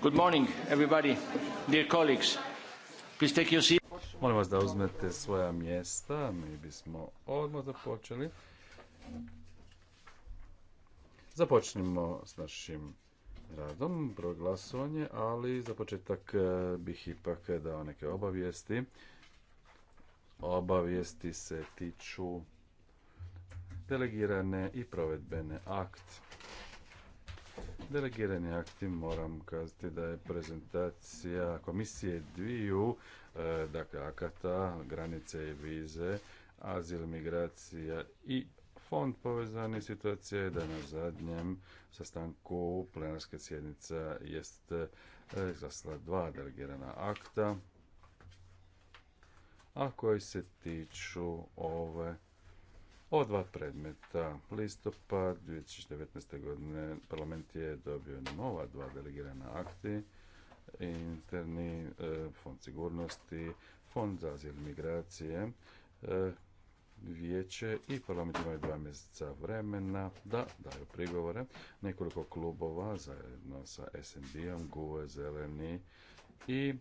Good morning, Molim vas da uzmete svoja mjesta, mi bismo odmah započeli. Započnimo s našim radom, broj glasovanje, ali za početak eh, bih ipak dao neke obavijesti. Obavijesti se tiču delegirane i provedbene akt delegirani akti moram kazati da je prezentacija komisije dviju e, dakle akata, granice i vize, azil, migracija i fond povezanih situacija da na zadnjem sastanku plenarske sjednica jest e, zasla dva delegirana akta a koji se tiču ove o dva predmeta, listopad 2019. godine, parlament je dobio nova dva delegirana akti, interni e, fond sigurnosti, fond za azil migracije, e, vijeće i parlament imaju dva mjeseca vremena da daju prigovore. Nekoliko klubova zajedno sa SND-om, GUE, Zeleni i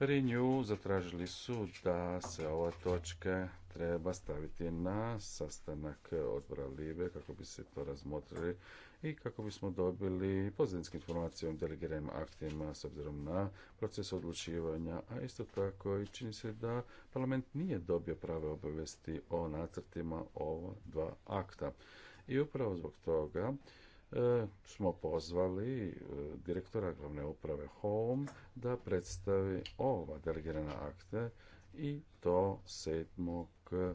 Renew zatražili su da se ova točka treba staviti na sastanak odbora Libe kako bi se to razmotrili i kako bismo dobili pozadinske informacije o delegiranim aktima s obzirom na proces odlučivanja, a isto tako i čini se da parlament nije dobio prave obavesti o nacrtima ova dva akta. I upravo zbog toga E, smo pozvali e, direktora glavne uprave Home da predstavi ova delegirana akte i to 7.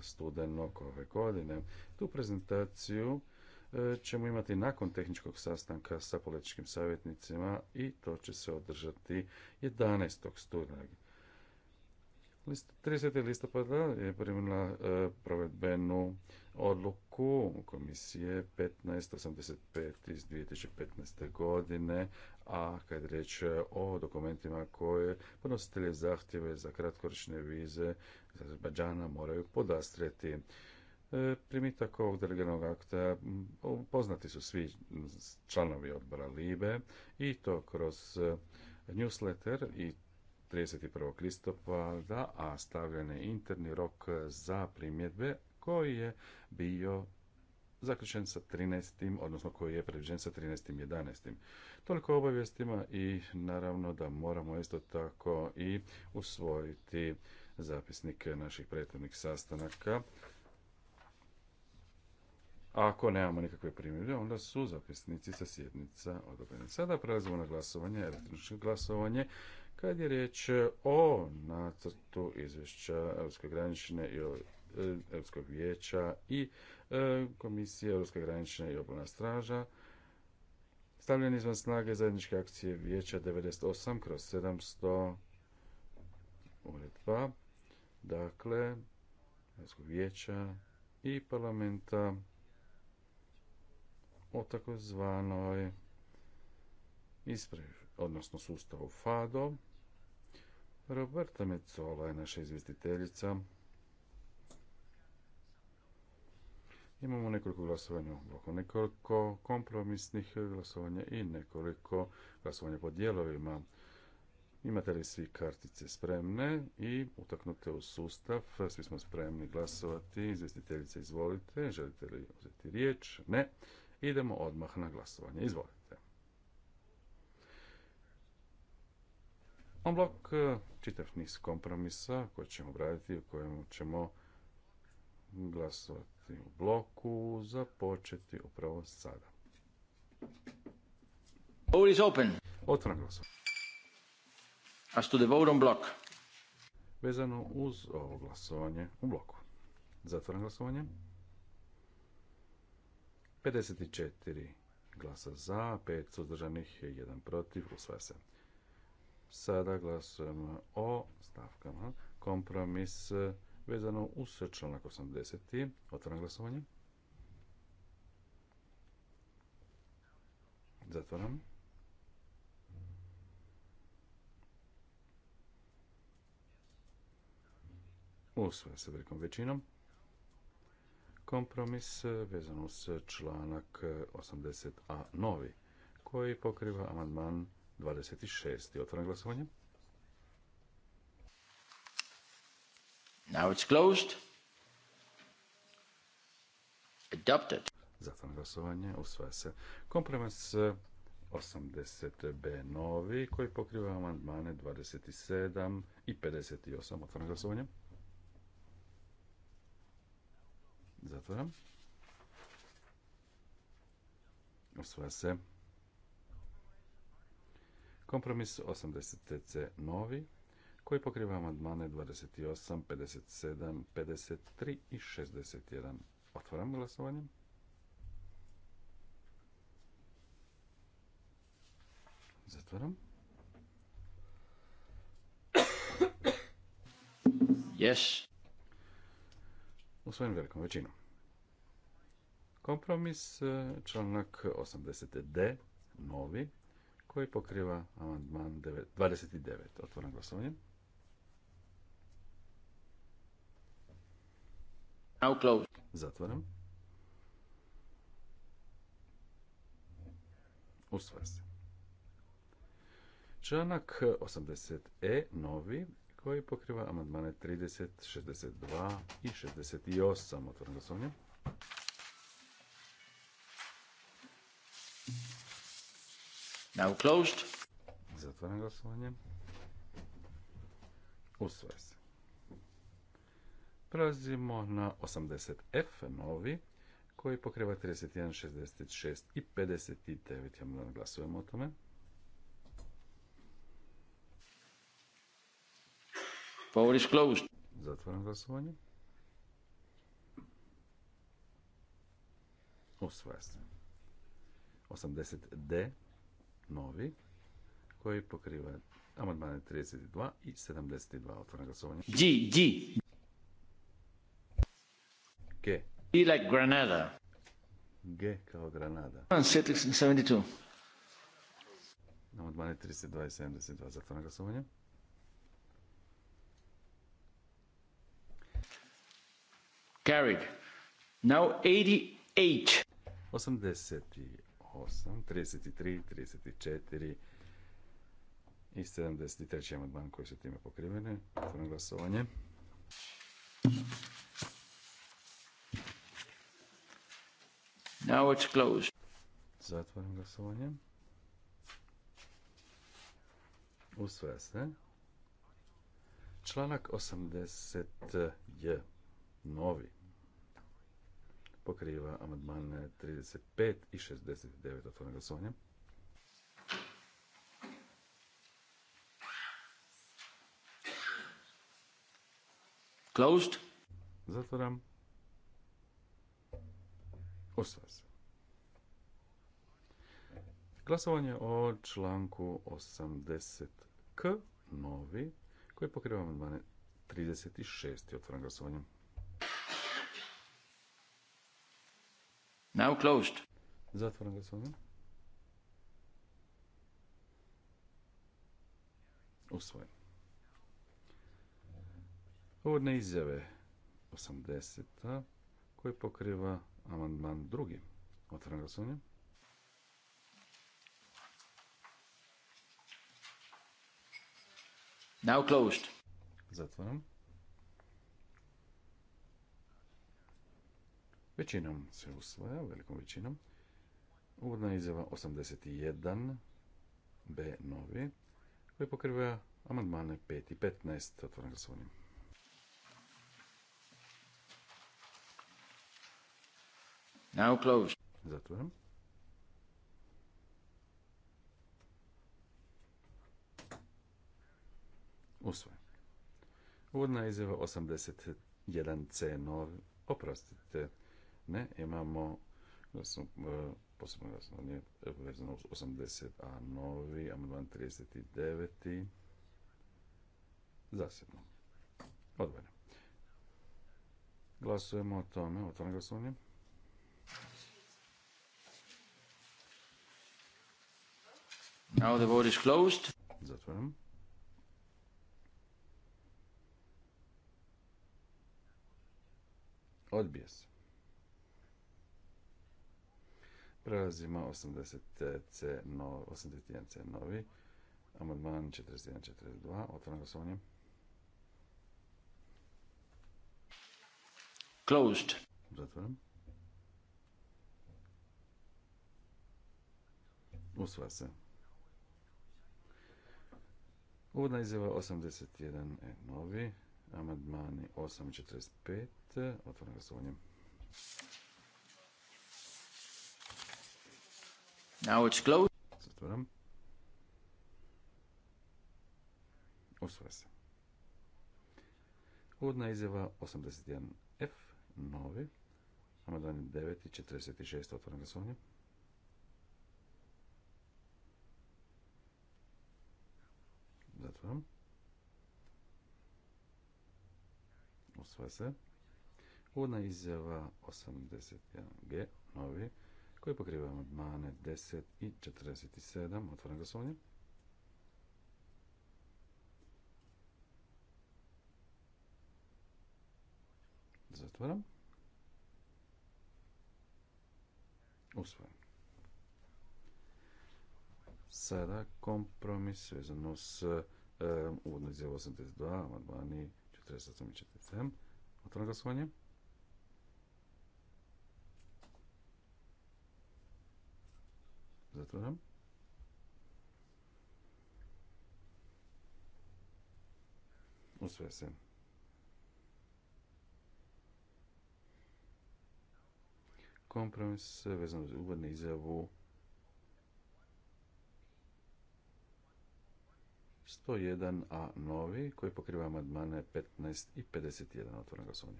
studenog ove godine. Tu prezentaciju e, ćemo imati nakon tehničkog sastanka sa političkim savjetnicima i to će se održati 11. studenog. 30. listopada je primila e, provedbenu odluku komisije 1585 iz 2015. godine, a kad je riječ o dokumentima koje podnositelje zahtjeve za kratkoročne vize za Azerbajdžana moraju podastreti. E, primitak ovog delegiranog akta poznati su svi članovi odbora LIBE i to kroz e, newsletter i 31. listopada, a stavljen je interni rok za primjedbe koji je bio zaključen sa 13. odnosno koji je predviđen sa 11. Toliko obavijestima i naravno da moramo isto tako i usvojiti zapisnike naših prethodnih sastanaka. ako nemamo nikakve primjedbe, onda su zapisnici sa sjednica odobreni. Sada prelazimo na glasovanje, elektronično glasovanje. Kad je riječ o nacrtu izvješća Europske granične i e, Europskog vijeća i e, Komisije Europske granične i obalna straža, stavljen izvan snage zajedničke akcije vijeća 98 kroz 700 uredba, dakle, Europskog vijeća i parlamenta o takozvanoj ispravi, odnosno sustavu FADO, Roberta Mecola je naša izvjestiteljica. Imamo nekoliko glasovanja u bloku, nekoliko kompromisnih glasovanja i nekoliko glasovanja po dijelovima. Imate li svi kartice spremne i utaknute u sustav? Svi smo spremni glasovati. Izvjestiteljice, izvolite. Želite li uzeti riječ? Ne. Idemo odmah na glasovanje. Izvolite. On blok e, čitav niz kompromisa koje ćemo obraditi, u kojem ćemo glasovati u bloku, započeti upravo sada. Vote is open. glasovanje. As to the vote on Vezano uz ovo glasovanje u bloku. Zatvoram glasovanje. 54 glasa za, 5 suzdržanih, 1 protiv, usvaja se. Sada glasujemo o stavkama. Kompromis e, vezano uz članak 80. Otvaram glasovanje. Zatvaram. Usvaja se velikom većinom. Kompromis e, vezano uz članak 80a e, novi koji pokriva amandman 26. Otvoreno glasovanje. Now it's closed. Adopted. Zatvoreno glasovanje. Usvaja se kompromis 80b novi koji pokriva amandmane 27 i 58. Otvoreno glasovanje. Zatvaram. Usvaja se Kompromis 80TC novi, koji pokriva amandmane 28, 57, 53 i 61. Otvaram glasovanje. Zatvaram. Yes. Usvojen velikom većinom. Kompromis eh, članak 80D, novi, koji pokriva amandman 29. Otvoram glasovanje. Zatvaram. Usvoja se. Članak 80e, novi, koji pokriva amandmane 30, 62 i 68. Otvoreno glasovanje. Now closed. Zatvaram glasovanje. Usvoje se. Prelazimo na 80F novi koji pokreva 31, 66 i 59. Ja moram glasujemo o tome. Power is closed. Zatvaram glasovanje. Usvaja se. 80D novi koji pokriva amandmane 32 i 72 otvoreno glasovanje. G, G. G. G like Granada. G kao Granada. 72. Ah, amandmane 32 i 72 zatvoreno glasovanje. Carried. Now 88. 88. 33, 34 i 73. amandman koji su time pokrivene. Otvorim glasovanje. Now it's closed. Zatvaram glasovanje. Usvaja se. Članak 80 je novi pokriva amadmane 35 i 69 otvorenog glasovanje. Closed. Zatvaram. Ostaje Glasovanje o članku 80k, novi, koji pokriva amadmane 36 i otvoram Now closed. Zatvoren glasovanje. Usvojen. Uvodne izjave 80. koji pokriva amandman drugi. Otvoren glasovanje. Now closed. Zatvoren. Većinom se usvaja, velikom većinom. Uvodna izjava 81 B novi koji pokriva amandmane 5 i 15 otvoren ga Now closed. Zatvaram. Uvodna izjava 81C novi. Oprostite. Ne, imamo glasno, e, posebno glasovanje e, vezano uz 80a novi, amandman 39. Zasebno. Odvojeno. Glasujemo o tome, o tome glasovanje. Now the vote is closed. Zatvaram. Odbije se. Prelazimo 80C, no, 81C novi. Amadman 41-42. Otvoreno glasovanje. Closed. Zatvorim. Usva se. Uvodna izjava 81 e novi. Amadmani 8.45. Otvoreno glasovanje. Now it's closed. Zatvoram. Usvoje se. Uvodna izjava 81F, novi. Amadan 9 i 46, otvoren glasovanje. Zatvoram. Usvoje se. Uvodna izjava 81G, novi koji pokriva amadmane 10 i 47. Otvoram glasovanje. Zatvaram. Usvojeno. Sada kompromis vezano s e, eh, uvodno izjavu 82, amandmani 48 i 47. Otvoram glasovanje. Zatvaram. Usve se. Kompromis vezano za izjavu 101a novi koji pokriva 15 i 51 otvornog glasovanje.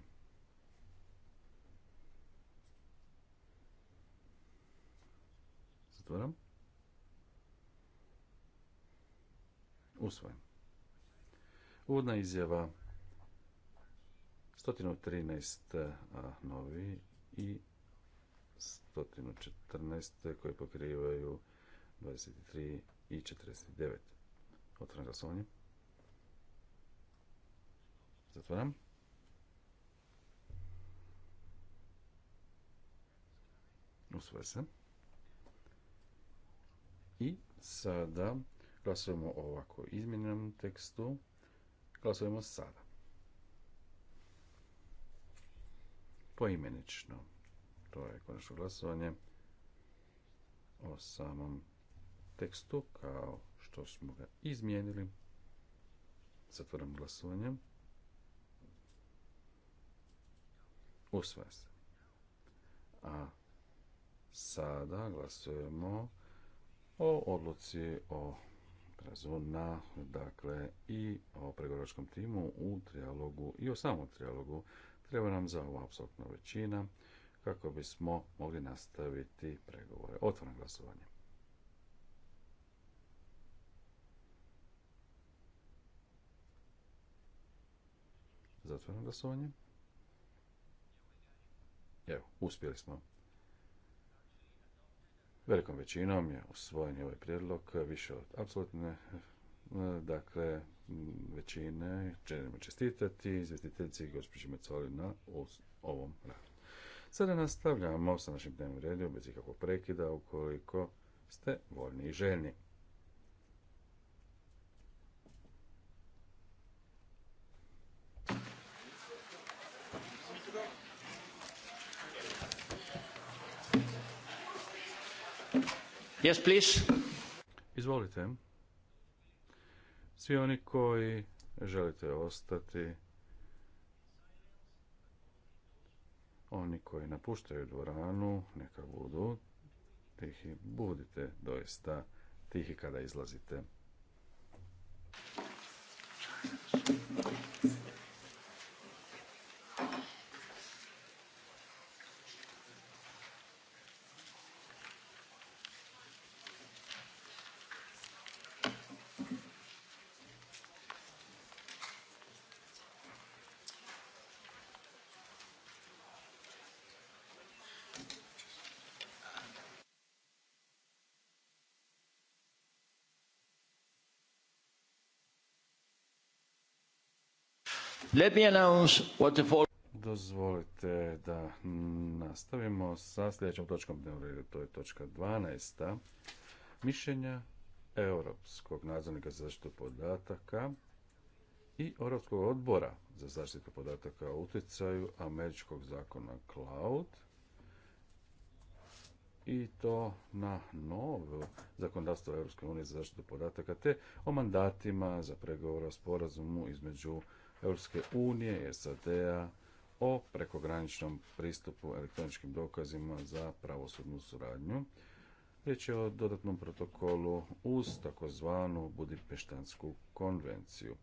Zatvoram. Usvojim. Uvodna izjava 113 novi i 114 koje pokrivaju 23 i 49. Otvoram glasovanje. Zatvoram. Usvojim se. I sada glasujemo ovako izmjenjenom tekstu. Glasujemo sada. Poimenično. To je konačno glasovanje o samom tekstu kao što smo ga izmijenili. Zatvoram glasovanje. Usvaja se. A sada glasujemo o odluci o prelazu na, dakle, i o pregovaračkom timu u trijalogu i o samom trijalogu. Treba nam za ova apsolutna većina kako bismo mogli nastaviti pregovore. Otvorno glasovanje. Zatvorno glasovanje. Evo, uspjeli smo. Velikom većinom je usvojen ovaj prijedlog više od apsolutne dakle većine želimo čestitati izvjestiteljici gospođi Mecoli na ovom radu. Sada nastavljamo sa našim dnevnim redom bez ikakvog prekida ukoliko ste voljni i željni. Yes, Izvolite. Svi oni koji želite ostati, oni koji napuštaju dvoranu, neka budu tihi, budite doista tihi kada izlazite. Dozvolite da nastavimo sa sljedećom točkom dnevnog reda, to je točka 12. Mišljenja Europskog nadzornika za zaštitu podataka i Europskog odbora za zaštitu podataka o utjecaju američkog zakona Cloud i to na novo zakonodavstvo Europske unije za zaštitu podataka te o mandatima za pregovor o sporazumu između Europske unije i SAD-a o prekograničnom pristupu elektroničkim dokazima za pravosudnu suradnju. Riječ je o dodatnom protokolu uz takozvanu Budimpeštansku konvenciju.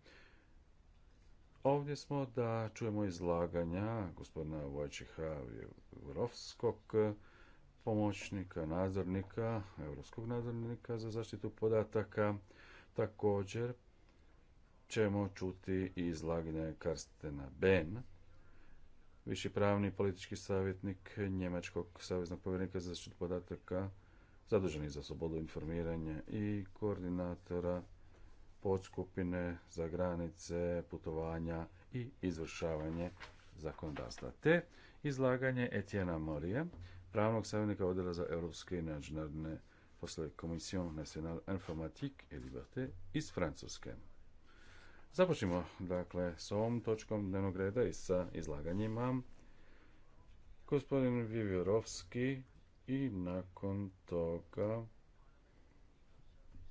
Ovdje smo da čujemo izlaganja gospodina Vojčeha Vrovskog, pomoćnika, nadzornika, europskog nadzornika za zaštitu podataka, također ćemo čuti i izlaganje Karstena Ben, viši pravni politički savjetnik Njemačkog saveznog povjerenika za zaštitu podataka, zaduženi za slobodu informiranja i koordinatora podskupine za granice, putovanja i izvršavanje zakonodavstva. Te izlaganje Etijena Morije, pravnog savjetnika odjela za europske i međunarodne poslove Komisijom nacional informatique et liberté iz Francuske. Započnimo dakle s ovom točkom dnevnog reda i sa izlaganjima. Gospodin Vivirovski i nakon toga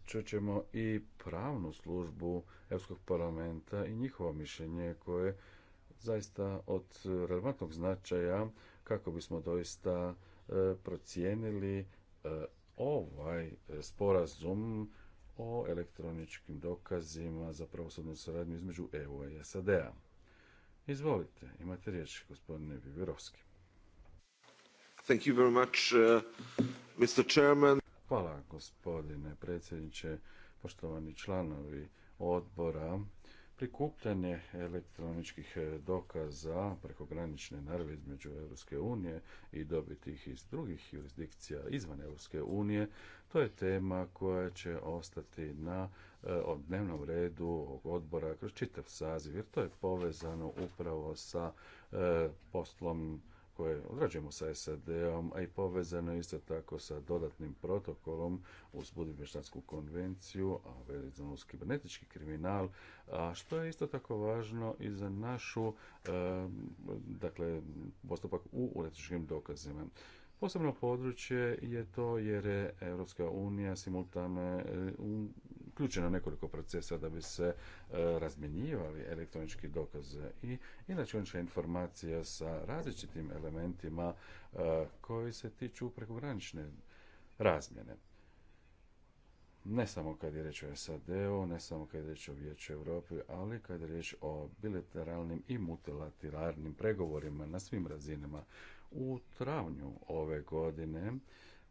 čućemo i pravnu službu Evropskog parlamenta i njihovo mišljenje koje zaista od relevantnog značaja kako bismo doista e, procijenili e, ovaj sporazum o elektroničkim dokazima za pravosudnu suradnju između EU i SAD-a. Izvolite, imate riječ, gospodine Vivirovski. Uh, Hvala, gospodine predsjedniče, poštovani članovi odbora prikupljanje elektroničkih e, dokaza prekogranične naravi između Europske unije i dobiti ih iz drugih jurisdikcija izvan Europske unije, to je tema koja će ostati na e, dnevnom redu ovog odbora kroz čitav saziv, jer to je povezano upravo sa e, poslom koje odrađujemo sa SAD-om, a i povezano isto tako sa dodatnim protokolom uz Budimještansku konvenciju, a vezano uz kibernetički kriminal, a što je isto tako važno i za našu dakle, postupak u uletičkim dokazima. Posebno područje je to jer je Europska unija simultane uključeno nekoliko procesa da bi se e, razmjenjivali elektronički dokaz i elektronička informacija sa različitim elementima e, koji se tiču prekogranične razmjene ne samo kad je riječ o SAD-u, ne samo kad je riječ o Vijeću Europi, ali kad je riječ o bilateralnim i multilateralnim pregovorima na svim razinama. U travnju ove godine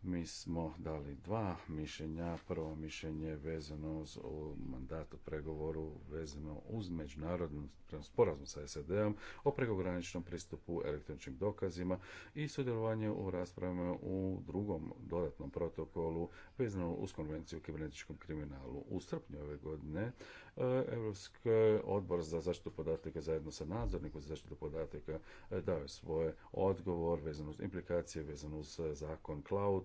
mi smo dali dva mišljenja. Prvo mišljenje vezano uz mandatu pregovoru vezano uz međunarodnu sporazum sa SAD-om o prekograničnom pristupu elektroničkim dokazima i sudjelovanje u raspravama u drugom dodatnom protokolu vezano uz konvenciju o kibernetičkom kriminalu. U srpnju ove godine E, Evropski odbor za zaštitu podataka zajedno sa nadzornikom za zaštitu podataka e, dao je svoj odgovor vezano uz implikacije, vezano uz e, zakon cloud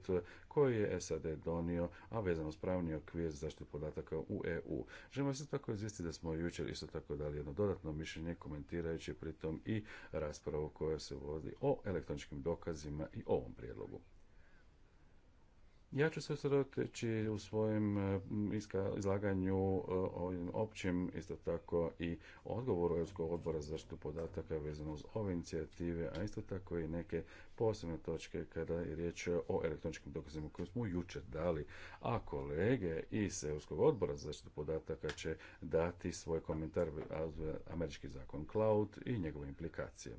koji je SAD donio, a vezano uz pravni okvir za zaštitu podataka u EU. Želimo se tako izvesti da smo jučer isto tako dali jedno dodatno mišljenje komentirajući pritom i raspravu koja se vodi o elektroničkim dokazima i ovom prijedlogu. Ja ću se sredoteći u svojem e, izlaganju e, ovim općim isto tako i odgovoru Europskog odbora za zaštitu podataka vezano uz ove inicijative, a isto tako i neke posebne točke kada je riječ o elektroničkim dokazima koje smo jučer dali. A kolege iz Europskog odbora za zaštitu podataka će dati svoj komentar američki zakon Cloud i njegove implikacije.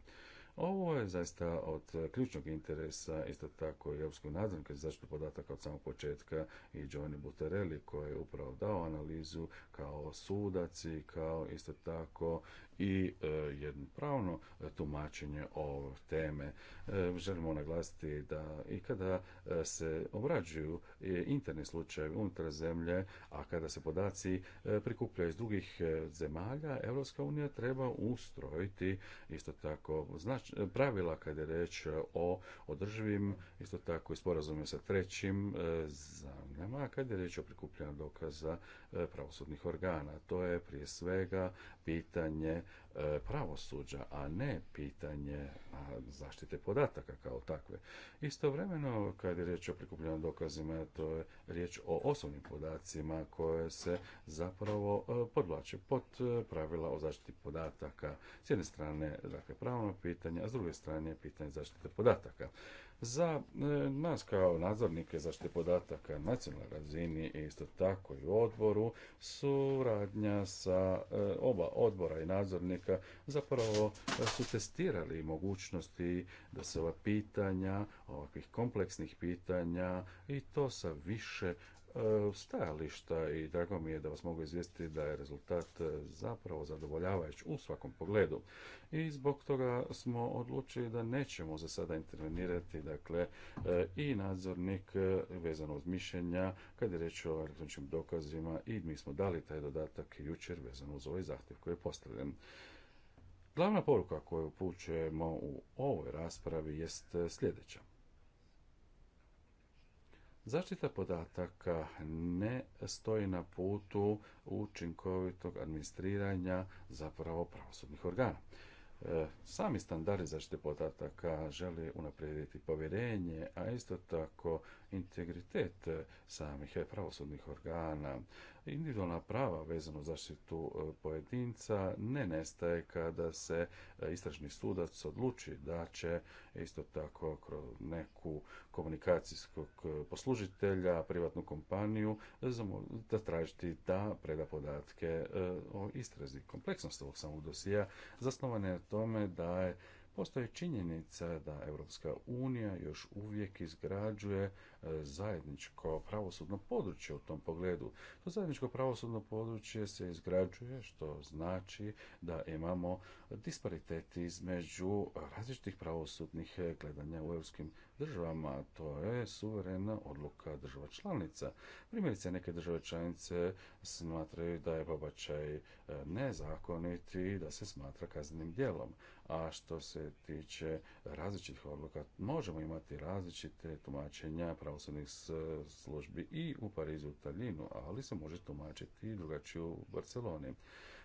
Ovo je zaista od ključnog interesa, isto tako i Europskog nadzornika za zaštitu podataka od samog početka i Giovanni Butarelli koji je upravo dao analizu kao sudac i kao isto tako i e, jedno pravno e, tumačenje ove teme. E, želimo naglasiti da i kada se obrađuju interni slučajevi unutar zemlje, a kada se podaci prikupljaju iz drugih zemalja, Europska unija treba ustrojiti isto tako pravila kada je reč o održivim, isto tako i sporazume sa trećim zemljama, kada je reč o prikupljanju dokaza pravosudnih organa. To je prije svega pitanje e, pravosuđa, a ne pitanje zaštite podataka kao takve. Istovremeno, kad je riječ o prikupljenim dokazima, to je riječ o osobnim podacima koje se zapravo e, podvlače pod e, pravila o zaštiti podataka. S jedne strane, dakle, pravno pitanje, a s druge strane pitanje zaštite podataka. Za e, nas kao nadzornike zaštite podataka na nacionalnoj razini i isto tako i u odboru suradnja sa e, oba odbora i nadzornika zapravo su testirali mogućnosti da se ova pitanja, ovakvih kompleksnih pitanja i to sa više stajališta i drago mi je da vas mogu izvijestiti da je rezultat e, zapravo zadovoljavajuć u svakom pogledu. I zbog toga smo odlučili da nećemo za sada intervenirati dakle, e, i nadzornik e, vezano uz mišljenja kad je reč o elektroničkim dokazima i mi smo dali taj dodatak jučer vezano uz ovaj zahtjev koji je postavljen. Glavna poruka koju upućujemo u ovoj raspravi jest sljedeća. Zaštita podataka ne stoji na putu učinkovitog administriranja zapravo pravosudnih organa. E, sami standardi zaštite podataka žele unaprijediti povjerenje, a isto tako integritet samih pravosudnih organa individualna prava vezano zaštitu e, pojedinca ne nestaje kada se e, istražni sudac odluči da će isto tako kroz neku komunikacijskog e, poslužitelja, privatnu kompaniju, da tražiti da preda podatke o istrazi. Kompleksnost ovog samog dosija zasnovane je na tome da je Postoji činjenica da Europska unija još uvijek izgrađuje E, zajedničko pravosudno područje u tom pogledu. To zajedničko pravosudno područje se izgrađuje, što znači da imamo disparitet između različitih pravosudnih gledanja u europskim državama. To je suverena odluka država članica. Primjerice, neke države članice smatraju da je pobačaj e, nezakoniti, da se smatra kaznenim djelom. A što se tiče različitih odluka, možemo imati različite tumačenja pravosudnih službi i u Parizu, u Talinu, ali se može tumačiti i drugačije u Barceloni.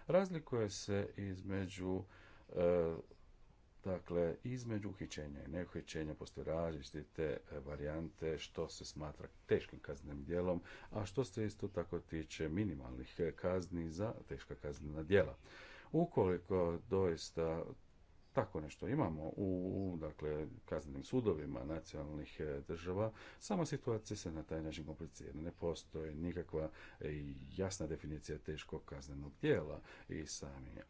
Razlikuje se između e, Dakle, između uhićenja i neuhićenja postoje različite e, varijante što se smatra teškim kaznenim djelom, a što se isto tako tiče minimalnih e, kazni za teška kaznena djela. Ukoliko doista tako nešto imamo u dakle, kaznenim sudovima nacionalnih e, država. Sama situacija se na taj način komplicira. Ne postoji nikakva e, jasna definicija teškog kaznenog dijela. i sami e,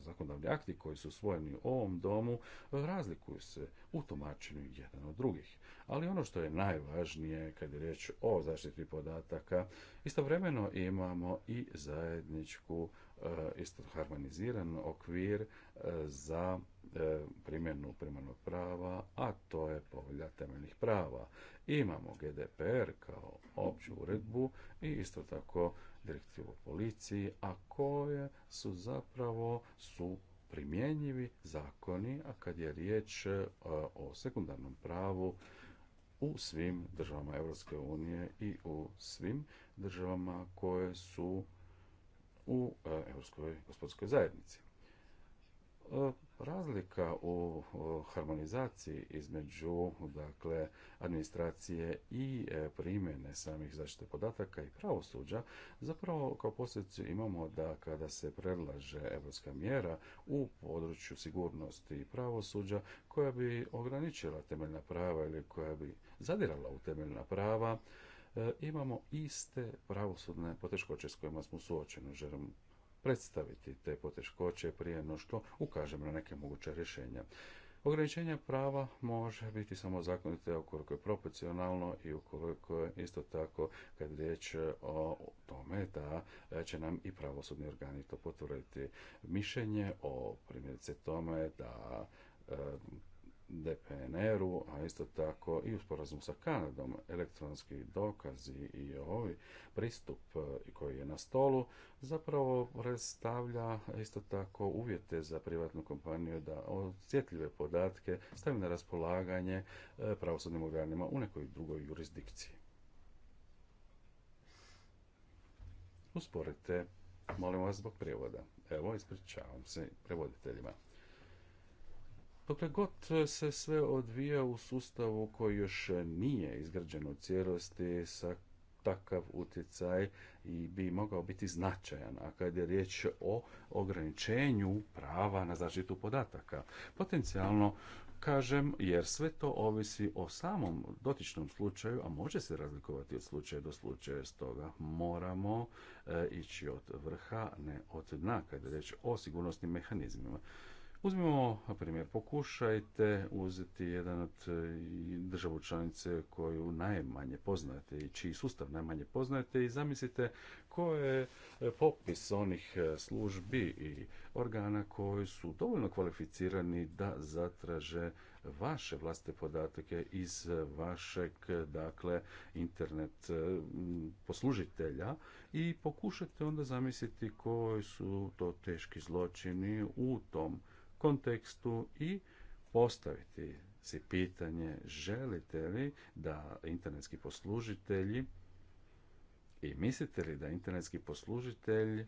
zakonodavni akti koji su usvojeni u ovom domu razlikuju se u tumačenju jedan od drugih. Ali ono što je najvažnije kad je riječ o zaštiti podataka, istovremeno imamo i zajedničku E, isto harmoniziran okvir e, za e, primjenu primarnog prava, a to je povelja temeljnih prava. Imamo GDPR kao opću uredbu i isto tako direktivu policiji, a koje su zapravo su primjenjivi zakoni, a kad je riječ o sekundarnom pravu, u svim državama Europske unije i u svim državama koje su u e, Europskoj gospodarskoj zajednici. E, razlika u harmonizaciji između dakle, administracije i e, primjene samih zaštite podataka i pravosuđa, zapravo kao posljedicu imamo da kada se predlaže evropska mjera u području sigurnosti i pravosuđa koja bi ograničila temeljna prava ili koja bi zadirala u temeljna prava, E, imamo iste pravosudne poteškoće s kojima smo suočeni. Želim predstaviti te poteškoće prije no što ukažem na neke moguće rješenja. Ograničenje prava može biti samo zakonite ukoliko je proporcionalno i ukoliko je isto tako kad riječ o tome da će nam i pravosudni organi to potvrditi. Mišljenje o primjerice tome da e, DPNR-u, a isto tako i u sporazumu sa Kanadom, elektronski dokazi i ovi ovaj pristup e, koji je na stolu zapravo predstavlja isto tako uvjete za privatnu kompaniju da osjetljive podatke stavi na raspolaganje e, pravosudnim organima u nekoj drugoj jurisdikciji. Usporite, molim vas zbog prijevoda. Evo, ispričavam se prevoditeljima. Dokle god se sve odvija u sustavu koji još nije izgrađen u cijelosti sa takav utjecaj i bi mogao biti značajan, a kad je riječ o ograničenju prava na zaštitu podataka. Potencijalno kažem, jer sve to ovisi o samom dotičnom slučaju, a može se razlikovati od slučaja do slučaja, stoga moramo e, ići od vrha, ne od dna, kad je riječ o sigurnosnim mehanizmima. Uzmimo primjer, pokušajte uzeti jedan od e, državu članice koju najmanje poznajete i čiji sustav najmanje poznajete i zamislite ko je e, popis onih e, službi i organa koji su dovoljno kvalificirani da zatraže vaše vlastite podatke iz vašeg dakle internet poslužitelja i pokušajte onda zamisliti koji su to teški zločini u tom kontekstu i postaviti si pitanje želite li da internetski poslužitelji i mislite li da internetski poslužitelj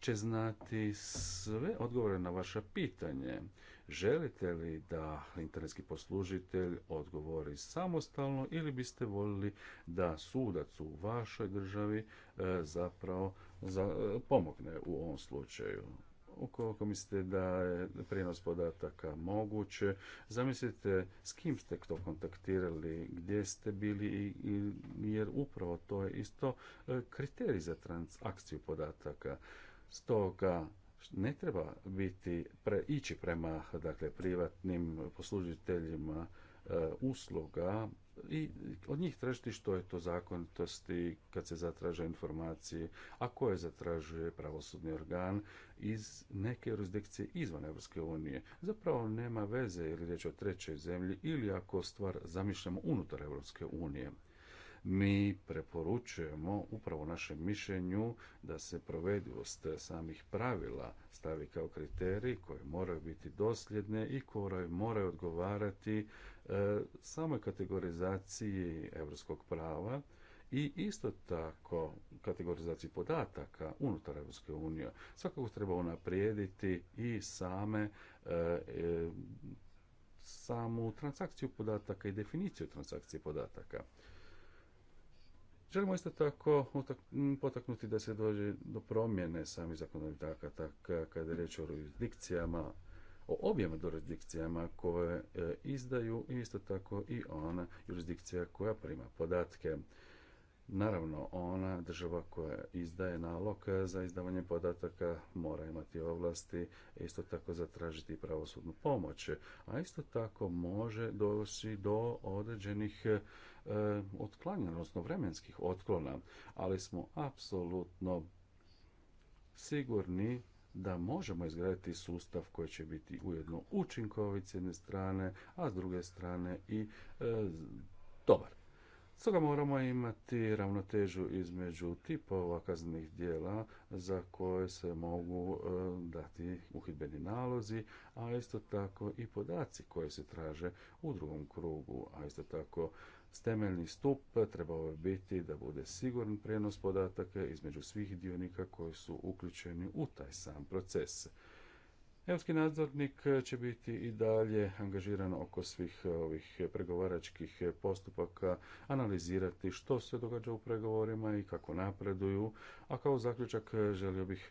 će znati sve odgovore na vaše pitanje. Želite li da internetski poslužitelj odgovori samostalno ili biste voljeli da sudac u vašoj državi e, zapravo e, pomogne u ovom slučaju? ukoliko mislite da je prijenos podataka moguće, zamislite s kim ste to kontaktirali, gdje ste bili, jer upravo to je isto e, kriterij za transakciju podataka. Stoga ne treba biti ići prema dakle, privatnim poslužiteljima usloga e, usluga i od njih tražiti što je to zakonitosti kad se zatraže informacije, a koje zatražuje pravosudni organ iz neke jurisdikcije izvan Europske unije. Zapravo nema veze ili riječ o trećoj zemlji ili ako stvar zamišljamo unutar Europske unije. Mi preporučujemo upravo našem mišljenju da se provedivost samih pravila stavi kao kriterij koji moraju biti dosljedne i koje moraju odgovarati e, samoj kategorizaciji europskog prava i isto tako kategorizaciji podataka unutar Europske unije. Svakako treba unaprijediti i same e, e, samu transakciju podataka i definiciju transakcije podataka. Želimo isto tako potaknuti da se dođe do promjene samih zakonodavnih tak kada je riječ o jurisdikcijama, o objema jurisdikcijama koje e, izdaju i isto tako i ona jurisdikcija koja prima podatke. Naravno, ona država koja izdaje nalog za izdavanje podataka mora imati ovlasti, isto tako zatražiti pravosudnu pomoć, a isto tako može doći do određenih e, otklanja, odnosno vremenskih otklona, ali smo apsolutno sigurni da možemo izgraditi sustav koji će biti ujedno učinkovit s jedne strane, a s druge strane i e, dobar. Stoga moramo imati ravnotežu između tipova kaznenih dijela za koje se mogu e, dati uhidbeni nalozi, a isto tako i podaci koje se traže u drugom krugu, a isto tako temeljni stup trebao bi biti da bude siguran prijenos podataka između svih dionika koji su uključeni u taj sam proces. Europski nadzornik će biti i dalje angažiran oko svih e, ovih pregovaračkih postupaka, analizirati što se događa u pregovorima i kako napreduju, a kao zaključak e, želio bih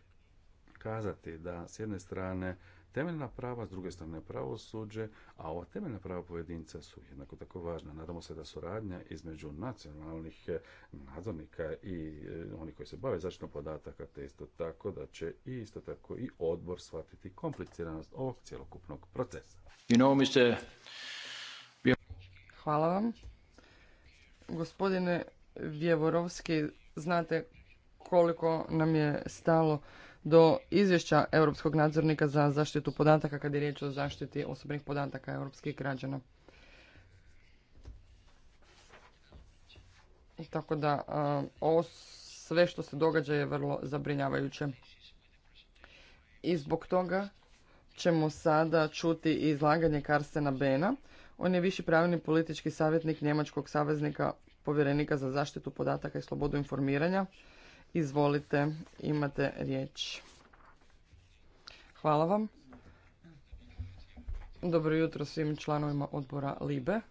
kazati da s jedne strane temeljna prava, s druge strane pravosuđe, a ova temeljna prava pojedinca su jednako tako važna. Nadamo se da suradnja između nacionalnih nadzornika i e, oni koji se bave zaštitom podataka, te isto tako da će i isto tako i odbor shvatiti kompliciranost ovog cjelokupnog procesa. Hvala vam. Gospodine Vjevorovski, znate koliko nam je stalo do izvješća Europskog nadzornika za zaštitu podataka kad je riječ o zaštiti osobnih podataka europskih građana. I tako da ovo sve što se događa je vrlo zabrinjavajuće. I zbog toga ćemo sada čuti izlaganje Karstena Bena. On je viši pravni politički savjetnik Njemačkog saveznika povjerenika za zaštitu podataka i slobodu informiranja Izvolite, imate riječ. Hvala vam. Dobro jutro svim članovima odbora LIBE.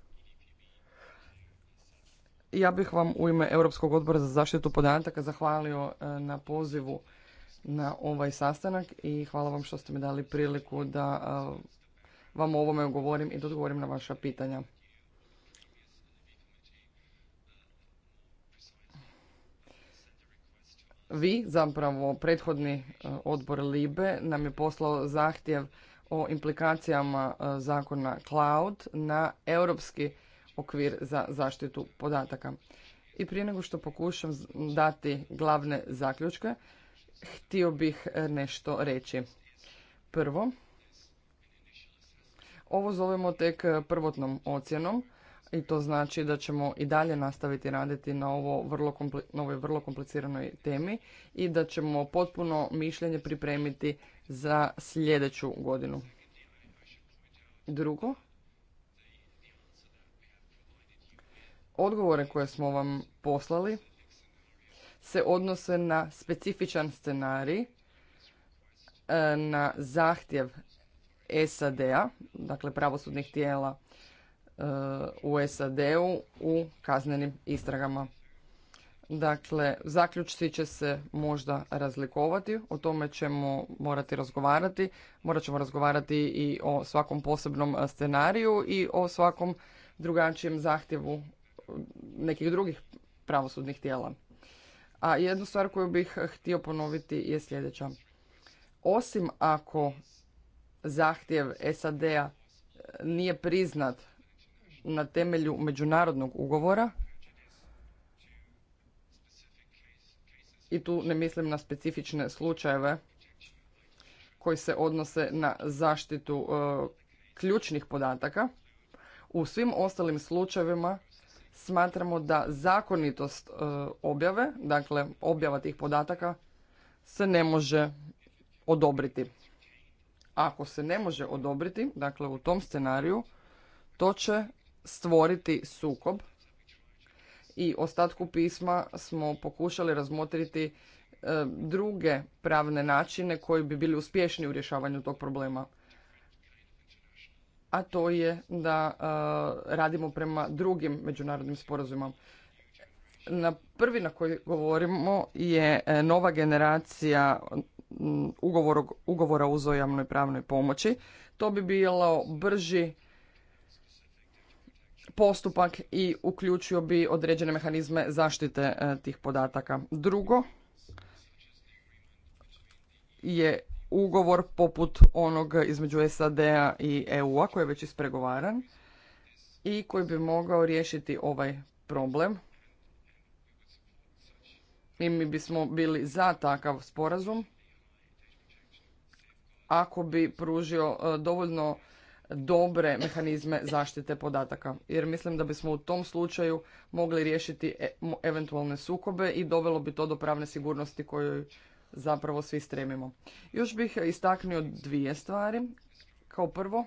Ja bih vam u ime Europskog odbora za zaštitu podataka zahvalio e, na pozivu na ovaj sastanak i hvala vam što ste mi dali priliku da e, vam o ovome govorim i da odgovorim na vaša pitanja. vi, zapravo prethodni e, odbor Libe, nam je poslao zahtjev o implikacijama e, zakona Cloud na europski okvir za zaštitu podataka. I prije nego što pokušam dati glavne zaključke, htio bih e, nešto reći. Prvo, ovo zovemo tek prvotnom ocjenom, i to znači da ćemo i dalje nastaviti raditi na, ovo vrlo ovoj vrlo kompliciranoj temi i da ćemo potpuno mišljenje pripremiti za sljedeću godinu. Drugo, odgovore koje smo vam poslali se odnose na specifičan scenarij, e, na zahtjev SAD-a, dakle pravosudnih tijela u SAD-u u kaznenim istragama. Dakle, zaključci će se možda razlikovati, o tome ćemo morati razgovarati. Morat ćemo razgovarati i o svakom posebnom scenariju i o svakom drugačijem zahtjevu um, nekih drugih pravosudnih tijela. A jednu stvar koju bih htio ponoviti je sljedeća. Osim ako zahtjev SAD-a nije priznat na temelju međunarodnog ugovora i tu ne mislim na specifične slučajeve koji se odnose na zaštitu e, ključnih podataka. U svim ostalim slučajevima smatramo da zakonitost e, objave, dakle objava tih podataka, se ne može odobriti. Ako se ne može odobriti, dakle u tom scenariju, to će stvoriti sukob i ostatku pisma smo pokušali razmotriti e, druge pravne načine koji bi bili uspješni u rješavanju tog problema. A to je da e, radimo prema drugim međunarodnim sporazumima. Na prvi na koji govorimo je e, nova generacija ugovora o uzajamnoj pravnoj pomoći. To bi bilo brži postupak i uključio bi određene mehanizme zaštite e, tih podataka. Drugo je ugovor poput onog između SAD-a i EU-a koji je već ispregovaran i koji bi mogao riješiti ovaj problem. I mi bismo bili za takav sporazum ako bi pružio e, dovoljno dobre mehanizme zaštite podataka. Jer mislim da bismo u tom slučaju mogli riješiti e, eventualne sukobe i dovelo bi to do pravne sigurnosti koju zapravo svi stremimo. Još bih istaknio dvije stvari. Kao prvo,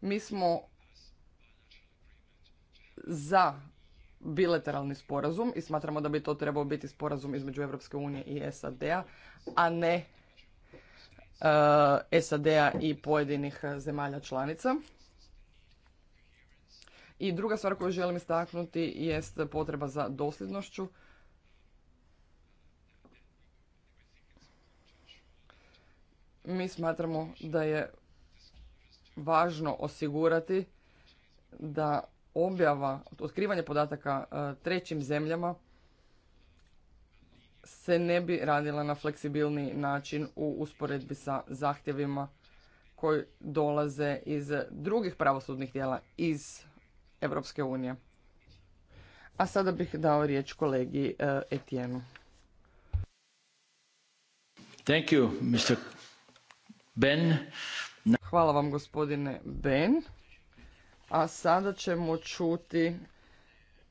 mi smo za bilateralni sporazum i smatramo da bi to trebao biti sporazum između Europske unije i SAD-a, a ne E, SAD-a i pojedinih e, zemalja članica. I druga stvar koju želim istaknuti jest potreba za dosljednošću. Mi smatramo da je važno osigurati da objava, otkrivanje podataka e, trećim zemljama se ne bi radila na fleksibilni način u usporedbi sa zahtjevima koji dolaze iz drugih pravosudnih tijela iz Europske unije. A sada bih dao riječ kolegi e, Etijenu. Ben. Hvala vam gospodine Ben. A sada ćemo čuti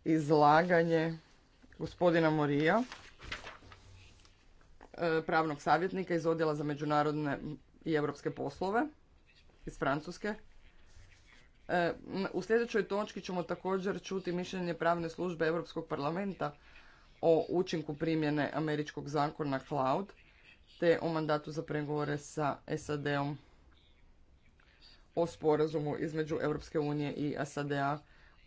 izlaganje gospodina Morija E, pravnog savjetnika iz Odjela za međunarodne i europske poslove iz Francuske. E, u sljedećoj točki ćemo također čuti mišljenje pravne službe Europskog parlamenta o učinku primjene američkog zakona Cloud te o mandatu za pregovore sa SAD-om o sporazumu između Europske unije i SAD-a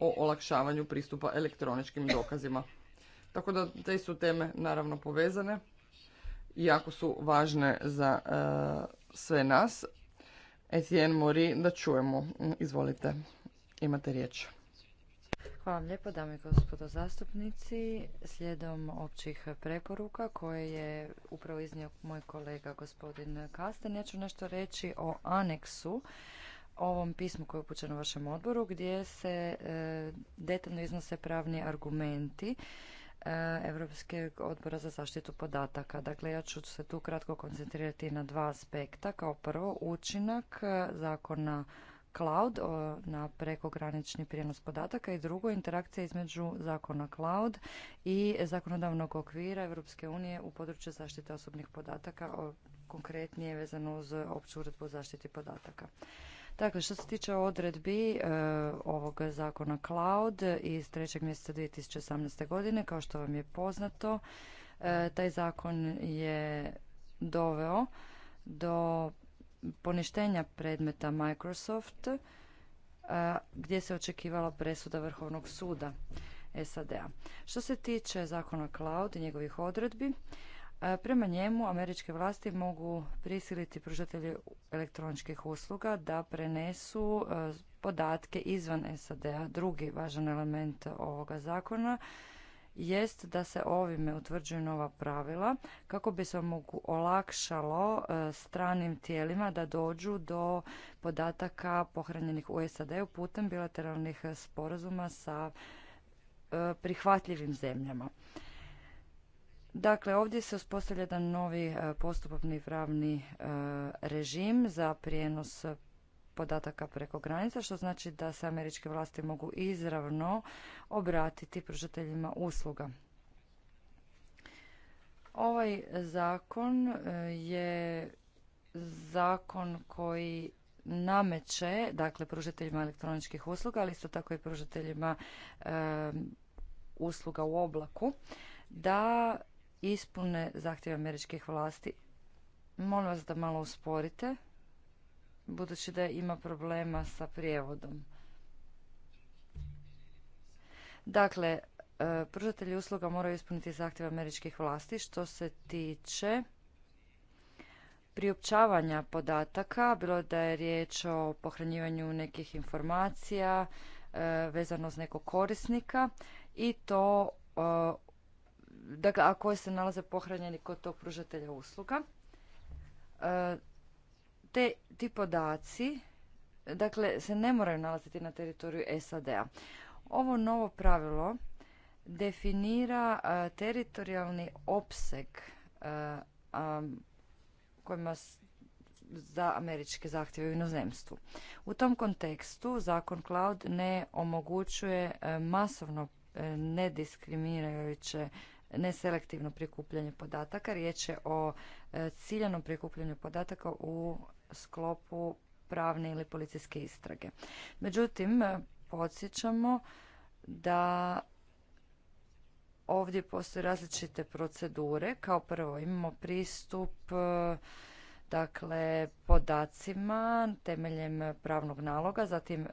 o olakšavanju pristupa elektroničkim dokazima. Tako da te su teme naravno povezane jako su važne za e, sve nas. Etienne Mori, da čujemo. Mm, izvolite, imate riječ. Hvala vam lijepo, dame i gospodo zastupnici. Slijedom općih preporuka koje je upravo iznio moj kolega gospodin Kasten, ja ću nešto reći o aneksu ovom pismu koje je upućeno vašem odboru gdje se e, detaljno iznose pravni argumenti Europskog odbora za zaštitu podataka. Dakle, ja ću se tu kratko koncentrirati na dva aspekta. Kao prvo, učinak e, zakona cloud na prekogranični prijenos podataka i drugo interakcija između zakona cloud i zakonodavnog okvira Europske unije u području zaštite osobnih podataka, konkretnije vezano uz opću uredbu o zaštiti podataka. Dakle, što se tiče odredbi e, ovog zakona Cloud iz 3. mjeseca 2018. godine, kao što vam je poznato, e, taj zakon je doveo do poništenja predmeta Microsoft e, gdje se očekivala presuda Vrhovnog suda SAD-a. Što se tiče zakona Cloud i njegovih odredbi, E, prema njemu američke vlasti mogu prisiliti pružatelje elektroničkih usluga da prenesu e, podatke izvan SAD-a. Drugi važan element ovoga zakona jest da se ovime utvrđuju nova pravila kako bi se mogu olakšalo e, stranim tijelima da dođu do podataka pohranjenih u SAD-u putem bilateralnih sporazuma sa prihvatljivim zemljama. Dakle, ovdje se uspostavlja jedan novi e, postupovni pravni e, režim za prijenos podataka preko granica, što znači da se američke vlasti mogu izravno obratiti pružateljima usluga. Ovaj zakon e, je zakon koji nameće, dakle, pružateljima elektroničkih usluga, ali isto tako i pružateljima usluga u oblaku, da ispune zahtjeve američkih vlasti. Molim vas da malo usporite, budući da ima problema sa prijevodom. Dakle, e, pružatelji usluga moraju ispuniti zahtjeve američkih vlasti što se tiče priopćavanja podataka, bilo da je riječ o pohranjivanju nekih informacija e, vezano uz nekog korisnika i to e, dakle, a koje se nalaze pohranjeni kod tog pružatelja usluga. E, te, ti podaci dakle, se ne moraju nalaziti na teritoriju SAD-a. Ovo novo pravilo definira e, teritorijalni opseg e, kojima za američke zahtjeve u inozemstvu. U tom kontekstu zakon Cloud ne omogućuje masovno nediskriminirajuće neselektivno prikupljanje podataka. Riječ je o e, ciljanom prikupljanju podataka u sklopu pravne ili policijske istrage. Međutim, e, podsjećamo da ovdje postoje različite procedure. Kao prvo imamo pristup e, dakle podacima temeljem pravnog naloga, zatim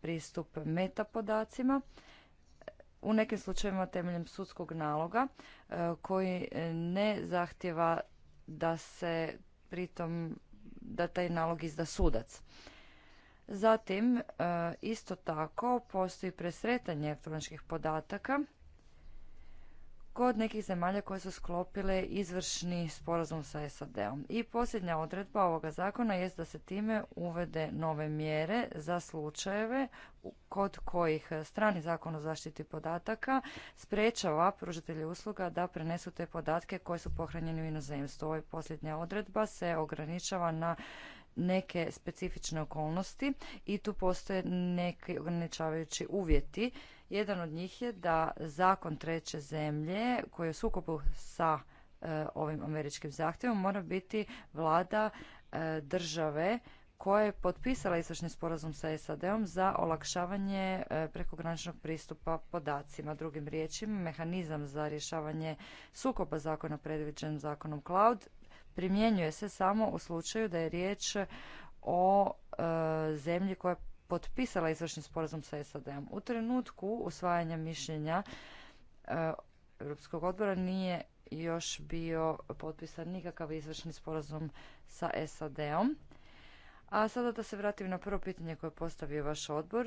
pristup metapodacima. podacima u nekim slučajevima temeljem sudskog naloga e, koji ne zahtjeva da se pritom da taj nalog izda sudac. Zatim, e, isto tako, postoji presretanje elektroničkih podataka kod nekih zemalja koje su sklopile izvršni sporazum sa SAD-om. I posljednja odredba ovoga zakona jest da se time uvede nove mjere za slučajeve kod kojih strani zakon o zaštiti podataka sprečava pružatelje usluga da prenesu te podatke koji su pohranjeni u inozemstvu. Ova posljednja odredba se ograničava na neke specifične okolnosti i tu postoje neki ograničavajući uvjeti. Jedan od njih je da zakon treće zemlje koji je u sukobu sa e, ovim američkim zahtjevom mora biti vlada e, države koja je potpisala istočni sporazum sa SAD-om za olakšavanje e, prekograničnog pristupa podacima. Drugim riječima, mehanizam za rješavanje sukoba zakona predviđen zakonom Cloud primjenjuje se samo u slučaju da je riječ o e, zemlji koja je potpisala izvršni sporazum sa SAD-om. U trenutku usvajanja mišljenja e, Europskog odbora nije još bio potpisan nikakav izvršni sporazum sa SAD-om. A sada da se vratim na prvo pitanje koje je postavio vaš odbor.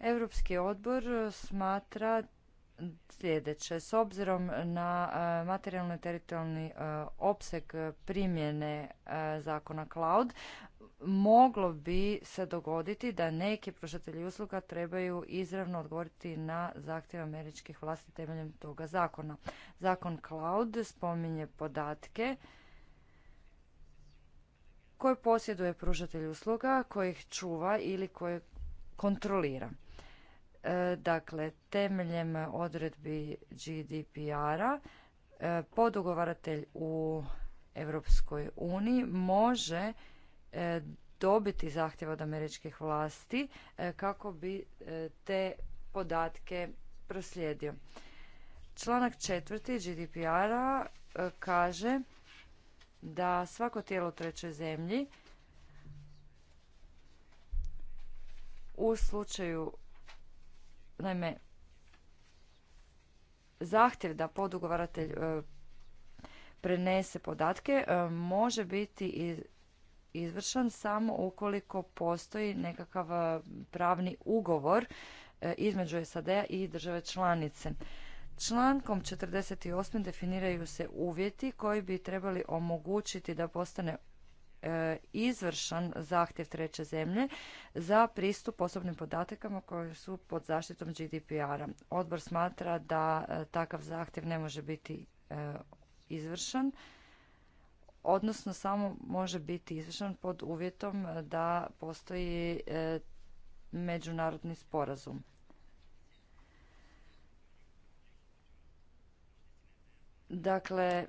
Europski odbor smatra sljedeće. S obzirom na e, materijalno i teritorijalni e, opseg primjene e, zakona cloud, moglo bi se dogoditi da neki pružatelji usluga trebaju izravno odgovoriti na zahtjeve američkih vlasti temeljem toga zakona. Zakon cloud spominje podatke koje posjeduje pružatelj usluga, koje ih čuva ili koje kontrolira. E, dakle, temeljem odredbi GDPR-a e, podugovaratelj u Europskoj uniji može e, dobiti zahtjev od američkih vlasti kako bi te podatke proslijedio. Članak četvrti GDPR-a kaže da svako tijelo trećoj zemlji u slučaju Naime, zahtjev da podugovaratelj e, prenese podatke e, može biti izvršan samo ukoliko postoji nekakav e, pravni ugovor između SAD-a i države članice. Člankom 48. definiraju se uvjeti koji bi trebali omogućiti da postane E, izvršan zahtjev treće zemlje za pristup osobnim podatakama koji su pod zaštitom GDPR-a. Odbor smatra da e, takav zahtjev ne može biti e, izvršan odnosno samo može biti izvršan pod uvjetom da postoji međunarodni sporazum. Dakle,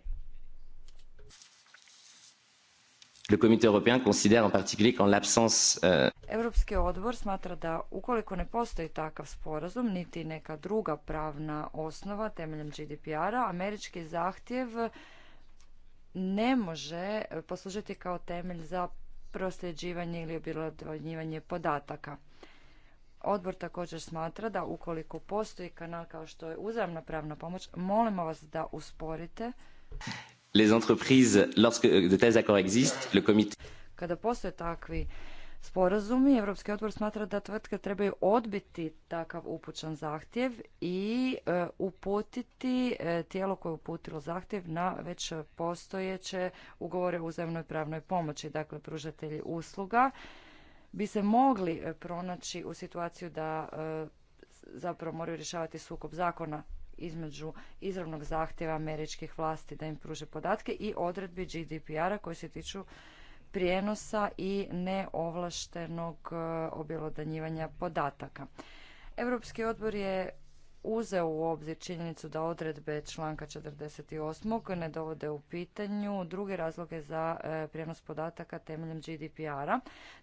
Le comité considère en particulier l'absence euh, Europski odbor smatra da ukoliko ne postoji takav sporazum niti neka druga pravna osnova temeljem GDPR-a, američki zahtjev ne može poslužiti kao temelj za prosljeđivanje ili objelodnjivanje podataka. Odbor također smatra da ukoliko postoji kanal kao što je uzajamna pravna pomoć, molimo vas da usporite les entreprises, lorsque euh, de tels accords existent, le comité... Kada postoje takvi sporazumi, Europski odbor smatra da tvrtke trebaju odbiti takav upućan zahtjev i e, uputiti e, tijelo koje je uputilo zahtjev na već postojeće ugovore o uzajamnoj pravnoj pomoći, dakle pružatelji usluga, bi se mogli e, pronaći u situaciju da zapravo moraju rješavati sukob zakona između izravnog zahtjeva američkih vlasti da im pruže podatke i odredbi GDPR-a koje se tiču prijenosa i neovlaštenog e, objelodanjivanja podataka. Europski odbor je uzeo u obzir činjenicu da odredbe članka 48. ne dovode u pitanju druge razloge za e, prijenos podataka temeljem GDPR-a,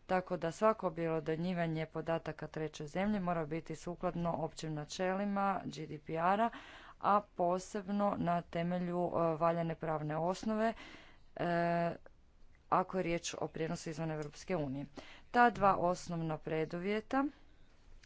tako da svako objelodanjivanje podataka treće zemlje mora biti sukladno općim načelima GDPR-a, a posebno na temelju e, valjane pravne osnove e, ako je riječ o prijenosu izvan Europske unije. Ta dva osnovna preduvjeta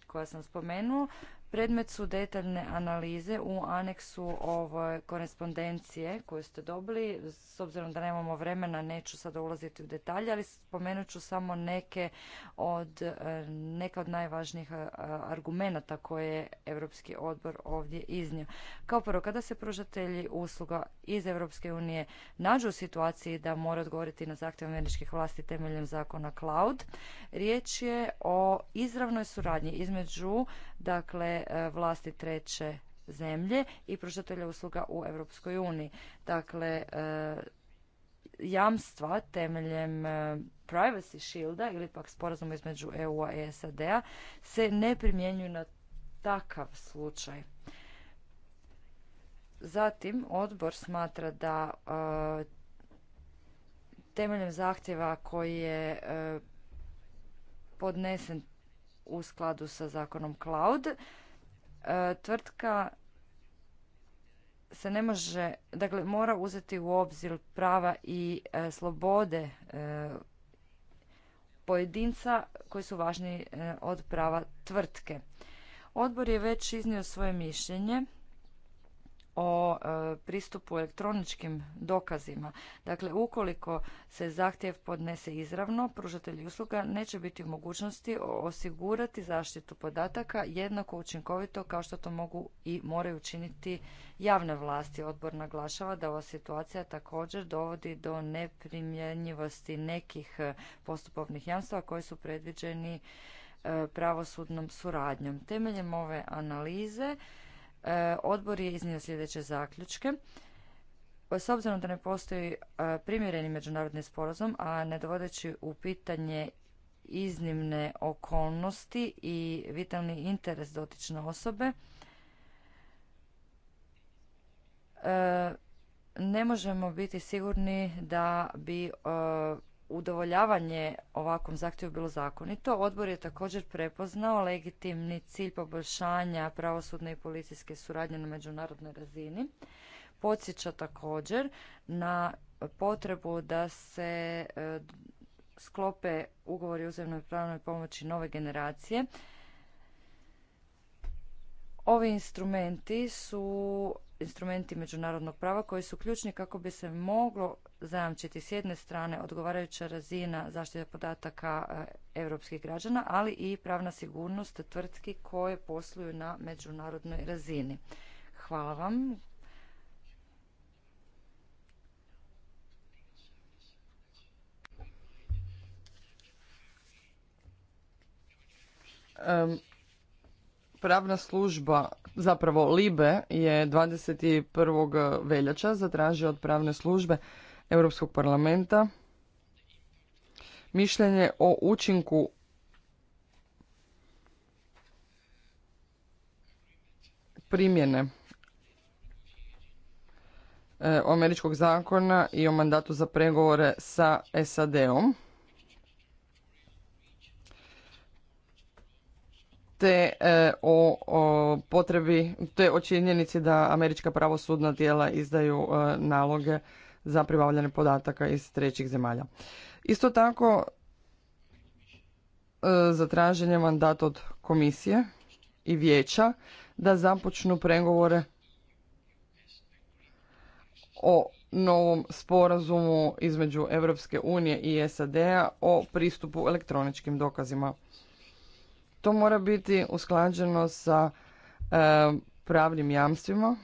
koja sam spomenuo Predmet su detaljne analize u aneksu ove korespondencije koju ste dobili. S obzirom da nemamo vremena, neću sada ulaziti u detalje, ali spomenut ću samo neke od, e, neka od najvažnijih e, argumenata koje je Europski odbor ovdje iznio. Kao prvo, kada se pružatelji usluga iz Europske unije nađu u situaciji da mora odgovoriti na zahtjev američkih vlasti temeljem zakona cloud, riječ je o izravnoj suradnji između, dakle, E, vlasti treće zemlje i pružatelja usluga u Europskoj uniji. Dakle, e, jamstva temeljem e, Privacy Shielda ili pak sporazuma između EU-a i SAD-a se ne primjenjuju na takav slučaj. Zatim, odbor smatra da temeljem zahtjeva koji je podnesen u skladu sa zakonom Cloud, E, tvrtka se ne može, dakle mora uzeti u obzir prava i e, slobode e, pojedinca koji su važni od prava tvrtke. Odbor je već iznio svoje mišljenje o e, pristupu elektroničkim dokazima. Dakle, ukoliko se zahtjev podnese izravno, pružatelji usluga neće biti u mogućnosti osigurati zaštitu podataka jednako učinkovito kao što to mogu i moraju učiniti javne vlasti. Odbor naglašava da ova situacija također dovodi do neprimjenjivosti nekih e, postupovnih jamstva koji su predviđeni e, pravosudnom suradnjom. Temeljem ove analize E, odbor je iznio sljedeće zaključke. S obzirom da ne postoji e, primjereni međunarodni sporazum, a ne dovodeći u pitanje iznimne okolnosti i vitalni interes dotične osobe, e, ne možemo biti sigurni da bi udovoljavanje ovakvom zahtjevu bilo zakonito. Odbor je također prepoznao legitimni cilj poboljšanja pravosudne i policijske suradnje na međunarodnoj razini. Podsjeća također na potrebu da se e, sklope ugovori o uzemnoj pravnoj pomoći nove generacije. Ovi instrumenti su instrumenti međunarodnog prava koji su ključni kako bi se moglo zajamčiti s jedne strane odgovarajuća razina zaštite podataka eh, europskih građana, ali i pravna sigurnost tvrtki koje posluju na međunarodnoj razini. Hvala vam. Um pravna služba, zapravo Libe je 21. veljača zatražio od pravne službe Europskog parlamenta mišljenje o učinku primjene e, američkog zakona i o mandatu za pregovore sa SAD-om. te e, o, o potrebi, te o činjenici da američka pravosudna tijela izdaju e, naloge za pribavljanje podataka iz trećih zemalja. Isto tako, e, zatražen je mandat od komisije i vijeća da započnu pregovore o novom sporazumu između Europske unije i SAD-a o pristupu elektroničkim dokazima. To mora biti usklađeno sa e, pravnim jamstvima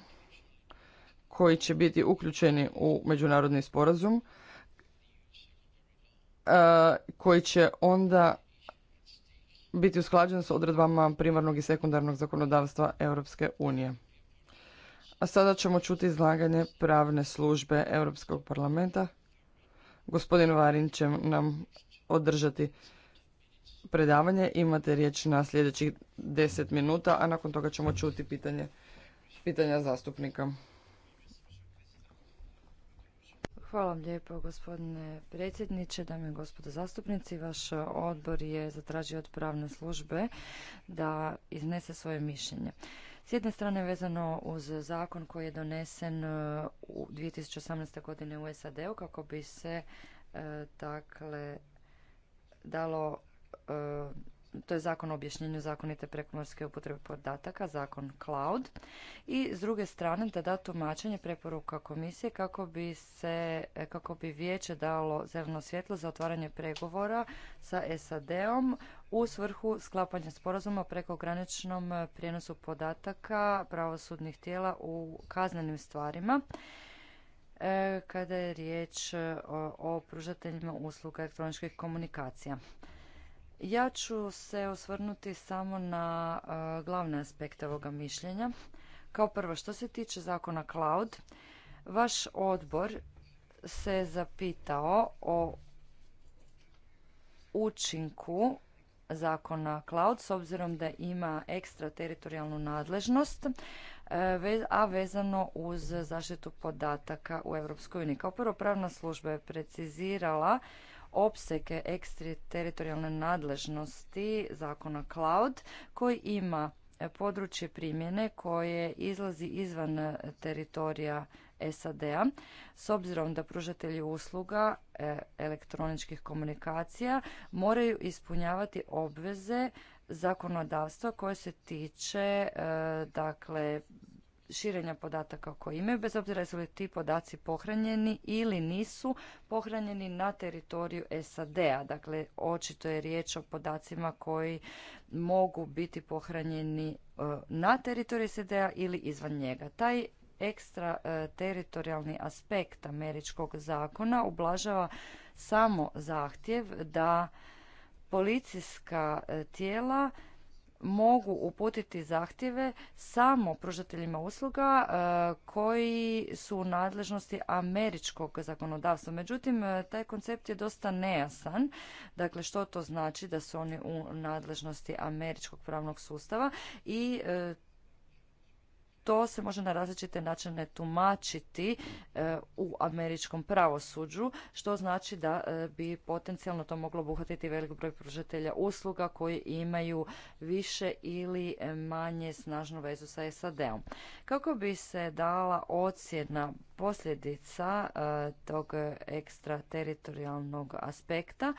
koji će biti uključeni u međunarodni sporazum e, koji će onda biti usklađen s odredbama primarnog i sekundarnog zakonodavstva Europske unije. A sada ćemo čuti izlaganje pravne službe Europskog parlamenta. Gospodin Varin će nam održati predavanje. Imate riječ na sljedećih deset minuta, a nakon toga ćemo čuti pitanje, pitanja zastupnika. Hvala vam lijepo gospodine predsjedniče, dame i gospodo zastupnici. Vaš odbor je zatražio od pravne službe da iznese svoje mišljenje. S jedne strane vezano uz zakon koji je donesen e, u 2018. godine u SAD-u kako bi se e, dakle dalo E, to je zakon o objašnjenju zakonite prekomorske upotrebe podataka, zakon cloud. I s druge strane da da tumačenje preporuka komisije kako bi se, e, kako bi vijeće dalo zeleno svjetlo za otvaranje pregovora sa SAD-om u svrhu sklapanja sporazuma o prekograničnom e, prijenosu podataka pravosudnih tijela u kaznenim stvarima kada je riječ o, o pružateljima usluga elektroničkih komunikacija. Ja ću se osvrnuti samo na e, glavne aspekte ovoga mišljenja. Kao prvo, što se tiče zakona cloud, vaš odbor se zapitao o učinku zakona cloud s obzirom da ima ekstra teritorijalnu nadležnost e, a vezano uz zaštitu podataka u EU. Kao prvo pravna služba je precizirala opseke eksteritorijalne nadležnosti zakona Cloud koji ima e, područje primjene koje izlazi izvan e, teritorija SAD-a s obzirom da pružatelji usluga e, elektroničkih komunikacija moraju ispunjavati obveze zakonodavstva koje se tiče dakle širenja podataka koje imaju, bez obzira su li ti podaci pohranjeni ili nisu pohranjeni na teritoriju SAD-a. Dakle, očito je riječ o podacima koji mogu biti pohranjeni e, na teritoriju SAD-a ili izvan njega. Taj ekstra e, teritorijalni aspekt američkog zakona ublažava samo zahtjev da policijska e, tijela mogu uputiti zahtjeve samo pružateljima usluga e, koji su u nadležnosti američkog zakonodavstva. Međutim, e, taj koncept je dosta nejasan. Dakle, što to znači da su oni u nadležnosti američkog pravnog sustava i e, to se može na različite načine tumačiti e, u američkom pravosuđu, što znači da e, bi potencijalno to moglo obuhvatiti velik broj pružatelja usluga koji imaju više ili manje snažnu vezu sa SAD-om. Kako bi se dala ocjena posljedica e, tog ekstrateritorijalnog aspekta,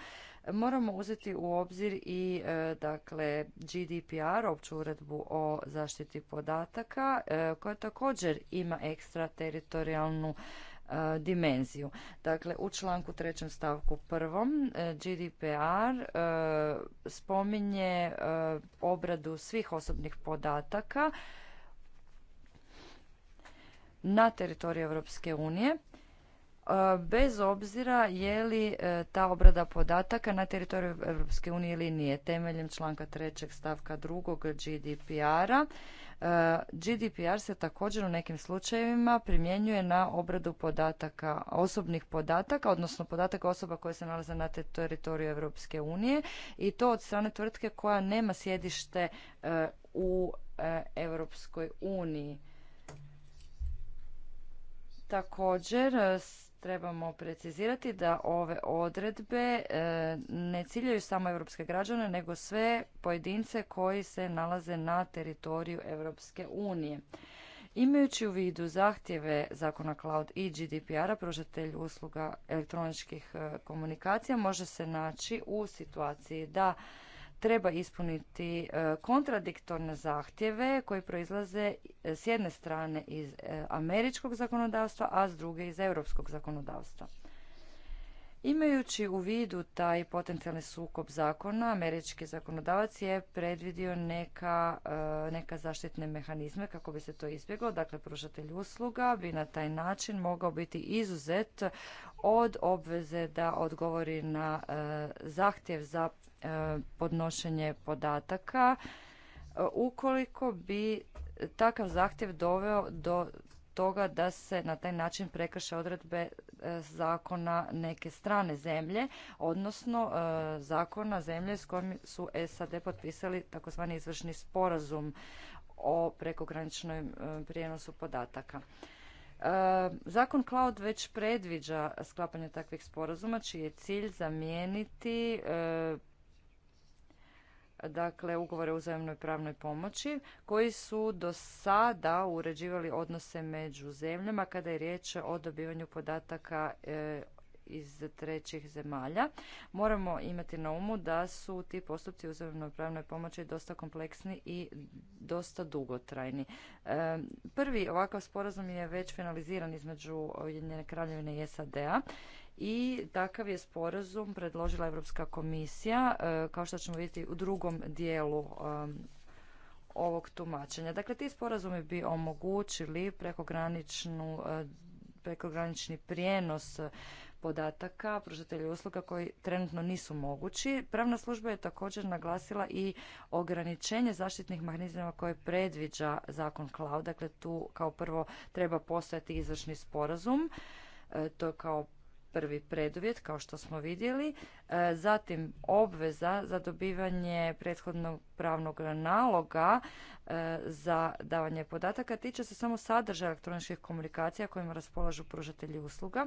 Moramo uzeti u obzir i e, dakle GDPR, opću uredbu o zaštiti podataka, e, koja također ima ekstra teritorijalnu e, dimenziju. Dakle, u članku trećem stavku prvom GDPR spominje obradu svih osobnih podataka na teritoriju Europske unije E, bez obzira je li e, ta obrada podataka na teritoriju Europske unije ili nije temeljem članka 3. stavka 2. GDPR-a. E, GDPR se također u nekim slučajevima primjenjuje na obradu podataka, osobnih podataka, odnosno podataka osoba koje se nalaze na teritoriju Europske unije i to od strane tvrtke koja nema sjedište u Europskoj uniji. Također trebamo precizirati da ove odredbe e, ne ciljaju samo europske građane, nego sve pojedince koji se nalaze na teritoriju Europske unije. Imajući u vidu zahtjeve zakona cloud i GDPR-a, pružatelj usluga elektroničkih e, komunikacija može se naći u situaciji da treba ispuniti e, kontradiktorne zahtjeve koji proizlaze e, s jedne strane iz e, američkog zakonodavstva, a s druge iz europskog zakonodavstva. Imajući u vidu taj potencijalni sukob zakona, američki zakonodavac je predvidio neka, neka zaštitne mehanizme kako bi se to izbjeglo. Dakle, pružatelj usluga bi na taj način mogao biti izuzet od obveze da odgovori na zahtjev za E, podnošenje podataka e, ukoliko bi takav zahtjev doveo do toga da se na taj način prekrše odredbe e, zakona neke strane zemlje, odnosno zakona zemlje s kojim su SAD potpisali takozvani izvršni sporazum o prekograničnom prijenosu podataka. Zakon Cloud već predviđa sklapanje takvih sporazuma čiji je cilj zamijeniti dakle ugovore o uzajamnoj pravnoj pomoći koji su do sada uređivali odnose među zemljama kada je riječ o dobivanju podataka e, iz trećih zemalja. Moramo imati na umu da su ti postupci uzajamnoj pravnoj pomoći dosta kompleksni i dosta dugotrajni. E, prvi ovakav sporazum je već finaliziran između Ujedinjene kraljevine i SAD-a i takav je sporazum predložila Europska komisija, e, kao što ćemo vidjeti u drugom dijelu e, ovog tumačenja. Dakle, ti sporazumi bi omogućili prekograničnu e, prekogranični prijenos podataka pružatelja usluga koji trenutno nisu mogući. Pravna služba je također naglasila i ograničenje zaštitnih mehanizama koje predviđa zakon cloud. Dakle, tu kao prvo treba postojati izvršni sporazum. To je kao prvi preduvjet kao što smo vidjeli, e, zatim obveza za dobivanje prethodnog pravnog naloga e, za davanje podataka tiče se samo sadržaja elektroničkih komunikacija kojima raspolažu pružatelji usluga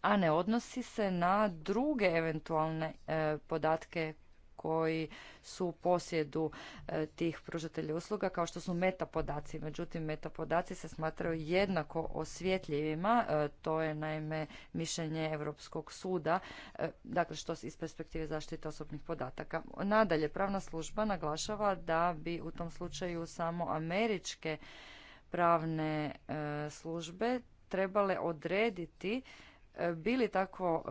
a ne odnosi se na druge eventualne e, podatke koji su u posjedu e, tih pružatelja usluga kao što su metapodaci. Međutim, metapodaci se smatraju jednako osvjetljivima. E, to je naime mišljenje Europskog suda, e, dakle što iz perspektive zaštite osobnih podataka. Nadalje, pravna služba naglašava da bi u tom slučaju samo američke pravne službe trebale odrediti bili takvo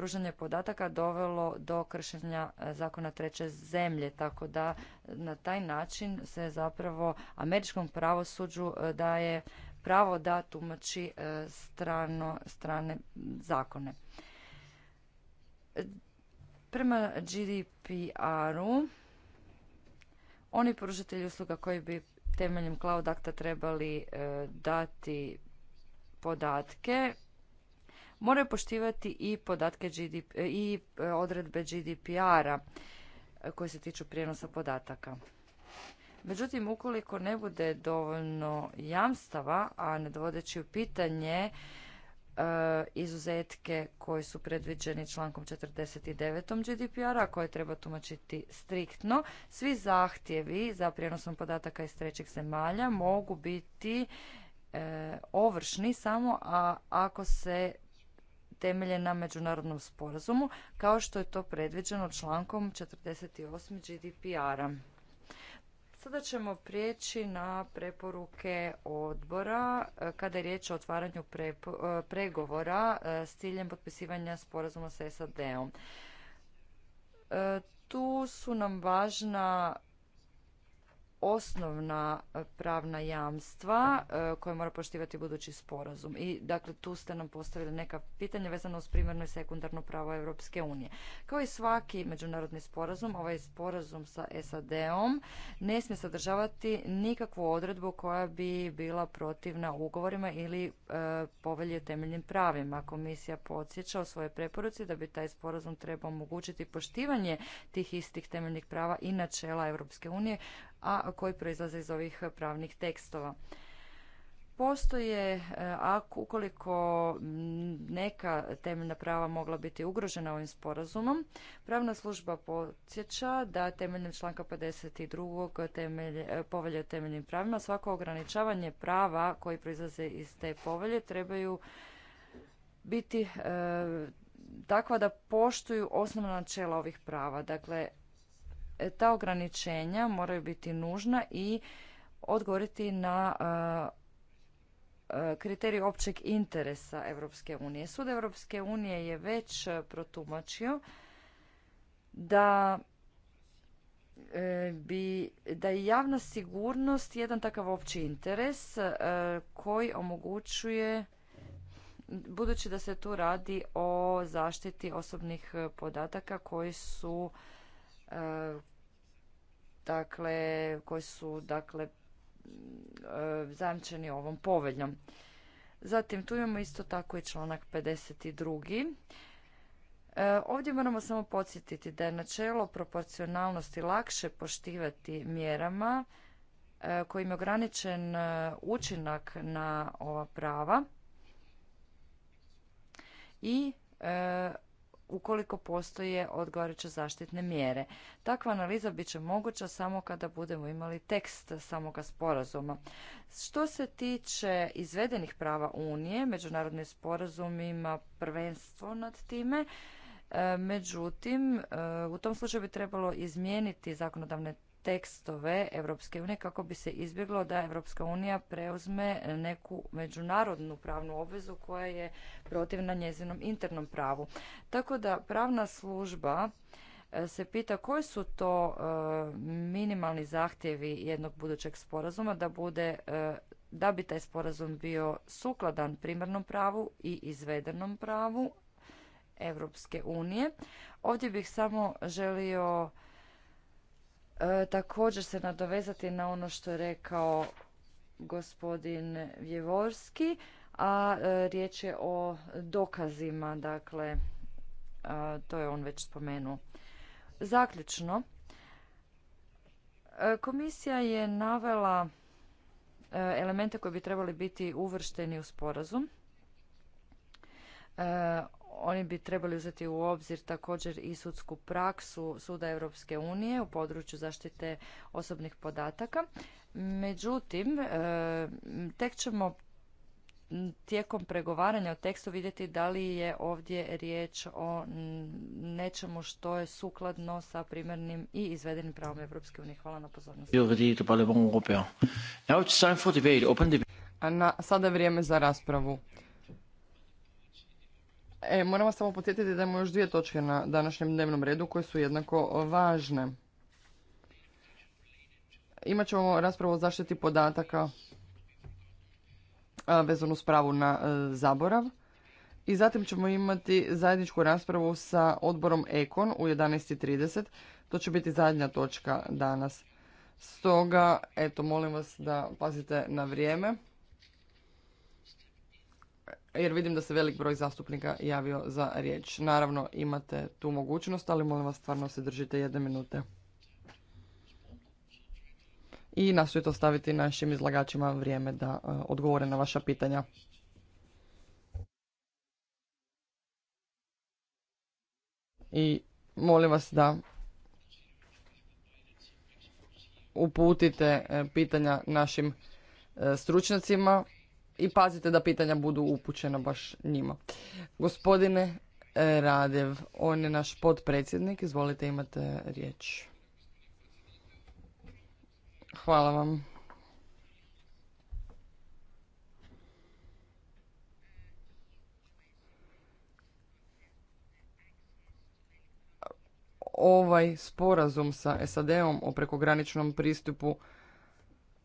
pružanje podataka dovelo do kršenja e, zakona treće zemlje, tako da na taj način se zapravo američkom pravosuđu e, daje pravo da tumači e, strano, strane zakone. Prema GDPR-u, oni pružatelji usluga koji bi temeljem Cloud Acta trebali dati podatke moraju poštivati i podatke GDP, e, i e, odredbe GDPR-a e, koje se tiču prijenosa podataka. Međutim, ukoliko ne bude dovoljno jamstava, a ne dovodeći u pitanje izuzetke koji su predviđeni člankom 49. GDPR-a koje treba tumačiti striktno. Svi zahtjevi za prijenosom podataka iz trećeg zemalja mogu biti e, ovršni samo a ako se temelje na međunarodnom sporazumu, kao što je to predviđeno člankom 48. GDPR-a. Sada ćemo prijeći na preporuke odbora e, kada je riječ o otvaranju e, pregovora e, s ciljem potpisivanja sporazuma sa SAD-om. Tu su nam važna osnovna e, pravna jamstva e, koje mora poštivati budući sporazum. I dakle tu ste nam postavili neka pitanja vezano uz primarno i sekundarno pravo Europske unije. Kao i svaki međunarodni sporazum, ovaj sporazum sa SAD-om ne smije sadržavati nikakvu odredbu koja bi bila protivna ugovorima ili e, temeljnim pravima. Komisija podsjeća o svojoj preporuci da bi taj sporazum trebao omogućiti poštivanje tih istih temeljnih prava i načela Europske unije a koji proizlaze iz ovih pravnih tekstova. Postoje, e, a ukoliko neka temeljna prava mogla biti ugrožena ovim sporazumom, pravna služba podsjeća da temeljem članka 52. Temelj, e, povelje o temeljnim pravima svako ograničavanje prava koji proizlaze iz te povelje trebaju biti e, takva da poštuju osnovna načela ovih prava. Dakle, ta ograničenja moraju biti nužna i odgovoriti na e, e, kriterij općeg interesa Europske unije. Sud Europske unije je već protumačio da e, bi, da je javna sigurnost jedan takav opći interes koji omogućuje budući da se tu radi o zaštiti osobnih podataka koji su dakle, koji su dakle, e, zajamčeni ovom poveljom. Zatim tu imamo isto tako i članak 52. E, ovdje moramo samo podsjetiti da je načelo proporcionalnosti lakše poštivati mjerama e, kojim je ograničen e, učinak na ova prava i ukoliko postoje odgovarajuće zaštitne mjere. Takva analiza bit će moguća samo kada budemo imali tekst samoga sporazuma. Što se tiče izvedenih prava Unije, međunarodni sporazum ima prvenstvo nad time. E, međutim, e, u tom slučaju bi trebalo izmijeniti zakonodavne tekstove Europske unije kako bi se izbjeglo da Europska unija preuzme neku međunarodnu pravnu obvezu koja je protivna njezinom internom pravu. Tako da pravna služba e, se pita koji su to e, minimalni zahtjevi jednog budućeg sporazuma da bude e, da bi taj sporazum bio sukladan primarnom pravu i izvedenom pravu Europske unije. Ovdje bih samo želio E, također se nadovezati na ono što je rekao gospodin Vjevorski, a e, riječ je o dokazima, dakle, e, to je on već spomenuo. Zaključno, komisija je navela elemente koji bi trebali biti uvršteni u sporazum oni bi trebali uzeti u obzir također i sudsku praksu Suda Europske unije u području zaštite osobnih podataka. Međutim, e, tek ćemo tijekom pregovaranja o tekstu vidjeti da li je ovdje riječ o nečemu što je sukladno sa primjernim i izvedenim pravom Europske unije. Hvala na pozornosti. sada je vrijeme za raspravu. E, moram vas samo podsjetiti da imamo još dvije točke na današnjem dnevnom redu koje su jednako važne. Imat ćemo raspravu o zaštiti podataka vezanu s pravu na e, zaborav. I zatim ćemo imati zajedničku raspravu sa odborom Ekon u 11.30. To će biti zadnja točka danas. Stoga, eto, molim vas da pazite na vrijeme jer vidim da se velik broj zastupnika javio za riječ. Naravno, imate tu mogućnost, ali molim vas stvarno se držite jedne minute. I nastojite ostaviti našim izlagačima vrijeme da e, odgovore na vaša pitanja. I molim vas da uputite e, pitanja našim e, stručnjacima i pazite da pitanja budu upućena baš njima. Gospodine e, Radev, on je naš potpredsjednik, izvolite imate riječ. Hvala vam. Ovaj sporazum sa SAD-om o prekograničnom pristupu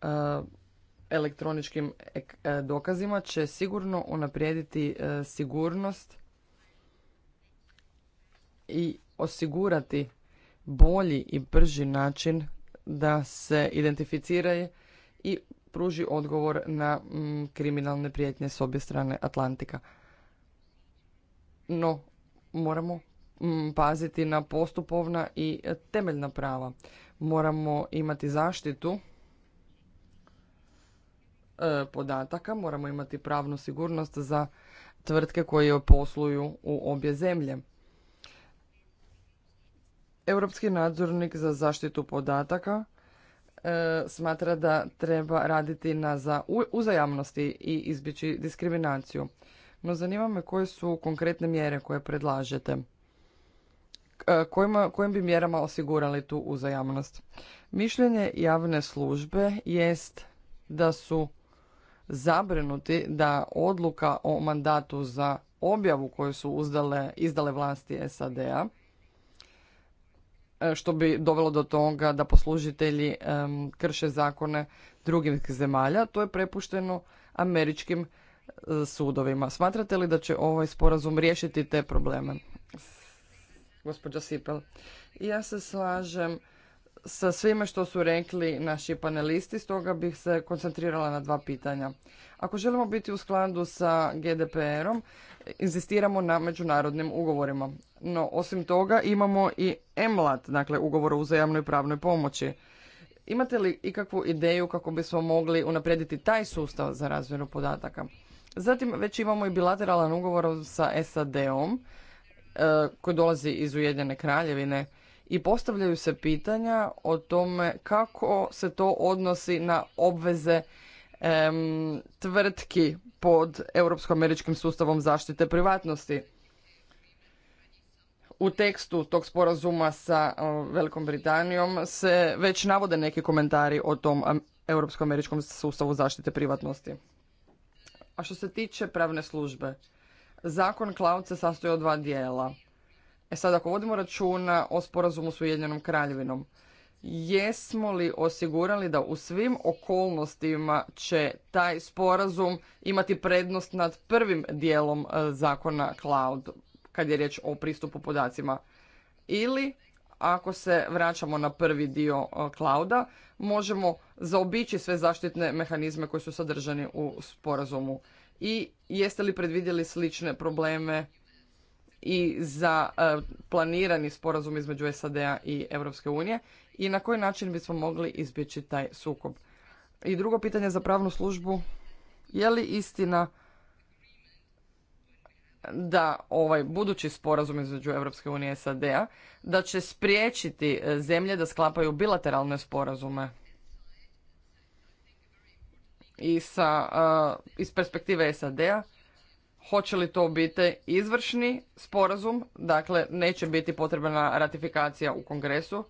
e, elektroničkim e, e, dokazima će sigurno unaprijediti e, sigurnost i osigurati bolji i brži način da se identificira i pruži odgovor na kriminalne prijetnje s obje strane Atlantika. No, moramo paziti na postupovna i temeljna prava. Moramo imati zaštitu E, podataka, moramo imati pravnu sigurnost za tvrtke koje posluju u obje zemlje. Europski nadzornik za zaštitu podataka e, smatra da treba raditi na uzajamnosti i izbjeći diskriminaciju. No zanima me koje su konkretne mjere koje predlažete. E, kojim bi mjerama osigurali tu uzajamnost? Mišljenje javne službe jest da su zabrinuti da odluka o mandatu za objavu koju su uzdale, izdale vlasti SAD-a, e, što bi dovelo do toga da poslužitelji krše zakone drugih zemalja, to je prepušteno američkim e, sudovima. Smatrate li da će ovaj sporazum riješiti te probleme? Gospođa Sipel. Ja se slažem sa svime što su rekli naši panelisti, stoga bih se koncentrirala na dva pitanja. Ako želimo biti u skladu sa GDPR-om, inzistiramo na međunarodnim ugovorima. No, osim toga imamo i EMLAT, dakle ugovor o uzajamnoj pravnoj pomoći. Imate li ikakvu ideju kako bismo mogli unaprijediti taj sustav za razvijenu podataka? Zatim već imamo i bilateralan ugovor sa SAD-om e, koji dolazi iz Ujedinjene kraljevine i postavljaju se pitanja o tome kako se to odnosi na obveze tvrtki pod europsko-američkim sustavom zaštite privatnosti. U tekstu tog sporazuma sa Velikom Britanijom se već navode neki komentari o tom europsko-američkom sustavu zaštite privatnosti. A što se tiče pravne službe, zakon Cloud se sastoji od dva dijela. E sad, ako vodimo računa o sporazumu s Ujedinjenom kraljevinom, jesmo li osigurali da u svim okolnostima će taj sporazum imati prednost nad prvim dijelom e, zakona cloud, kad je riječ o pristupu podacima? Ili, ako se vraćamo na prvi dio e, clouda, možemo zaobići sve zaštitne mehanizme koji su sadržani u sporazumu. I jeste li predvidjeli slične probleme i za e, planirani sporazum između SAD-a i Europske unije i na koji način bismo mogli izbjeći taj sukob. I drugo pitanje za pravnu službu, je li istina da ovaj budući sporazum između Europske unije i SAD-a da će spriječiti e, zemlje da sklapaju bilateralne sporazume i sa, e, iz perspektive SAD-a Hoće li to biti izvršni sporazum, dakle neće biti potrebna ratifikacija u kongresu,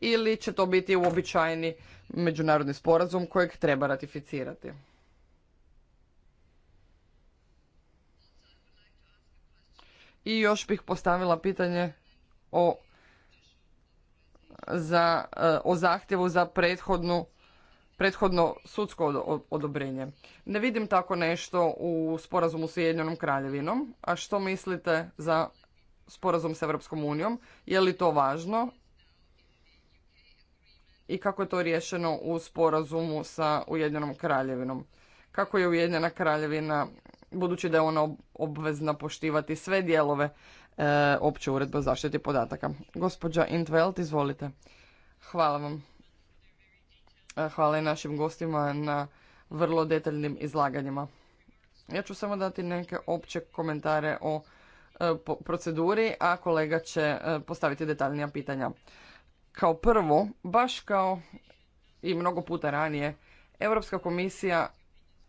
ili će to biti uobičajeni međunarodni sporazum kojeg treba ratificirati? I još bih postavila pitanje o, za, e, o zahtjevu za prethodnu prethodno sudsko odobrenje. Ne vidim tako nešto u sporazumu s Ujedinjenom kraljevinom, a što mislite za sporazum s Europskom unijom? Je li to važno? I kako je to riješeno u sporazumu sa Ujedinjenom kraljevinom? Kako je Ujedinjena kraljevina, budući da je ona obvezna poštivati sve dijelove e, opće uredbe o zaštiti podataka? Gospođa Intveld, izvolite. Hvala vam. E, hvala i našim gostima na vrlo detaljnim izlaganjima. Ja ću samo dati neke opće komentare o e, proceduri, a kolega će e, postaviti detaljnija pitanja. Kao prvo, baš kao i mnogo puta ranije, Europska komisija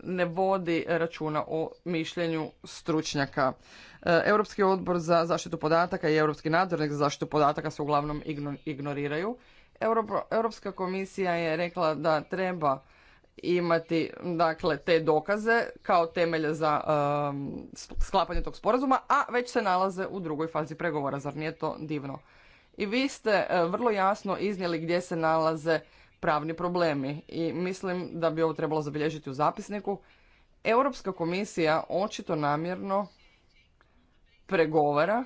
ne vodi računa o mišljenju stručnjaka. Europski odbor za zaštitu podataka i Europski nadzornik za zaštitu podataka se uglavnom ignoriraju Europska komisija je rekla da treba imati dakle te dokaze kao temelje za um, sklapanje tog sporazuma, a već se nalaze u drugoj fazi pregovora. Zar nije to divno? I vi ste e, vrlo jasno iznijeli gdje se nalaze pravni problemi i mislim da bi ovo trebalo zabilježiti u zapisniku. Europska komisija očito namjerno pregovara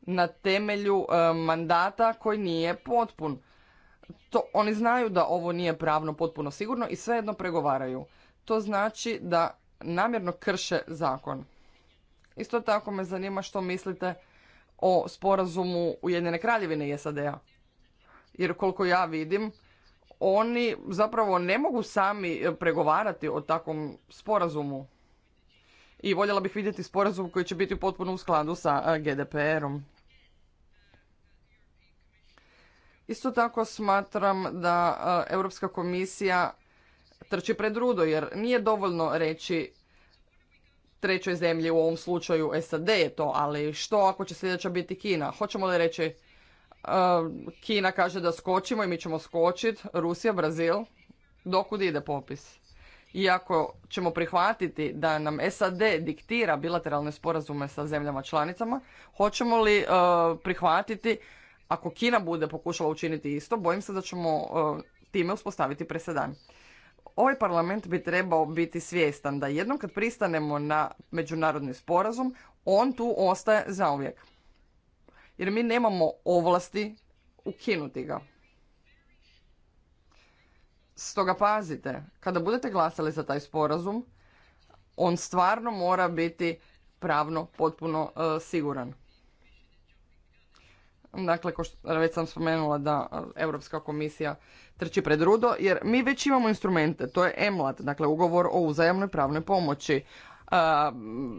na temelju e, mandata koji nije potpun to, oni znaju da ovo nije pravno potpuno sigurno i svejedno pregovaraju. To znači da namjerno krše zakon. Isto tako me zanima što mislite o sporazumu Ujedinjene kraljevine i SAD-a. Jer koliko ja vidim, oni zapravo ne mogu sami e, pregovarati o takvom sporazumu. I voljela bih vidjeti sporazum koji će biti potpuno u skladu sa e, GDPR-om. Isto tako smatram da e, Europska komisija trči pred rudo jer nije dovoljno reći trećoj zemlji u ovom slučaju SAD je to, ali što ako će sljedeća biti Kina? Hoćemo li reći e, Kina kaže da skočimo i mi ćemo skočiti, Rusija, Brazil, dokud ide popis? Iako ćemo prihvatiti da nam SAD diktira bilateralne sporazume sa zemljama članicama, hoćemo li e, prihvatiti ako Kina bude pokušala učiniti isto, bojim se da ćemo e, time uspostaviti presedan. Ovaj parlament bi trebao biti svjestan da jednom kad pristanemo na međunarodni sporazum, on tu ostaje zauvijek. Jer mi nemamo ovlasti ukinuti ga. Stoga pazite, kada budete glasali za taj sporazum, on stvarno mora biti pravno potpuno e, siguran. Dakle, ko što već sam spomenula da Europska komisija trči pred rudo, jer mi već imamo instrumente, to je EMLAT, dakle ugovor o uzajamnoj pravnoj pomoći.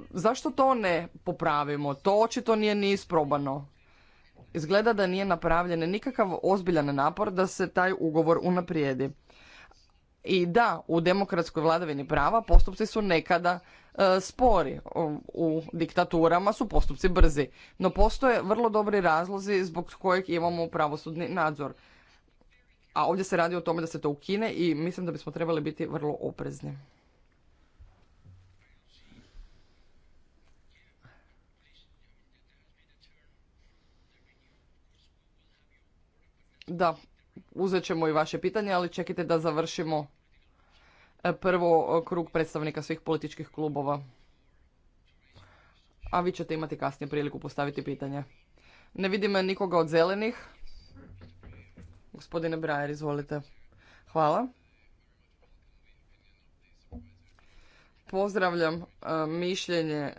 zašto to ne popravimo? To očito nije ni isprobano. Izgleda da nije napravljen nikakav ozbiljan napor da se taj ugovor unaprijedi. I da, u demokratskoj vladavini prava postupci su nekada e, spori. U diktaturama su postupci brzi. No postoje vrlo dobri razlozi zbog kojeg imamo pravosudni nadzor. A ovdje se radi o tome da se to ukine i mislim da bismo trebali biti vrlo oprezni. Da, uzet ćemo i vaše pitanje, ali čekajte da završimo prvo krug predstavnika svih političkih klubova. A vi ćete imati kasnije priliku postaviti pitanje. Ne vidim nikoga od zelenih. Gospodine Brajer, izvolite. Hvala. Pozdravljam e, mišljenje e,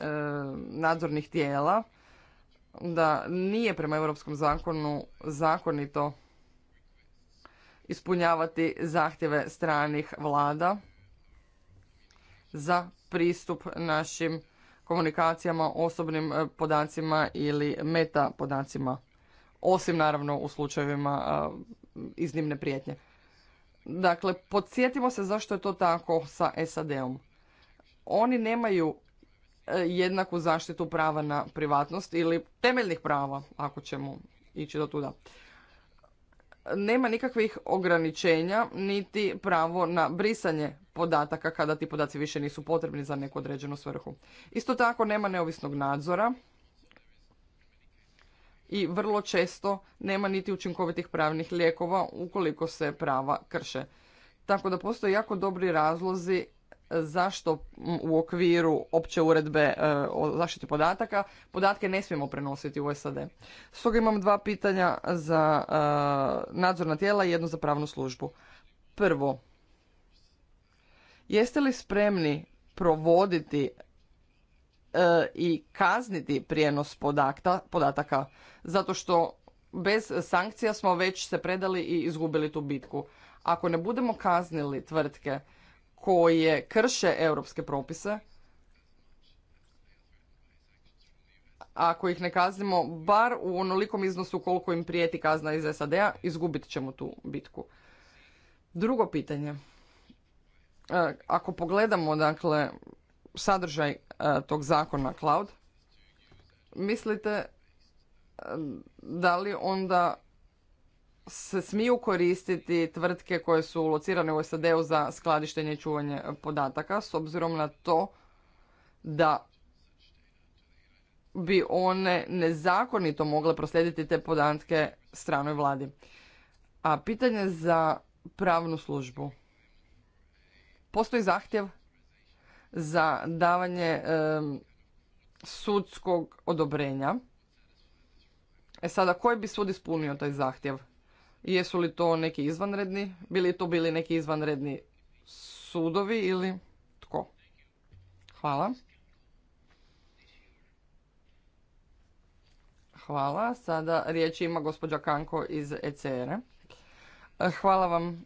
nadzornih tijela da nije prema Europskom zakonu zakonito ispunjavati zahtjeve stranih vlada za pristup našim komunikacijama, osobnim e, podacima ili meta podacima, osim naravno u slučajevima e, iznimne prijetnje. Dakle, podsjetimo se zašto je to tako sa SAD-om. Oni nemaju e, jednaku zaštitu prava na privatnost ili temeljnih prava, ako ćemo ići do tuda nema nikakvih ograničenja niti pravo na brisanje podataka kada ti podaci više nisu potrebni za neku određenu svrhu. Isto tako nema neovisnog nadzora i vrlo često nema niti učinkovitih pravnih lijekova ukoliko se prava krše. Tako da postoje jako dobri razlozi zašto u okviru opće uredbe e, o zaštiti podataka podatke ne smijemo prenositi u SAD. Stoga imam dva pitanja za e, nadzorna tijela i jedno za pravnu službu. Prvo, jeste li spremni provoditi e, i kazniti prijenos podataka zato što bez sankcija smo već se predali i izgubili tu bitku. Ako ne budemo kaznili tvrtke koje krše europske propise, ako ih ne kaznimo, bar u onolikom iznosu koliko im prijeti kazna iz SAD-a, izgubit ćemo tu bitku. Drugo pitanje. E, ako pogledamo, dakle, sadržaj e, tog zakona cloud, mislite e, da li onda se smiju koristiti tvrtke koje su locirane u SAD-u za skladištenje i čuvanje podataka s obzirom na to da bi one nezakonito mogle proslijediti te podatke stranoj vladi. A pitanje za pravnu službu. Postoji zahtjev za davanje sudskog odobrenja. E sada, koji bi sud ispunio taj zahtjev? Jesu li to neki izvanredni? Bili to bili neki izvanredni sudovi ili tko? Hvala. Hvala. Sada riječ ima gospođa Kanko iz ecr Hvala vam.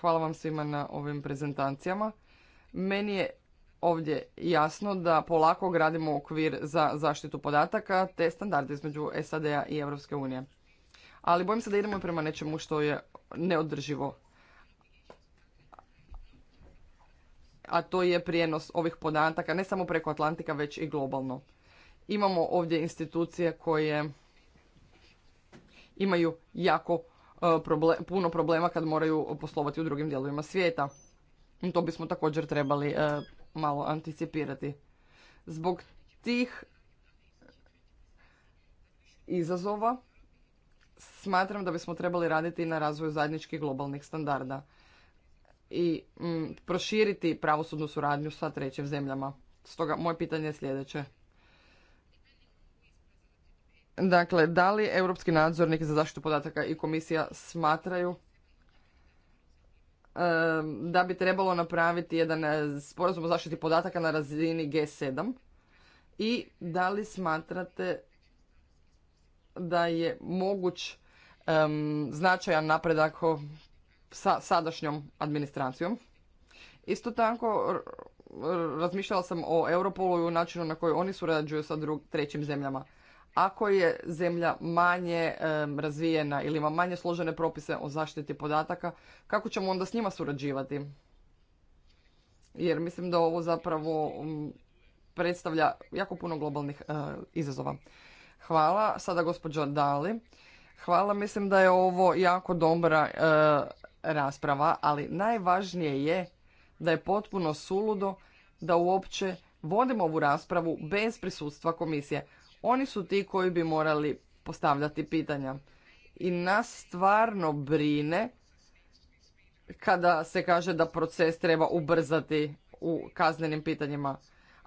Hvala vam svima na ovim prezentacijama. Meni je ovdje jasno da polako gradimo okvir za zaštitu podataka te standarde između SAD-a i Europske unije ali bojim se da idemo prema nečemu što je neodrživo. A to je prijenos ovih podataka ne samo preko Atlantika već i globalno. Imamo ovdje institucije koje imaju jako e, puno problema kad moraju poslovati u drugim dijelovima svijeta. To bismo također trebali e, malo anticipirati. Zbog tih izazova smatram da bismo trebali raditi na razvoju zajedničkih globalnih standarda i mm, proširiti pravosudnu suradnju sa trećim zemljama. Stoga moje pitanje je sljedeće. Dakle, da li Europski nadzornik za zaštitu podataka i komisija smatraju da bi trebalo napraviti jedan eh, sporazum o zaštiti podataka na razini G7 i da li smatrate da je moguć značajan napredak sa sadašnjom administracijom. Isto tako razmišljala sam o Europolu i o načinu na koji oni surađuju sa drug, trećim zemljama. Ako je zemlja manje razvijena ili ima manje složene propise o zaštiti podataka, kako ćemo onda s njima surađivati? Jer mislim da ovo zapravo predstavlja jako puno globalnih eh, izazova. Hvala. Sada gospođo Dali. Hvala. Mislim da je ovo jako dobra e, rasprava, ali najvažnije je da je potpuno suludo da uopće vodimo ovu raspravu bez prisustva komisije. Oni su ti koji bi morali postavljati pitanja. I nas stvarno brine kada se kaže da proces treba ubrzati u kaznenim pitanjima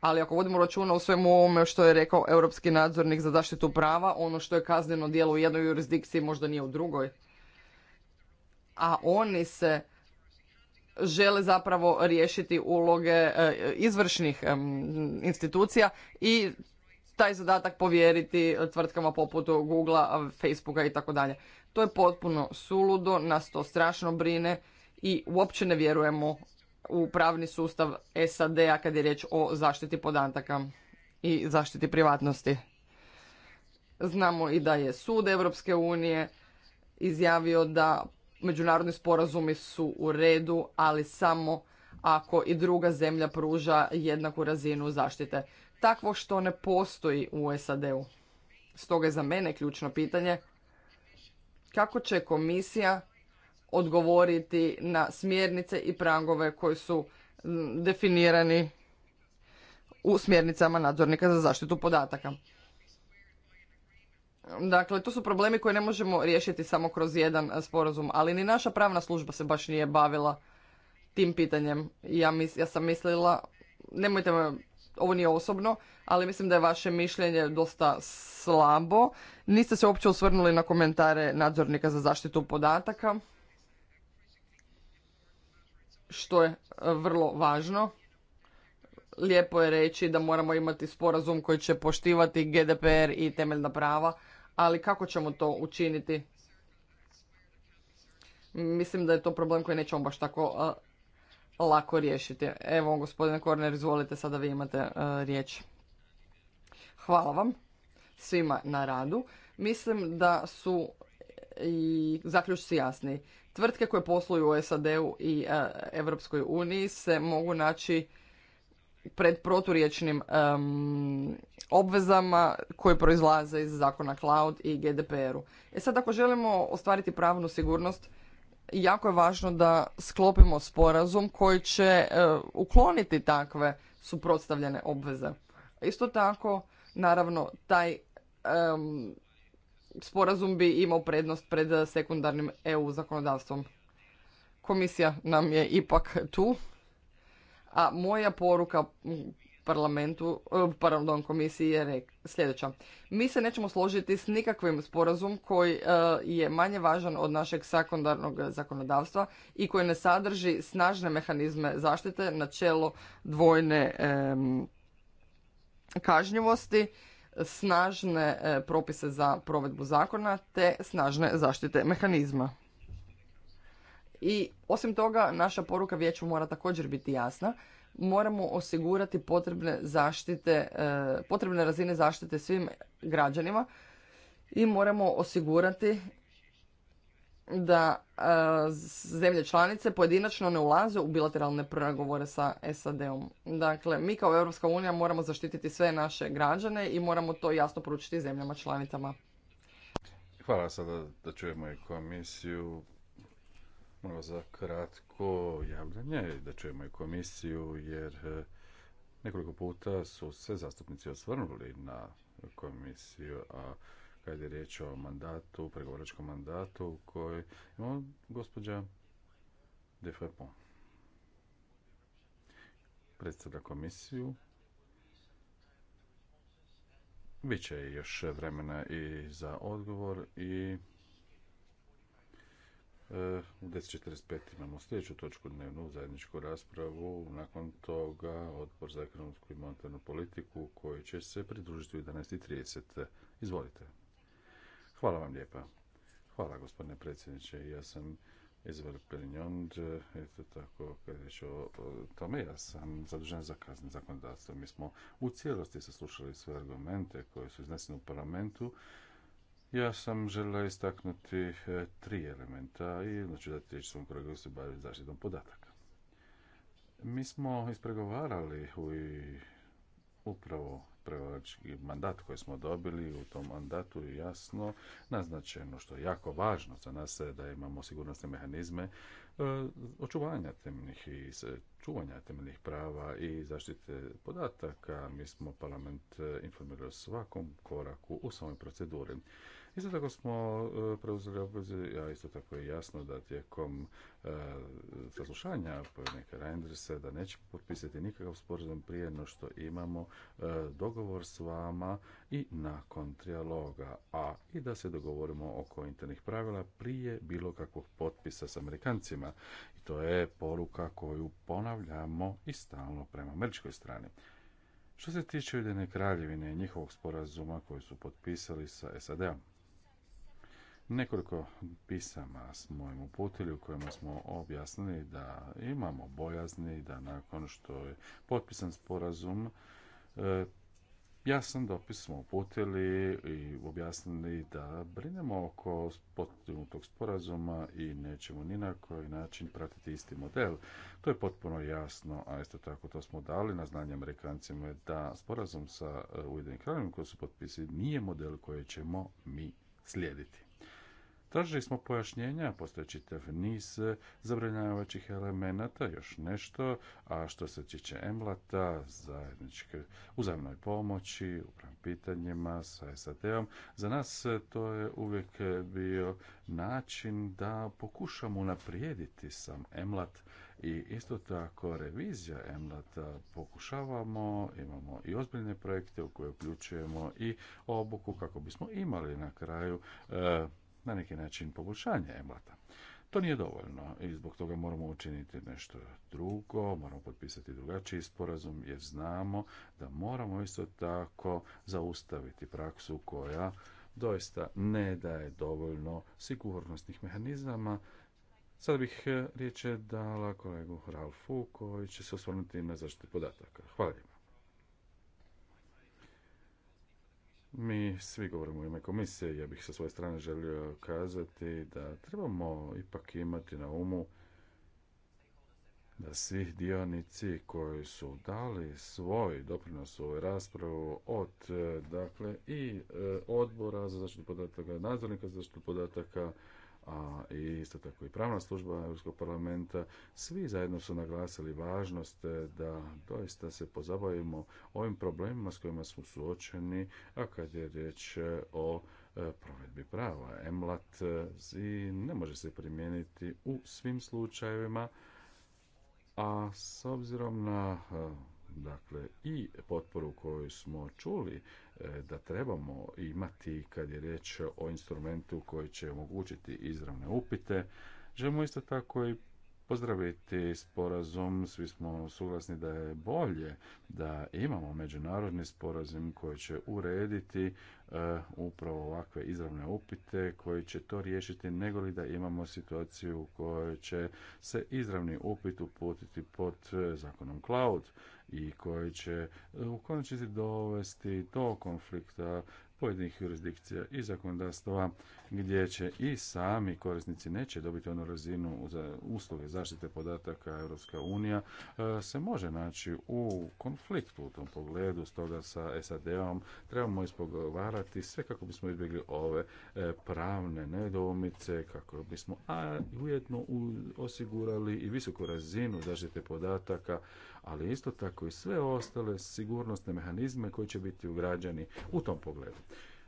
ali ako vodimo računa o svemu ovome što je rekao europski nadzornik za zaštitu prava, ono što je kazneno djelo u jednoj jurisdikciji možda nije u drugoj. A oni se žele zapravo riješiti uloge e, izvršnih institucija i taj zadatak povjeriti tvrtkama poput google Facebooka i tako dalje. To je potpuno suludo, nas to strašno brine i uopće ne vjerujemo u pravni sustav SAD-a kad je riječ o zaštiti podataka i zaštiti privatnosti. Znamo i da je sud Europske unije izjavio da međunarodni sporazumi su u redu, ali samo ako i druga zemlja pruža jednaku razinu zaštite. Takvo što ne postoji u SAD-u. Stoga je za mene ključno pitanje kako će komisija odgovoriti na smjernice i prangove koji su definirani u smjernicama nadzornika za zaštitu podataka. Dakle, to su problemi koje ne možemo riješiti samo kroz jedan e, sporazum, ali ni naša pravna služba se baš nije bavila tim pitanjem. Ja, ja sam mislila, nemojte me, ovo nije osobno, ali mislim da je vaše mišljenje dosta slabo. Niste se uopće osvrnuli na komentare nadzornika za zaštitu podataka što je e, vrlo važno. Lijepo je reći da moramo imati sporazum koji će poštivati GDPR i temeljna prava, ali kako ćemo to učiniti? Mislim da je to problem koji nećemo baš tako e, lako riješiti. Evo, gospodine Korner, izvolite, sada vi imate e, riječ. Hvala vam svima na radu. Mislim da su i zaključci jasni. Tvrtke koje posluju u SAD-u i Europskoj uniji se mogu naći pred proturječnim obvezama koje proizlaze iz zakona cloud i GDPR-u. E sad, ako želimo ostvariti pravnu sigurnost, jako je važno da sklopimo sporazum koji će e, ukloniti takve suprotstavljene obveze. Isto tako, naravno, taj sporazum bi imao prednost pred sekundarnim EU zakonodavstvom. Komisija nam je ipak tu, a moja poruka parlamentu, e, pardon, komisiji je sljedeća. Mi se nećemo složiti s nikakvim sporazum koji e, je manje važan od našeg sekundarnog zakonodavstva i koji ne sadrži snažne mehanizme zaštite, čelo dvojne kažnjivosti snažne e, propise za provedbu zakona te snažne zaštite mehanizma. I osim toga, naša poruka vijeću mora također biti jasna. Moramo osigurati potrebne zaštite, e, potrebne razine zaštite svim građanima i moramo osigurati da e, zemlje članice pojedinačno ne ulaze u bilateralne pregovore sa SAD-om. Dakle, mi kao Europska unija moramo zaštititi sve naše građane i moramo to jasno poručiti zemljama članicama. Hvala sada da čujemo i komisiju. Malo za kratko javljanje da čujemo i komisiju jer e, nekoliko puta su se zastupnici osvrnuli na komisiju, a kad je riječ o mandatu, pregovoračkom mandatu koji imamo gospođa de Frepon. Predstavlja komisiju. Biće još vremena i za odgovor i e, u 10.45 imamo sljedeću točku dnevnu zajedničku raspravu. Nakon toga odbor za ekonomsku i monetarnu politiku koji će se pridružiti u 11.30. Izvolite. Hvala vam lijepa. Hvala gospodine predsjedniče. Ja sam Izvar Perignond, eto tako, kad je o tome, ja sam zadužen za kazne zakonodavstvo. Mi smo u cijelosti saslušali sve argumente koje su izneseni u parlamentu. Ja sam želio istaknuti e, tri elementa i znači dati riječ svom kolegu se bavi zaštitom podataka. Mi smo ispregovarali u upravo mandat koji smo dobili u tom mandatu je jasno naznačeno što je jako važno za nas da imamo sigurnosne mehanizme e, očuvanja temeljnih i čuvanja temeljnih prava i zaštite podataka. Mi smo parlament informirali o svakom koraku u samoj proceduri. Isto tako smo e, preuzeli obveze, a isto tako je jasno da tijekom e, saslušanja pojednika Reindersa da neće potpisati nikakav sporazum prije no što imamo e, dogovor s vama i nakon trijaloga, a i da se dogovorimo oko internih pravila prije bilo kakvog potpisa s Amerikancima. I to je poruka koju ponavljamo i stalno prema američkoj strani. Što se tiče Ujedine kraljevine i njihovog sporazuma koji su potpisali sa SAD-om, Nekoliko pisama smo im uputili u kojima smo objasnili da imamo bojazni da nakon što je potpisan sporazum e, jasan dopis smo uputili i objasnili da brinemo oko potpunutog sporazuma i nećemo ni na koji način pratiti isti model. To je potpuno jasno, a isto tako to smo dali na znanje Amerikancima da sporazum sa Ujedinim kraljem koji su potpisi nije model koji ćemo mi slijediti. Tražili smo pojašnjenja, postoje čitav niz e, zabrinjavajućih elemenata, još nešto, a što se tiče emlata, zajedničke uzajemnoj pomoći, upravnim pitanjima sa SAD-om, za nas e, to je uvijek bio način da pokušamo unaprijediti sam emlat i isto tako revizija Emlata pokušavamo, imamo i ozbiljne projekte u koje uključujemo i obuku kako bismo imali na kraju e, na neki način poboljšanje emblata. To nije dovoljno i zbog toga moramo učiniti nešto drugo, moramo potpisati drugačiji sporazum jer znamo da moramo isto tako zaustaviti praksu koja doista ne daje dovoljno sigurnosnih mehanizama. Sada bih eh, riječ dala kolegu Ralfu koji će se osvrnuti na zaštitu podataka. Hvala Mi svi govorimo u ime komisije, ja bih sa svoje strane želio kazati da trebamo ipak imati na umu da svih dionici koji su dali svoj doprinos u ovoj raspravu od dakle i e, odbora za zaštitu podataka, nadzornika za zaštitu podataka, a isto tako i pravna služba Europskog parlamenta, svi zajedno su naglasili važnost e, da doista se pozabavimo ovim problemima s kojima smo suočeni, a kad je riječ e, o e, provedbi prava. EMLAT i ne može se primijeniti u svim slučajevima, a s obzirom na dakle i potporu koju smo čuli e, da trebamo imati kad je riječ o instrumentu koji će omogućiti izravne upite. Želimo isto tako i pozdraviti sporazum. Svi smo suglasni da je bolje da imamo međunarodni sporazum koji će urediti eh, upravo ovakve izravne upite koji će to riješiti nego li da imamo situaciju u kojoj će se izravni upit uputiti pod eh, zakonom cloud i koji će eh, u konačnici dovesti do konflikta pojedinih jurisdikcija i zakonodavstva gdje će i sami korisnici neće dobiti onu razinu za usluge zaštite podataka Europska unija e, se može naći u konfliktu u tom pogledu stoga sa SAD-om trebamo ispogovarati sve kako bismo izbjegli ove e, pravne nedoumice kako bismo a ujedno osigurali i visoku razinu zaštite podataka ali isto tako i sve ostale sigurnosne mehanizme koji će biti ugrađeni u tom pogledu.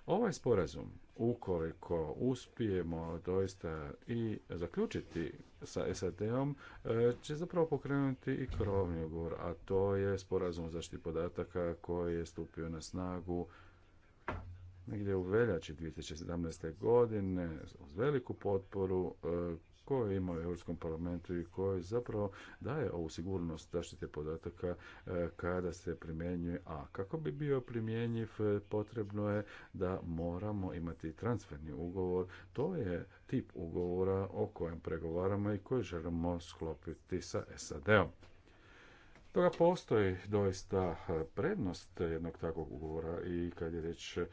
Ovaj sporazum, ukoliko uspijemo doista i zaključiti sa SAD-om, e, će zapravo pokrenuti i krovni ugovor, a to je sporazum o zaštiti podataka koji je stupio na snagu negdje u veljači 2017. godine uz veliku potporu e, koje ima u Europskom parlamentu i koje zapravo daje ovu sigurnost zaštite podataka e, kada se primjenjuje, a kako bi bio primjenjiv e, potrebno je da moramo imati transferni ugovor. To je tip ugovora o kojem pregovaramo i koji želimo sklopiti sa SAD-om. Toga postoji doista e, prednost jednog takvog ugovora i kad je reč, e,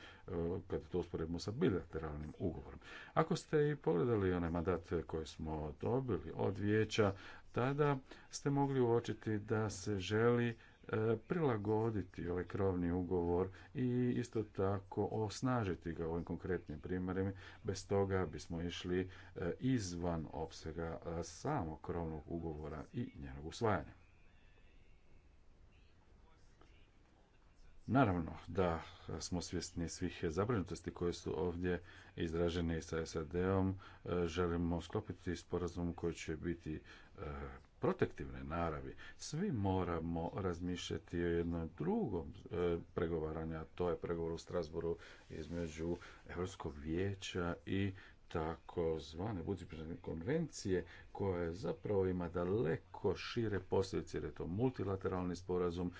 kad to usporedimo sa bilateralnim ugovorom. Ako ste i pogledali onaj mandat koji smo dobili od vijeća, tada ste mogli uočiti da se želi e, prilagoditi ovaj krovni ugovor i isto tako osnažiti ga ovim konkretnim primjerima. Bez toga bismo išli izvan opsega samog krovnog ugovora i njenog usvajanja. Naravno da smo svjesni svih zabrinutosti koje su ovdje izražene sa SAD-om. E, želimo sklopiti sporazum koji će biti e, protektivne naravi. Svi moramo razmišljati o jednom drugom e, pregovaranju, a to je pregovor u Strasboru između Europskog vijeća i takozvane budžetne konvencije koja zapravo ima daleko šire posljedice jer je to multilateralni sporazum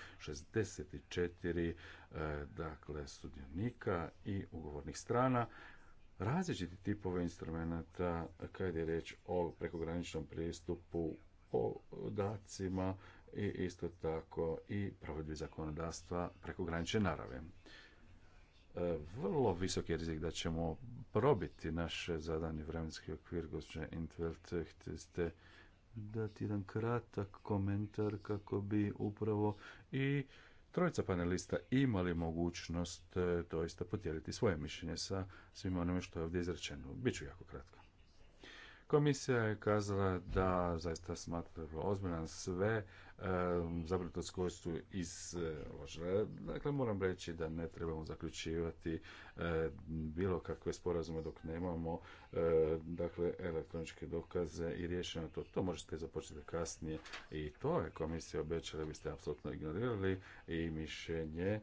64 e, dakle sudionika i ugovornih strana različiti tipove instrumenta, kad je riječ o prekograničnom pristupu podacima i isto tako i provedbi zakonodavstva prekogranične narave. E, vrlo visoki rizik da ćemo probiti naš zadani vremenski okvir, Intvert. htjeli ste dati jedan kratak komentar kako bi upravo i trojica panelista imali mogućnost e, doista podijeliti svoje mišljenje sa svima onome što je ovdje izrečeno. Biću jako kratko. Komisija je kazala da zaista smatra ozbiljan sve zabrinutost koju iz izložile. Eh, dakle, moram reći da ne trebamo zaključivati E, bilo kakve sporazume dok nemamo e, dakle elektroničke dokaze i riješeno to. To možete započeti kasnije i to je komisija obećala biste apsolutno ignorirali i mišljenje e,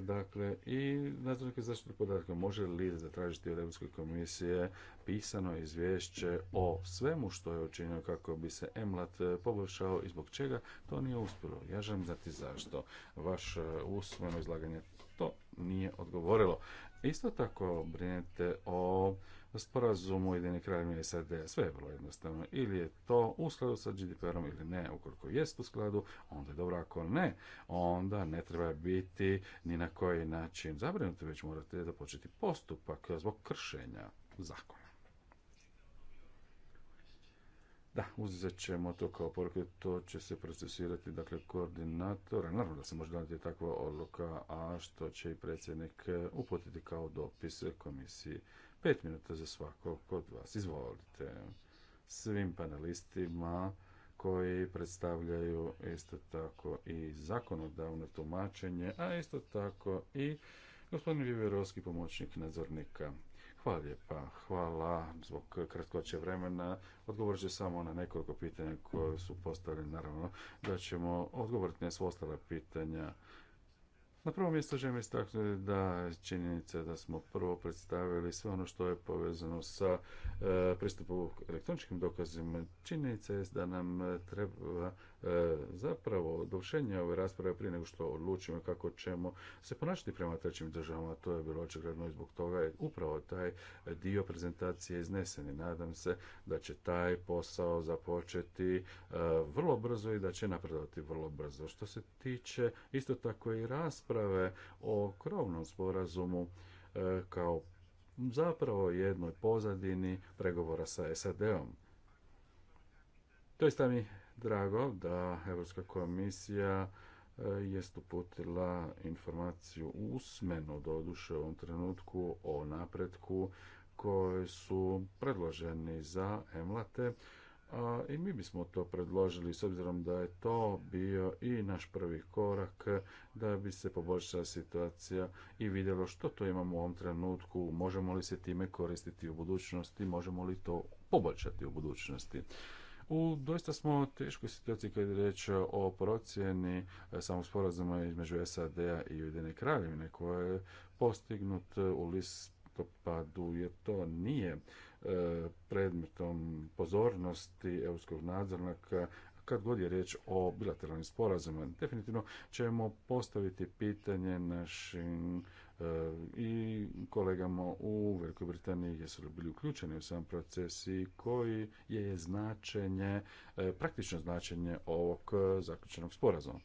dakle i nadzornik zaštitu podataka može li zatražiti od Europske komisije pisano izvješće o svemu što je učinio kako bi se EMLAT poboljšao i zbog čega to nije uspjelo. Ja želim znati zašto. Vaš usmeno izlaganje to nije odgovorilo. Isto tako brinete o sporazumu Ujedinjene kraljevine SAD, sve je vrlo jednostavno. Ili je to u skladu sa GDPR-om ili ne, ukoliko jest u skladu, onda je dobro, ako ne, onda ne treba biti ni na koji način zabrinuti, već morate započeti postupak zbog kršenja zakona. Da, uzet ćemo to kao poruke, to će se procesirati, dakle, koordinatora. Naravno da se može donati takva odluka, a što će i predsjednik e, uputiti kao dopis komisiji. Pet minuta za svako kod vas. Izvolite. Svim panelistima koji predstavljaju isto tako i zakonodavno tumačenje, a isto tako i gospodin Viverovski, pomoćnik nadzornika. Hvala lijepa. Hvala zbog kratkoće vremena. Odgovorit ću samo na nekoliko pitanja koje su postavljene. Naravno da ćemo odgovoriti na sva ostala pitanja. Na prvom mjestu želim istaknuti da činjenica da smo prvo predstavili sve ono što je povezano sa e, pristupom elektroničkim dokazima. Činjenica je da nam treba E, zapravo dovršenje ove rasprave prije nego što odlučimo kako ćemo se ponašati prema trećim državama. To je bilo očigledno i zbog toga je upravo taj dio prezentacije iznesen i nadam se da će taj posao započeti e, vrlo brzo i da će napredovati vrlo brzo. Što se tiče isto tako i rasprave o krovnom sporazumu e, kao zapravo jednoj pozadini pregovora sa SAD-om. Doista mi drago da Europska komisija eh, jest uputila informaciju usmeno doduše u ovom trenutku o napretku koji su predloženi za emlate i mi bismo to predložili s obzirom da je to bio i naš prvi korak da bi se poboljšala situacija i vidjelo što to imamo u ovom trenutku, možemo li se time koristiti u budućnosti, možemo li to poboljšati u budućnosti. U doista smo teškoj situaciji kad je riječ o procjeni e, samog sporazuma između SAD-a i Ujedine kraljevine koja je postignut u listopadu jer to nije e, predmetom pozornosti europskog nadzornika kad god je riječ o bilateralnim sporazumima. Definitivno ćemo postaviti pitanje našim i kolegama u Velikoj Britaniji jesu li bili uključeni u sam proces i koji je značenje, e, praktično značenje ovog e, zaključenog sporazuma.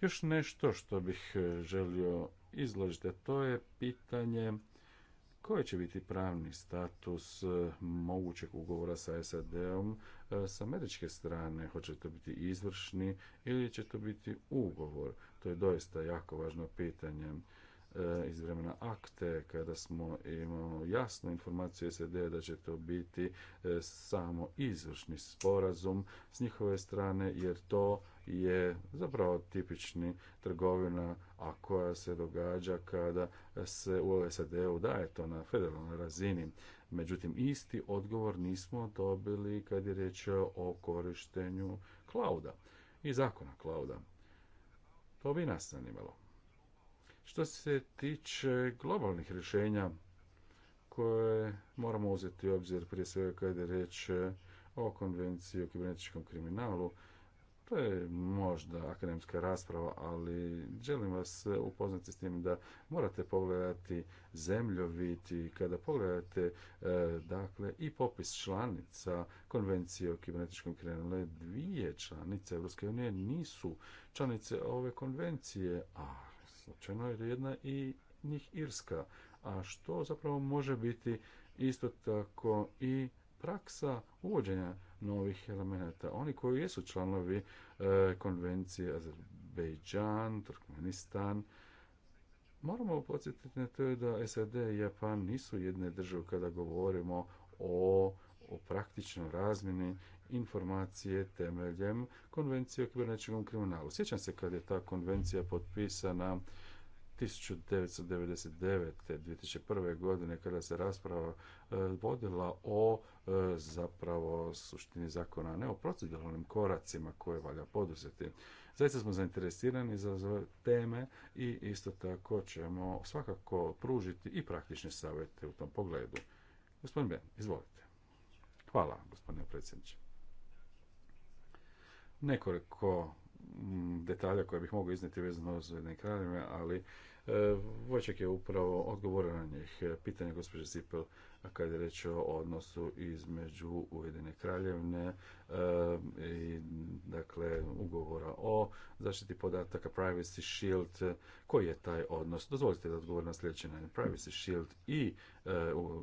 Još nešto što bih e, želio izložiti, a to je pitanje koji će biti pravni status mogućeg ugovora sa SAD-om sa američke strane? Hoće to biti izvršni ili će to biti ugovor? To je doista jako važno pitanje. E, iz vremena akte, kada smo imamo jasnu informaciju SAD da će to biti e, samo izvršni sporazum s njihove strane, jer to je zapravo tipični trgovina, a koja se događa kada se u SAD-u daje to na federalnoj razini. Međutim, isti odgovor nismo dobili kad je riječ o korištenju klauda i zakona klauda. To bi nas zanimalo. Što se tiče globalnih rješenja koje moramo uzeti u obzir prije svega kada je riječ o konvenciji o kibernetičkom kriminalu, to je možda akademska rasprava, ali želim vas upoznati s tim da morate pogledati zemljoviti i kada pogledate e, dakle i popis članica konvencije o kibernetičkom kriminalu, dvije članice EU nisu članice ove konvencije, a slučajno jer jedna i njih Irska, a što zapravo može biti isto tako i praksa uvođenja novih elemenata. Oni koji jesu članovi e, konvencije Azerbejdžan, Turkmenistan, moramo podsjetiti na to da SAD i Japan nisu jedne države kada govorimo o, o praktičnoj razmjeni informacije temeljem konvencije o kibernetičkom kriminalu. Sjećam se kad je ta konvencija potpisana 1999. 2001. godine kada se rasprava e, vodila o e, zapravo suštini zakona, ne o proceduralnim koracima koje valja poduzeti. Zaista smo zainteresirani za teme i isto tako ćemo svakako pružiti i praktične savjete u tom pogledu. Gospodin Ben, izvolite. Hvala, gospodine predsjedniče nekoliko mm, detalja koje bih mogao izneti vezano s Ujedine Kraljevine, ali e, Vojčak je upravo odgovorio na njih. Pitanje gospođe Sipel kada je reč o odnosu između Ujedine kraljevne e, i dakle ugovora o zaštiti podataka Privacy Shield, koji je taj odnos? Dozvolite da odgovorim na sljedeće Privacy Shield i e,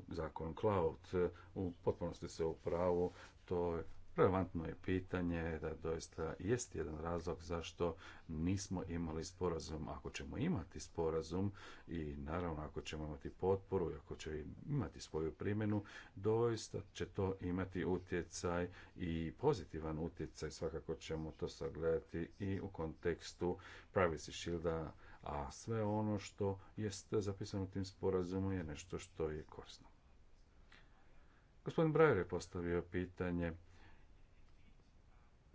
zakon Cloud u potpunosti se u pravu to relevantno je pitanje da doista jest jedan razlog zašto nismo imali sporazum. Ako ćemo imati sporazum i naravno ako ćemo imati potporu i ako će imati svoju primjenu, doista će to imati utjecaj i pozitivan utjecaj. Svakako ćemo to sagledati i u kontekstu privacy shielda, a sve ono što jest zapisano u tim sporazumu je nešto što je korisno. Gospodin Brajer je postavio pitanje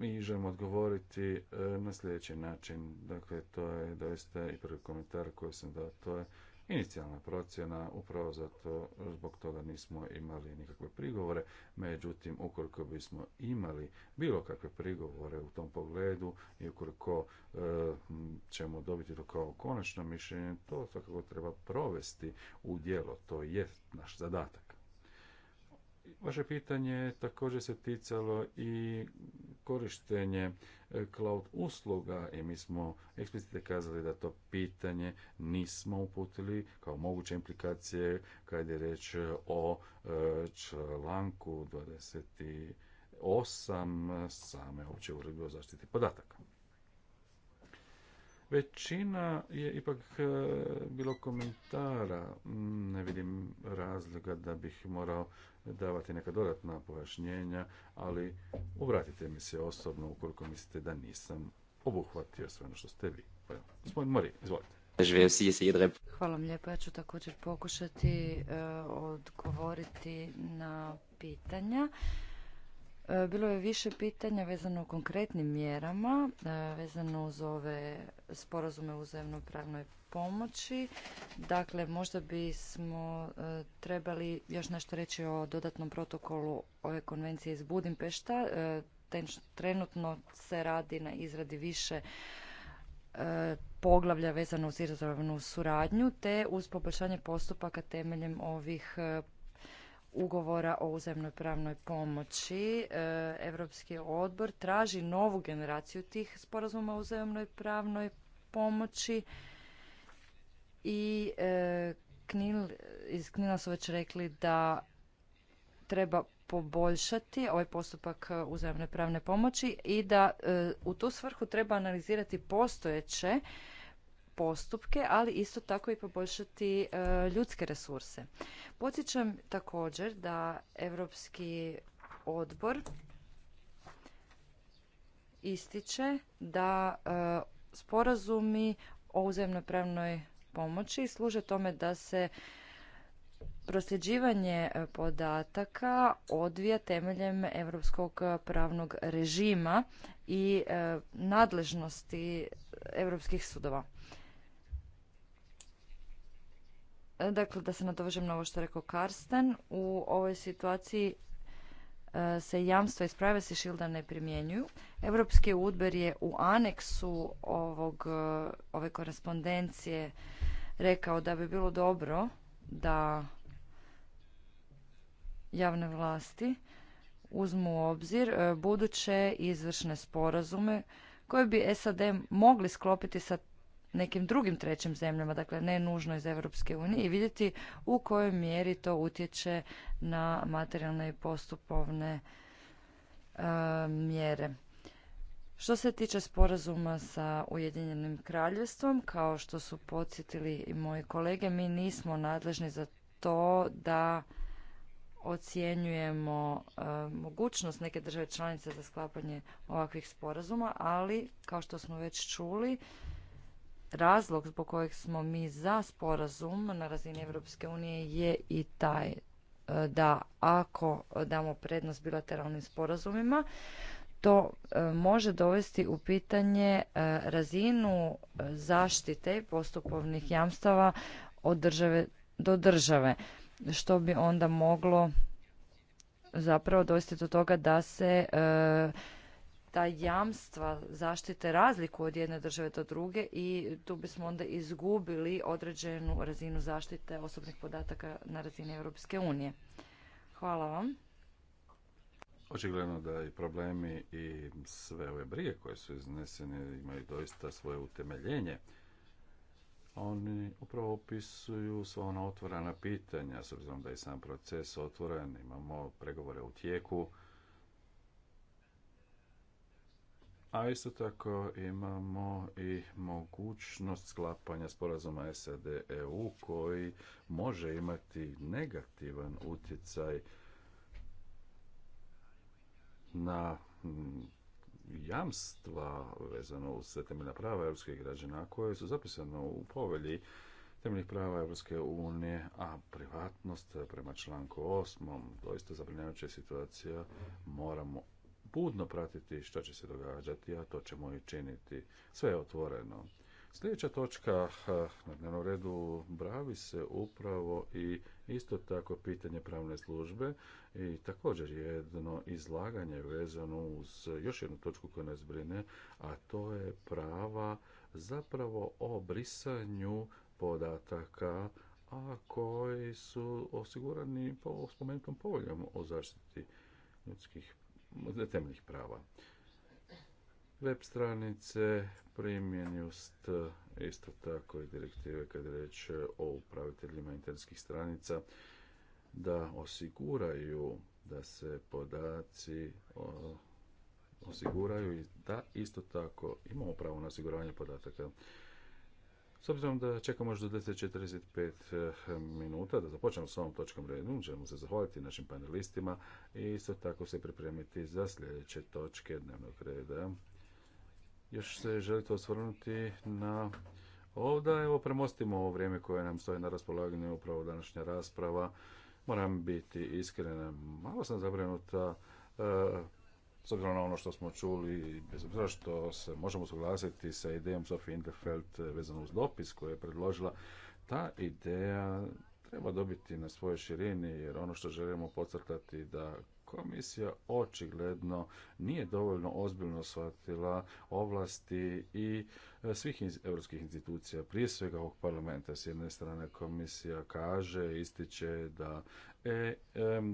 mi želimo odgovoriti e, na sljedeći način. Dakle, to je doista i prvi komentar koji sam dao, to je inicijalna procjena, upravo zato zbog toga nismo imali nikakve prigovore, međutim ukoliko bismo imali bilo kakve prigovore u tom pogledu i ukoliko e, ćemo dobiti to kao konačno mišljenje, to svakako treba provesti u djelo, to je naš zadatak. Vaše pitanje također se ticalo i korištenje e, cloud usluga i mi smo eksplicite kazali da to pitanje nismo uputili kao moguće implikacije kad je reč o e, članku 28 same opće uredbe o zaštiti podataka. Većina je ipak e, bilo komentara, ne vidim razloga da bih morao davati neka dodatna pojašnjenja, ali obratite mi se osobno ukoliko mislite da nisam obuhvatio sve ono što ste vi. gospodin Mori, izvolite. Hvala vam lijepo. Ja ću također pokušati e, odgovoriti na pitanja. E, bilo je više pitanja vezano o konkretnim mjerama, e, vezano uz ove sporazume u zemljopravnoj pravnoj pomoći. Dakle, možda bismo e, trebali još nešto reći o dodatnom protokolu ove konvencije iz Budimpešta. E, trenutno se radi na izradi više e, poglavlja vezano uz izazovnu suradnju, te uz poboljšanje postupaka temeljem ovih ugovora o uzemnoj pravnoj pomoći. Europski odbor traži novu generaciju tih sporazuma o uzajamnoj pravnoj pomoći i e, Knil, iz Knila su već rekli da treba poboljšati ovaj postupak e, uzajamne pravne pomoći i da e, u tu svrhu treba analizirati postojeće postupke, ali isto tako i poboljšati ljudske resurse. Podsjećam također da Europski odbor ističe da sporazumi o uzajamnoj pravnoj pomoći služe tome da se prosljeđivanje e, podataka odvija temeljem europskog pravnog režima i e, nadležnosti europskih sudova. E, dakle, da se nadovežem na ovo što je rekao Karsten, u ovoj situaciji se jamstva iz Privacy Shielda ne primjenjuju. Europski udber je u aneksu ovog, ove korespondencije rekao da bi bilo dobro da javne vlasti uzmu u obzir e, buduće izvršne sporazume koje bi SAD mogli sklopiti sa nekim drugim trećim zemljama, dakle ne nužno iz Europske unije i vidjeti u kojoj mjeri to utječe na materijalne i postupovne e, mjere. Što se tiče sporazuma sa Ujedinjenim kraljevstvom, kao što su podsjetili i moji kolege, mi nismo nadležni za to da ocjenjujemo e, mogućnost neke države članice za sklapanje ovakvih sporazuma, ali kao što smo već čuli, razlog zbog kojeg smo mi za sporazum na razini Europske unije je i taj e, da ako damo prednost bilateralnim sporazumima, to e, može dovesti u pitanje e, razinu e, zaštite postupovnih jamstava od države do države, što bi onda moglo zapravo dovesti do toga da se ta jamstva zaštite razliku od jedne države do druge i tu bismo onda izgubili određenu razinu zaštite osobnih podataka na razini Europske unije. Hvala vam. Očigledno da i problemi i sve ove brige koje su iznesene imaju doista svoje utemeljenje. Oni upravo opisuju sva ona otvorena pitanja, s obzirom da je sam proces otvoren, imamo pregovore u tijeku, a isto tako imamo i mogućnost sklapanja sporazuma SAD-EU koji može imati negativan utjecaj na mm, jamstva vezano uz temeljna prava europskih građana koje su zapisano u povelji temeljnih prava Europske unije, a privatnost prema članku 8. doista zabrinjavajuća situacija, moramo budno pratiti što će se događati, a to ćemo i činiti. Sve otvoreno. Sljedeća točka na dnevnom redu bravi se upravo i isto tako pitanje pravne službe i također jedno izlaganje vezano uz još jednu točku koja nas brine, a to je prava zapravo o brisanju podataka a koji su osigurani po spomenutom povoljom o zaštiti ljudskih temeljnih prava web stranice, primjenjust, isto tako i direktive kad je reč o upraviteljima internetskih stranica da osiguraju da se podaci osiguraju i da isto tako imamo pravo na osiguravanje podataka. S obzirom da čekamo do 10.45 eh, minuta da započnemo s ovom točkom redu, želimo se zahvaliti našim panelistima i isto tako se pripremiti za sljedeće točke dnevnog reda još se želite osvrnuti na ovdje? evo premostimo ovo vrijeme koje nam stoji na raspolaganju upravo današnja rasprava. Moram biti iskrena, malo sam zabrinuta e, s obzirom na ono što smo čuli, bez obzira što se možemo suglasiti sa idejom Sofie Interfeld vezano uz dopis koju je predložila, ta ideja treba dobiti na svojoj širini, jer ono što želimo podcrtati da komisija očigledno nije dovoljno ozbiljno shvatila ovlasti i e, svih europskih institucija, prije svega ovog parlamenta. S jedne strane komisija kaže, ističe da e,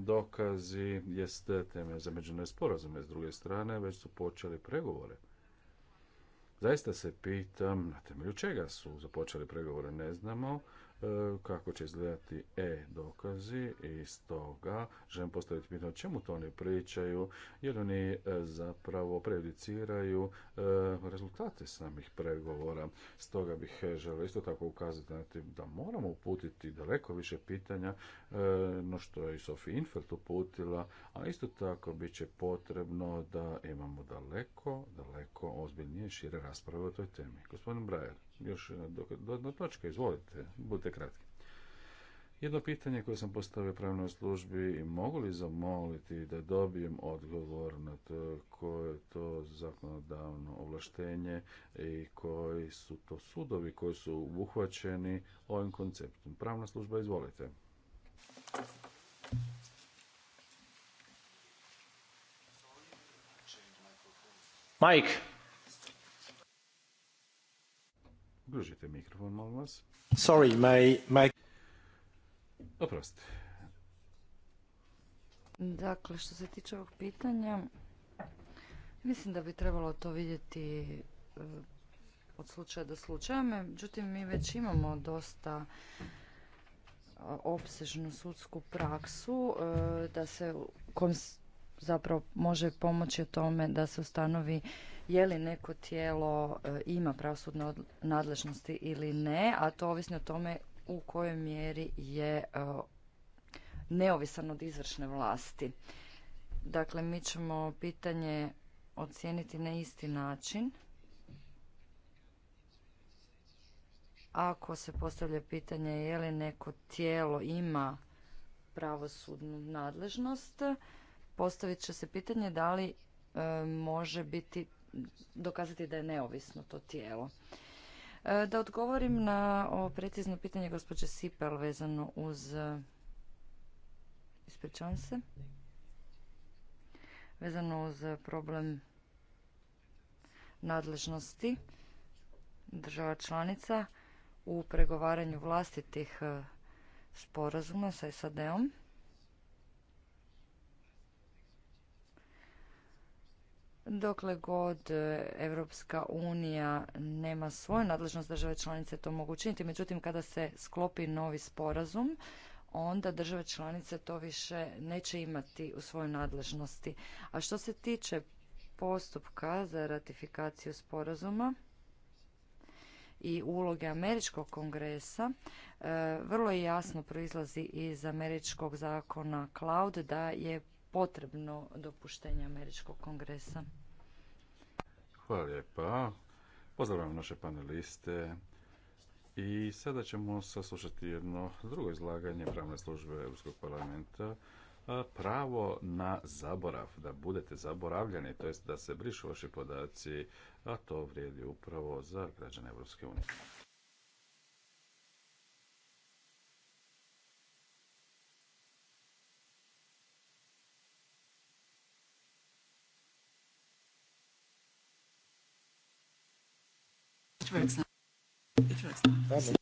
dokazi jeste teme za međunarodne sporazume, s druge strane već su počeli pregovore. Zaista se pitam na temelju čega su započeli pregovore, ne znamo. E, kako će izgledati e-dokazi i stoga želim postaviti pitanje čemu to oni pričaju jer oni e, zapravo prejudiciraju e, rezultate samih pregovora. Stoga bih želio isto tako ukazati da moramo uputiti daleko više pitanja no što je i Sophie Infert uputila, a isto tako bit će potrebno da imamo daleko, daleko ozbiljnije šire rasprave o toj temi. Gospodin Brajer još dodatna točka, izvolite, budite kratki. Jedno pitanje koje sam postavio pravnoj službi, mogu li zamoliti da dobijem odgovor na to koje je to zakonodavno ovlaštenje i koji su to sudovi koji su uhvaćeni ovim konceptom? Pravna služba, izvolite. Mike, mikrofon, molim vas. Sorry, my... Dakle, što se tiče ovog pitanja, mislim da bi trebalo to vidjeti e, od slučaja do slučaja. Međutim, mi već imamo dosta e, opsežnu sudsku praksu e, da se kom zapravo može pomoći o tome da se ustanovi je li neko tijelo e, ima pravosudne nadležnosti ili ne, a to ovisno o tome u kojoj mjeri je e, neovisan od izvršne vlasti. Dakle, mi ćemo pitanje ocijeniti na isti način. Ako se postavlja pitanje je li neko tijelo ima pravosudnu nadležnost, postavit će se pitanje da li e, može biti dokazati da je neovisno to tijelo. E, da odgovorim na ovo precizno pitanje gospođe Sipel vezano uz... E, ispričavam se. Vezano uz problem nadležnosti država članica u pregovaranju vlastitih e, sporazuma sa SAD-om. Dokle god Europska unija nema svoju nadležnost države članice to mogu učiniti, međutim kada se sklopi novi sporazum, onda države članice to više neće imati u svojoj nadležnosti. A što se tiče postupka za ratifikaciju sporazuma i uloge Američkog kongresa, e, vrlo jasno proizlazi iz Američkog zakona Cloud da je potrebno dopuštenje Američkog kongresa. Hvala lijepa. Pozdravljam naše paneliste. I sada ćemo saslušati jedno drugo izlaganje pravne službe Europskog parlamenta. Pravo na zaborav, da budete zaboravljeni, to jest da se brišu vaši podaci, a to vrijedi upravo za građane Europske unije. It works It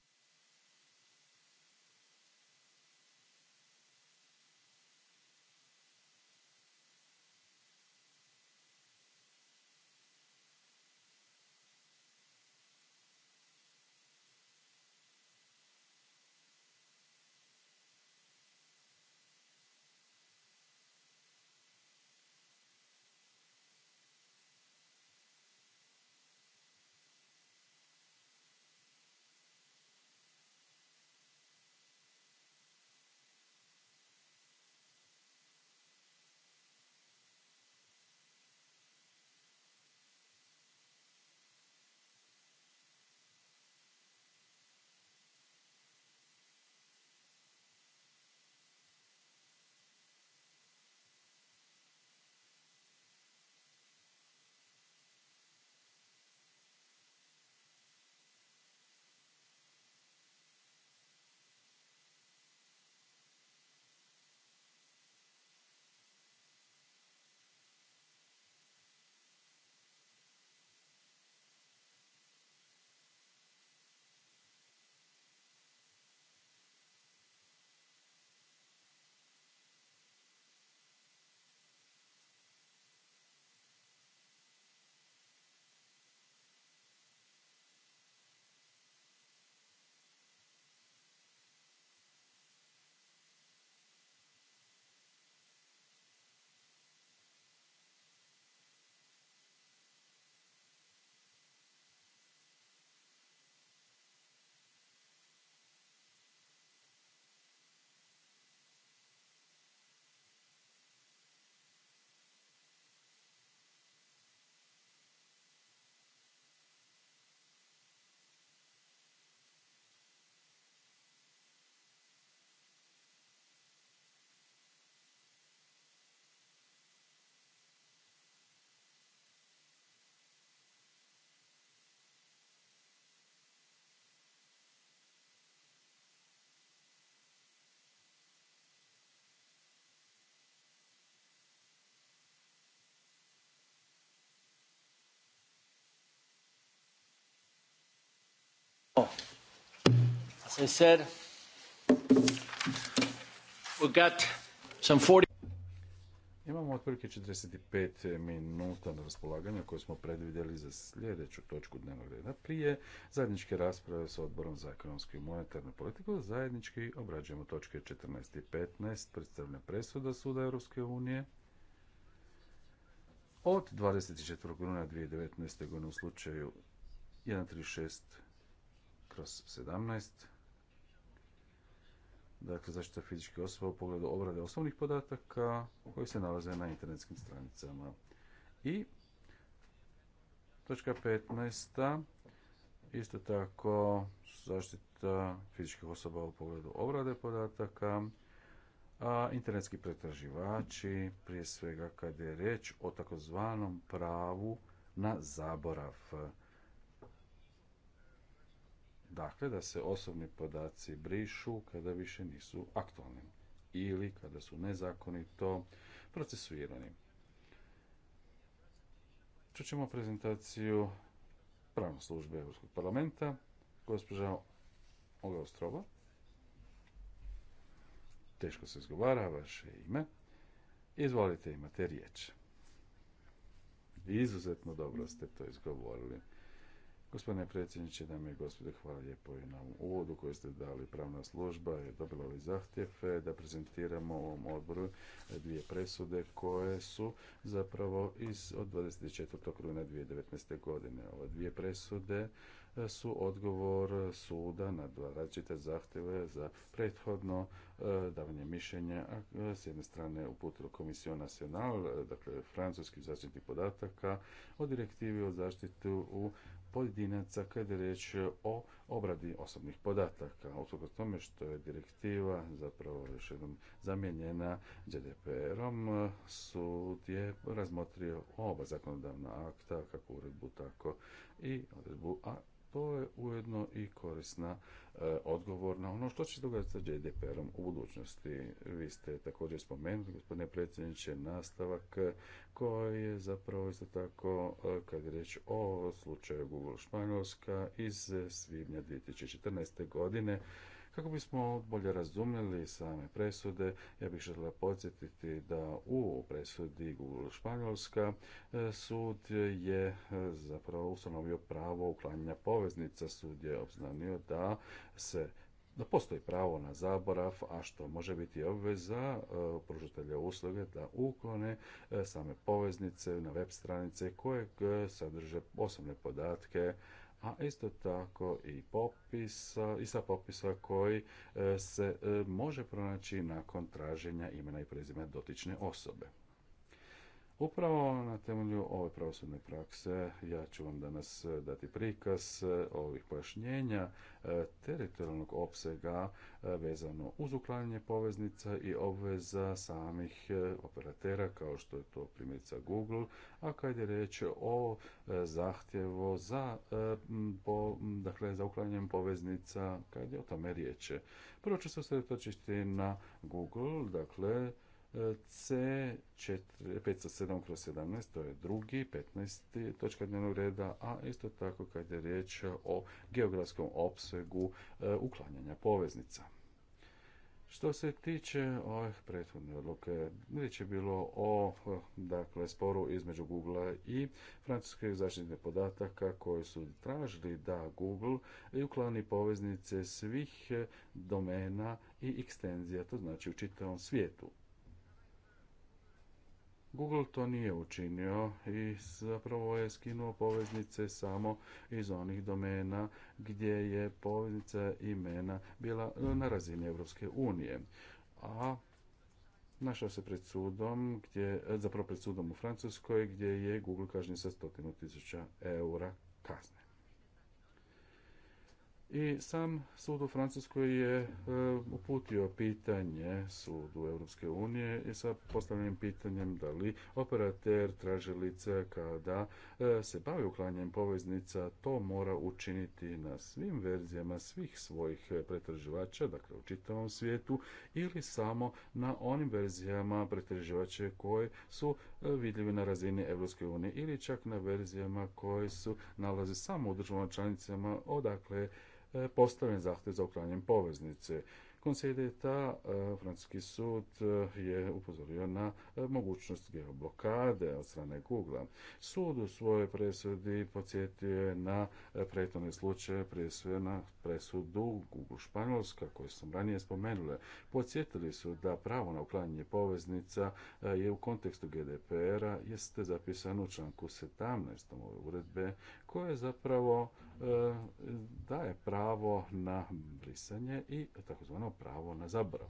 Oh. As I said, we got some 40... Imamo otprilike 45 minuta na raspolaganju koje smo predvidjeli za sljedeću točku dnevnog reda prije zajedničke rasprave sa odborom za ekonomsku i monetarnu politiku. Zajednički obrađujemo točke 14 i 15, predstavljena presuda Suda Europske unije od 24. rujna 2019. godine u slučaju 136 kroz 17. Dakle, zaštita fizičkih osoba u pogledu obrade osnovnih podataka koji se nalaze na internetskim stranicama. I točka 15. Isto tako zaštita fizičkih osoba u pogledu obrade podataka, a internetski pretraživači, prije svega kad je reč o takozvanom pravu na zaborav. Dakle, da se osobni podaci brišu kada više nisu aktualni ili kada su nezakonito procesuirani. Čućemo prezentaciju pravne službe Europskog parlamenta, gospođa Olga Ostrova. Teško se izgovara vaše ime. Izvolite, imate riječ. Izuzetno dobro ste to izgovorili. Gospodine predsjedniče, dame i gospode, hvala lijepo i na ovom uvodu koji ste dali. Pravna služba je dobila ovaj zahtjev da prezentiramo ovom odboru dvije presude koje su zapravo iz od 24. rujna 2019. godine. Ove dvije presude e, su odgovor suda na dva različite zahtjeve za prethodno e, davanje mišljenja. E, s jedne strane uputilo Komisiju Nacional, dakle francuski zaštitnih podataka, o direktivi o zaštitu u pojedinaca kada je riječ o obradi osobnih podataka. Osobno tome što je direktiva zapravo još jednom zamijenjena GDPR-om, sud je razmotrio oba zakonodavna akta, kako uredbu, tako i odredbu, a to je ujedno i korisna e, odgovor na ono što će događati sa GDPR-om u budućnosti. Vi ste također spomenuli, gospodine predsjedniče, nastavak koji je zapravo isto tako, e, kad je reč o slučaju Google Španjolska iz svibnja 2014. godine, kako bismo bolje razumjeli same presude, ja bih želila podsjetiti da u presudi Google Španjolska e, sud je e, zapravo ustanovio pravo uklanjanja poveznica. Sud je obznanio da se da postoji pravo na zaborav, a što može biti obveza e, pružatelja usluge da uklone same poveznice na web stranice koje sadrže osobne podatke a isto tako i popis e, i sa popisa koji e, se e, može pronaći nakon traženja imena i prezime dotične osobe. Upravo na temelju ove pravosudne prakse ja ću vam danas e, dati prikaz e, ovih pojašnjenja e, teritorijalnog opsega vezano uz uklanjanje poveznica i obveza samih operatera kao što je to primjerica Google, a kad je riječ o zahtjevu za, po, dakle, za uklanjanjem poveznica, kad je o tome riječ. Prvo ću se osredotočiti na Google, dakle, C 507 kroz 17, to je drugi, 15. točka dnevnog reda, a isto tako kad je riječ o geografskom opsegu e, uklanjanja poveznica. Što se tiče ove prethodne odluke, riječ je bilo o dakle, sporu između Google i francuske zaštitne podataka koji su tražili da Google uklani poveznice svih domena i ekstenzija, to znači u čitavom svijetu. Google to nije učinio i zapravo je skinuo poveznice samo iz onih domena gdje je poveznica imena bila na razini Europske unije. A našao se pred sudom, gdje, zapravo pred sudom u Francuskoj, gdje je Google kažnjen sa stotinu tisuća eura kazne. I sam sud u Francuskoj je e, uputio pitanje sudu Europske unije i sa postavljenim pitanjem da li operater lice kada e, se bavi uklanjanjem poveznica to mora učiniti na svim verzijama svih svojih pretraživača, dakle u čitavom svijetu, ili samo na onim verzijama pretraživača koje su e, vidljive na razini Europske unije ili čak na verzijama koje su nalaze samo u državama članicama odakle E, postavljen zahtjev za uklanjem poveznice. Konsedeta, e, Francuski sud e, je upozorio na mogućnost geoblokade od strane Google. Sud u svojoj presudi podsjetio je na prethodne slučaje, prije sve na presudu Google Španjolska, koju sam ranije spomenule. Podsjetili su da pravo na uklanjanje poveznica je u kontekstu GDPR-a jeste zapisano u članku 17. ove uredbe koje zapravo e, daje pravo na brisanje i takozvano pravo na zaborav.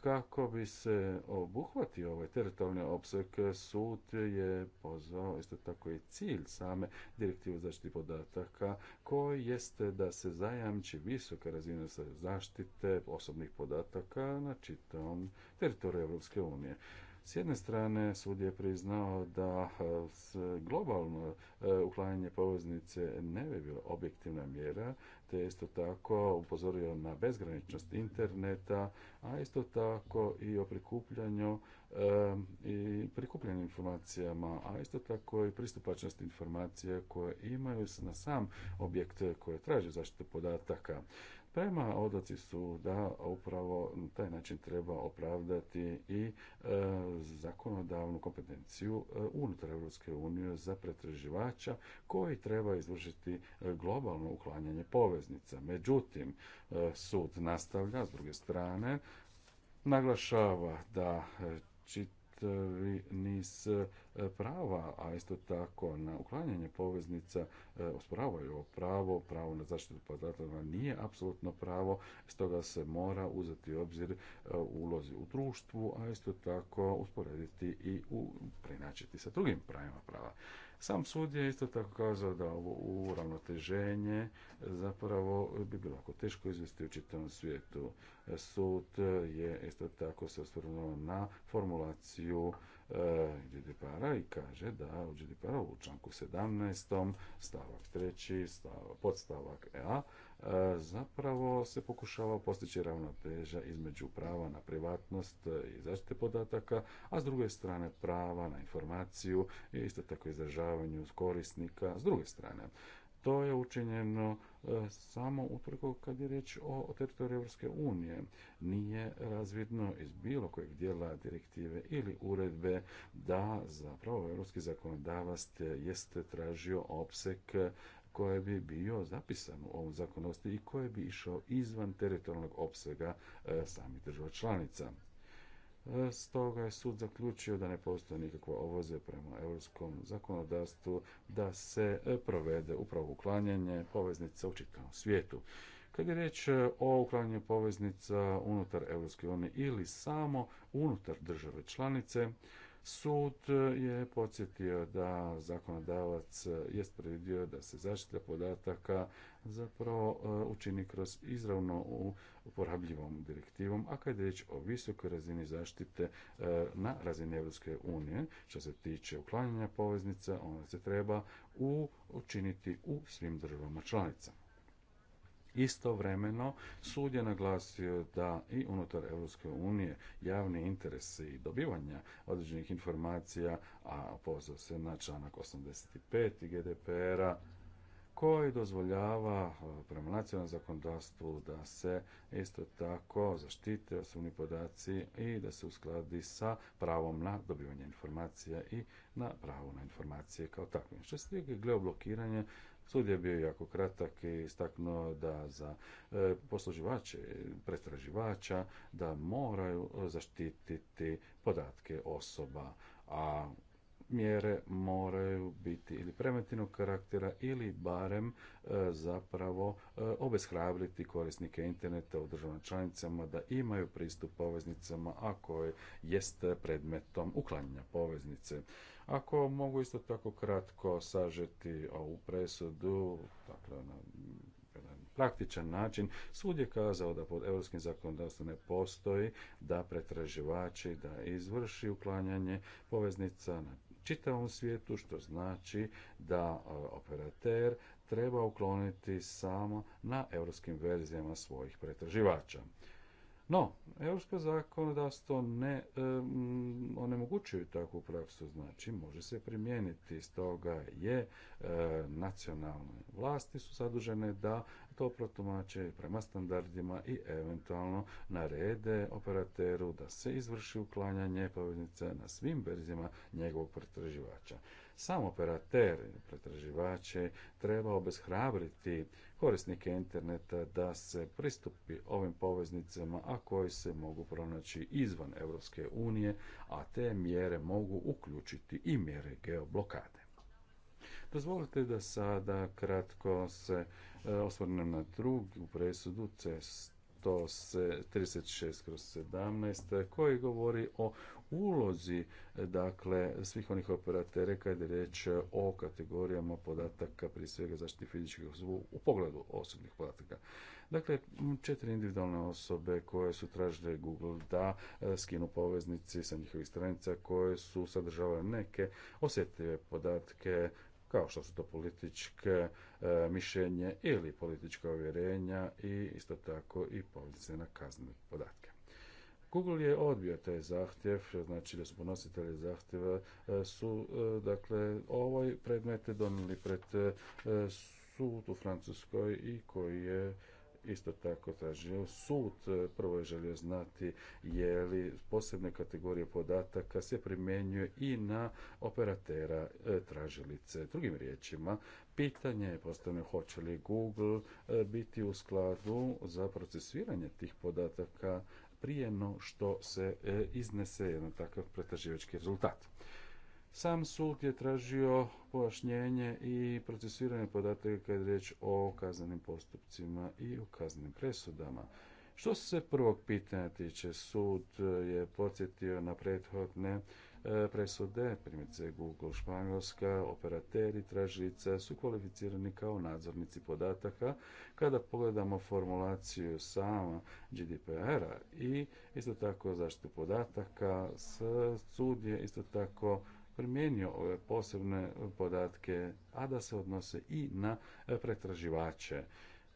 Kako bi se obuhvatio ovaj teritorijalni opseg, sud je pozvao isto tako i cilj same direktive zaštiti podataka, koji jeste da se zajamči visoka razina zaštite osobnih podataka na čitavom teritoriju Europske unije. S jedne strane, sud je priznao da e, globalno e, uklanjanje poveznice ne bi bila objektivna mjera, te je isto tako upozorio na bezgraničnost interneta, a isto tako i o prikupljanju e, i prikupljenim informacijama, a isto tako i pristupačnost informacija koje imaju na sam objekt koje traže zaštitu podataka. Prema odluci su da upravo na taj način treba opravdati i e, zakonodavnu kompetenciju e, unutar Europske unije za pretraživača koji treba izvršiti e, globalno uklanjanje poveznica. Međutim, sud nastavlja s druge strane naglašava da čit ni niz e, prava, a isto tako na uklanjanje poveznica e, osporavaju ovo pravo, pravo na zaštitu podataka nije apsolutno pravo, stoga se mora uzeti u obzir e, ulozi u društvu, a isto tako usporediti i prenačiti sa drugim pravima prava. Sam sud je isto tako kazao da ovo uravnoteženje zapravo bi bilo jako teško izvesti u čitavom svijetu. Sud je isto tako se osvrnuo na formulaciju e, GDPR-a i kaže da u GDPR-u u članku 17. stavak 3. podstavak EA E, zapravo se pokušava postići ravnoteža između prava na privatnost i zaštite podataka, a s druge strane prava na informaciju i isto tako izražavanju korisnika s druge strane. To je učinjeno e, samo utoliko kad je riječ o teritoriju Europske unije. Nije razvidno iz bilo kojeg dijela direktive ili uredbe da zapravo europski zakonodavac jeste tražio opsek koje bi bio zapisan u ovom zakonosti i koje bi išao izvan teritorijalnog opsega e, samih država članica. E, stoga je sud zaključio da ne postoje nikakva ovoze prema europskom zakonodavstvu da se e, provede upravo uklanjanje poveznica u čitavom svijetu. Kad je riječ o uklanjanju poveznica unutar EU ili samo unutar države članice, Sud e, je podsjetio da zakonodavac e, jest predvidio da se zaštita podataka zapravo e, učini kroz izravno uporabljivom direktivom, a kad je riječ o visokoj razini zaštite na razini EU unije, što se tiče uklanjanja poveznica, ona se treba učiniti u svim državama članicama. Istovremeno, sud je naglasio da i unutar Europske unije javni interesi i dobivanja određenih informacija, a pozvao se na članak 85. GDPR-a, koji dozvoljava e, prema nacionalnom zakonodavstvu da se isto tako zaštite osobni podaci i da se uskladi sa pravom na dobivanje informacija i na pravo na informacije kao takvim. Što se tiče geoblokiranja, Sud je bio jako kratak i istaknuo da za e, posluživače, pretraživača da moraju zaštititi podatke osoba, a mjere moraju biti ili preventivnog karaktera ili barem e, zapravo e, obeshrabriti korisnike interneta u državnim članicama da imaju pristup poveznicama, ako koje jest predmetom uklanjanja poveznice. Ako mogu isto tako kratko sažeti ovu presudu, dakle, na jedan praktičan način, sud je kazao da pod europskim zakonodavstvom ne postoji da pretraživači da izvrši uklanjanje poveznica na čitavom svijetu, što znači da e, operater treba ukloniti samo na europskim verzijama svojih pretraživača. No, europsko zakonodavstvo ne onemogućuje takvu praksu, znači može se primijeniti, stoga je e, nacionalne vlasti su zadužene da to protumače prema standardima i eventualno narede operateru da se izvrši uklanjanje poveznice na svim verzijama njegovog pretraživača. Sam operater, pretraživače, treba obeshrabriti korisnike interneta da se pristupi ovim poveznicama, a koji se mogu pronaći izvan Europske unije, a te mjere mogu uključiti i mjere geoblokade. Dozvolite da sada kratko se e, osvrnem na drugu presudu CES to kroz 17 koji govori o ulozi dakle svih onih operatera kad je riječ o kategorijama podataka, prije svega zaštiti fizičkih osoba u pogledu osobnih podataka. Dakle, četiri individualne osobe koje su tražile Google da e, skinu poveznici sa njihovih stranica koje su sadržavale neke osjetljive podatke kao što su to političke e, mišljenje ili politička uvjerenja i isto tako i povezane na kaznene Google je odbio taj zahtjev, znači da su ponositelji zahtjeva e, su e, dakle ovoj predmet donijeli pred e, sud u Francuskoj i koji je isto tako tražio sud. Prvo je želio znati je li posebne kategorije podataka se primjenjuje i na operatera tražilice. Drugim riječima, pitanje je postavljeno hoće li Google biti u skladu za procesiranje tih podataka prije no što se e, iznese jedan takav pretraživački rezultat. Sam sud je tražio pojašnjenje i procesiranje podataka kad je riječ o kaznenim postupcima i o kaznenim presudama. Što se prvog pitanja tiče, sud e, je podsjetio na prethodne E, presude, primjerice Google Španjolska, operateri tražica su kvalificirani kao nadzornici podataka. Kada pogledamo formulaciju sama GDPR-a i isto tako zaštitu podataka, sud je isto tako primijenio ove posebne podatke, a da se odnose i na pretraživače.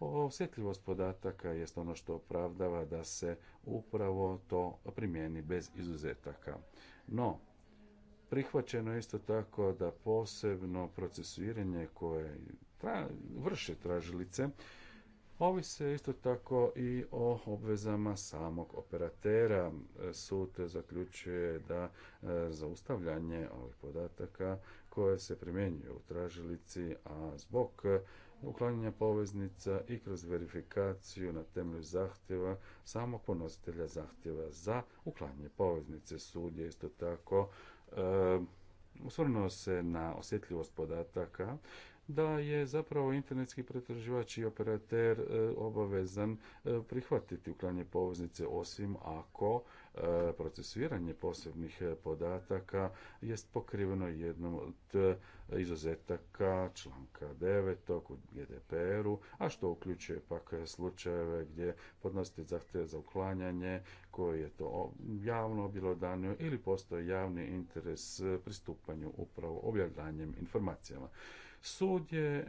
Osjetljivost podataka jest ono što opravdava da se upravo to primijeni bez izuzetaka. No, Prihvaćeno je isto tako da posebno procesuiranje koje tra, vrše tražilice ovise isto tako i o obvezama samog operatera. Sud zaključuje da e, zaustavljanje ovih podataka koje se primjenjuju u tražilici, a zbog uklanjanja poveznica i kroz verifikaciju na temelju zahtjeva samog ponositelja zahtjeva za uklanjanje poveznice. Sud je isto tako E, osvrnuo se na osjetljivost podataka, da je zapravo internetski pretraživač i operater e, obavezan e, prihvatiti uklanje poveznice osim ako procesiranje posebnih e, podataka jest pokriveno jednom od e, izuzetaka članka 9. u GDPR-u, a što uključuje pak e, slučajeve gdje podnosite zahtjeva za uklanjanje koje je to javno bilo objelodanio ili postoje javni interes pristupanju upravo objavljanjem informacijama. Sud je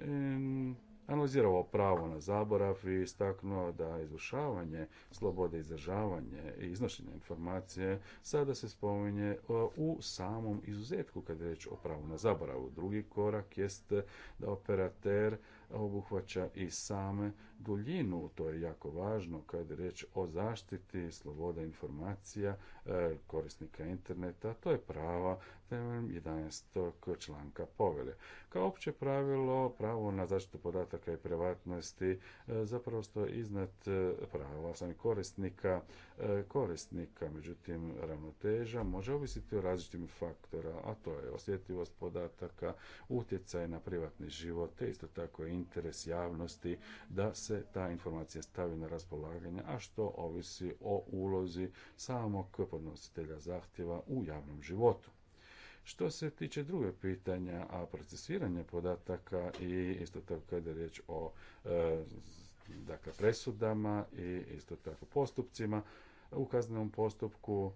analizirao pravo na zaborav i istaknuo da izvršavanje slobode izražavanje i iznošenje informacije sada se spominje e, u samom izuzetku kada je reč o pravu na zaborav. Drugi korak jest da operater obuhvaća i same duljinu, to je jako važno kad je riječ o zaštiti sloboda informacija e, korisnika interneta, to je prava temeljem 11. članka povelje. Kao opće pravilo, pravo na zaštitu podataka i privatnosti e, zapravo stoje iznad e, prava samih korisnika, korisnika, međutim ravnoteža može ovisiti o različitim faktora, a to je osjetljivost podataka, utjecaj na privatni život, te isto tako interes javnosti da se ta informacija stavi na raspolaganje, a što ovisi o ulozi samog podnositelja zahtjeva u javnom životu. Što se tiče druge pitanja, a procesiranje podataka i isto tako kada je riječ o e, dakle, presudama i isto tako postupcima, u kaznenom postupku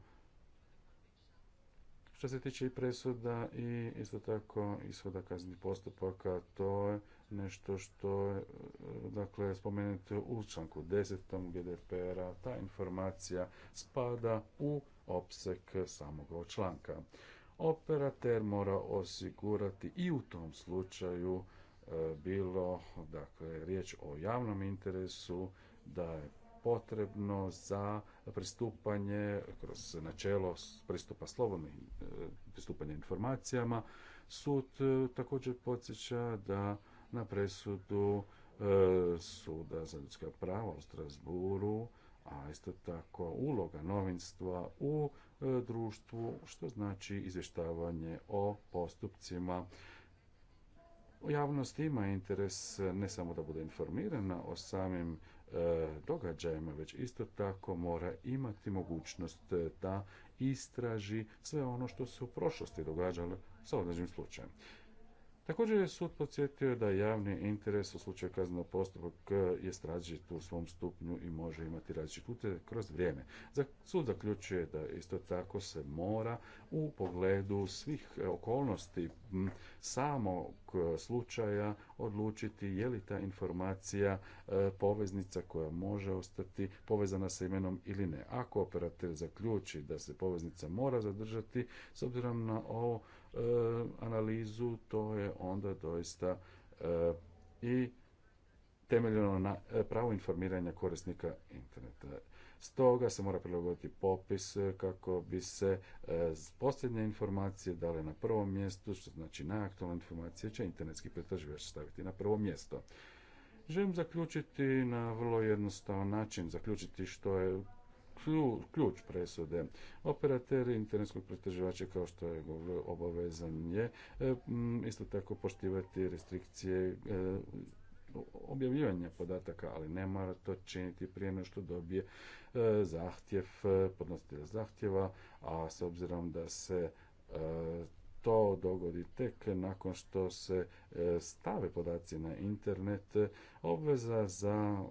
što se tiče i presuda i isto tako ishoda kaznenih postupaka, to je nešto što e, dakle, je dakle, spomenuto u članku 10. GDPR-a, ta informacija spada u opsek samog članka. Operater mora osigurati i u tom slučaju e, bilo dakle, riječ o javnom interesu da je potrebno za pristupanje kroz načelo pristupa slobodnim e, pristupanja informacijama. Sud također podsjeća da na presudu e, Suda za ljudska prava u Strasburu, a isto tako uloga novinstva u e, društvu, što znači izvještavanje o postupcima. Javnost ima interes ne samo da bude informirana o samim e, događajima, već isto tako mora imati mogućnost da istraži sve ono što se u prošlosti događalo sa određenim slučajem. Također je sud podsjetio da javni interes u slučaju kaznenog postupka je različit u svom stupnju i može imati različite kroz vrijeme. Sud zaključuje da isto tako se mora u pogledu svih okolnosti samog e, slučaja odlučiti je li ta informacija e, poveznica koja može ostati povezana sa imenom ili ne. Ako operater zaključi da se poveznica mora zadržati s obzirom na ovo E, analizu, to je onda doista e, i temeljeno na e, pravo informiranja korisnika interneta. Stoga se mora prilagoditi popis kako bi se posljednje informacije dale na prvom mjestu, što znači najaktualne informacije će internetski pretraživač staviti na prvo mjesto. Želim zaključiti na vrlo jednostavan način, zaključiti što je ključ presude. Operater internetskog pretraživača kao što je obavezan je e, isto tako poštivati restrikcije e, objavljivanja podataka, ali ne mora to činiti prije nego što dobije e, zahtjev, podnositelja zahtjeva, a s obzirom da se to dogodi tek nakon što se stave podaci na internet, obveza za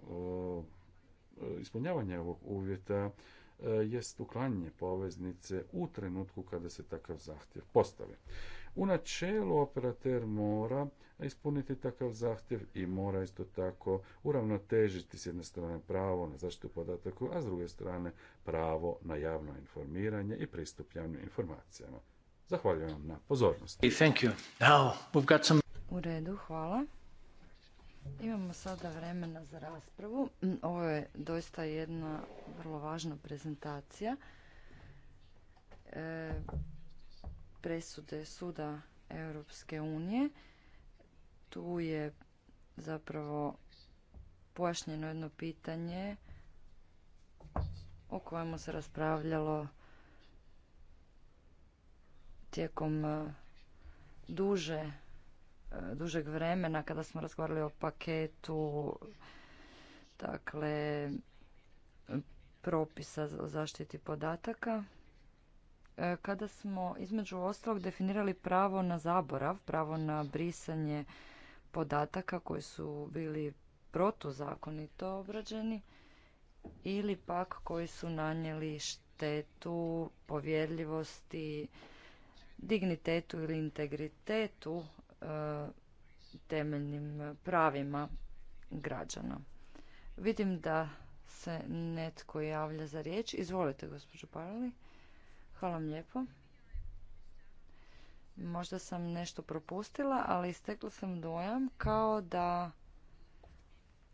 E, ispunjavanja ovog uvjeta e, jest uklanjanje poveznice u trenutku kada se takav zahtjev postavi. U načelu operater mora ispuniti takav zahtjev i mora isto tako uravnotežiti s jedne strane pravo na zaštitu podataka, a s druge strane pravo na javno informiranje i pristup javnim informacijama. Zahvaljujem vam na pozornosti. U redu, hvala. Imamo sada vremena za raspravu. Mm, Ovo je doista jedna vrlo važna prezentacija. E, presude suda Europske unije. Tu je zapravo pojašnjeno jedno pitanje o kojemu se raspravljalo tijekom e, duže E, dužeg vremena kada smo razgovarali o paketu dakle propisa o zaštiti podataka e, kada smo između ostalog definirali pravo na zaborav, pravo na brisanje podataka koji su bili protuzakonito obrađeni ili pak koji su nanijeli štetu, povjerljivosti, dignitetu ili integritetu E, temeljnim pravima građana. Vidim da se netko javlja za riječ. Izvolite, gospođo Parali. Hvala vam lijepo. Možda sam nešto propustila, ali istekla sam dojam kao da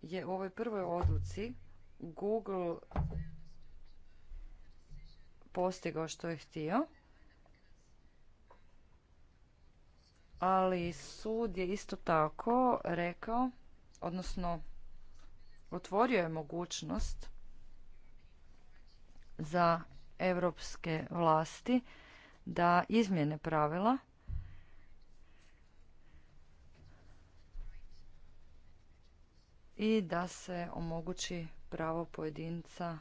je u ovoj prvoj odluci Google postigao što je htio ali sud je isto tako rekao, odnosno otvorio je mogućnost za europske vlasti da izmjene pravila i da se omogući pravo pojedinca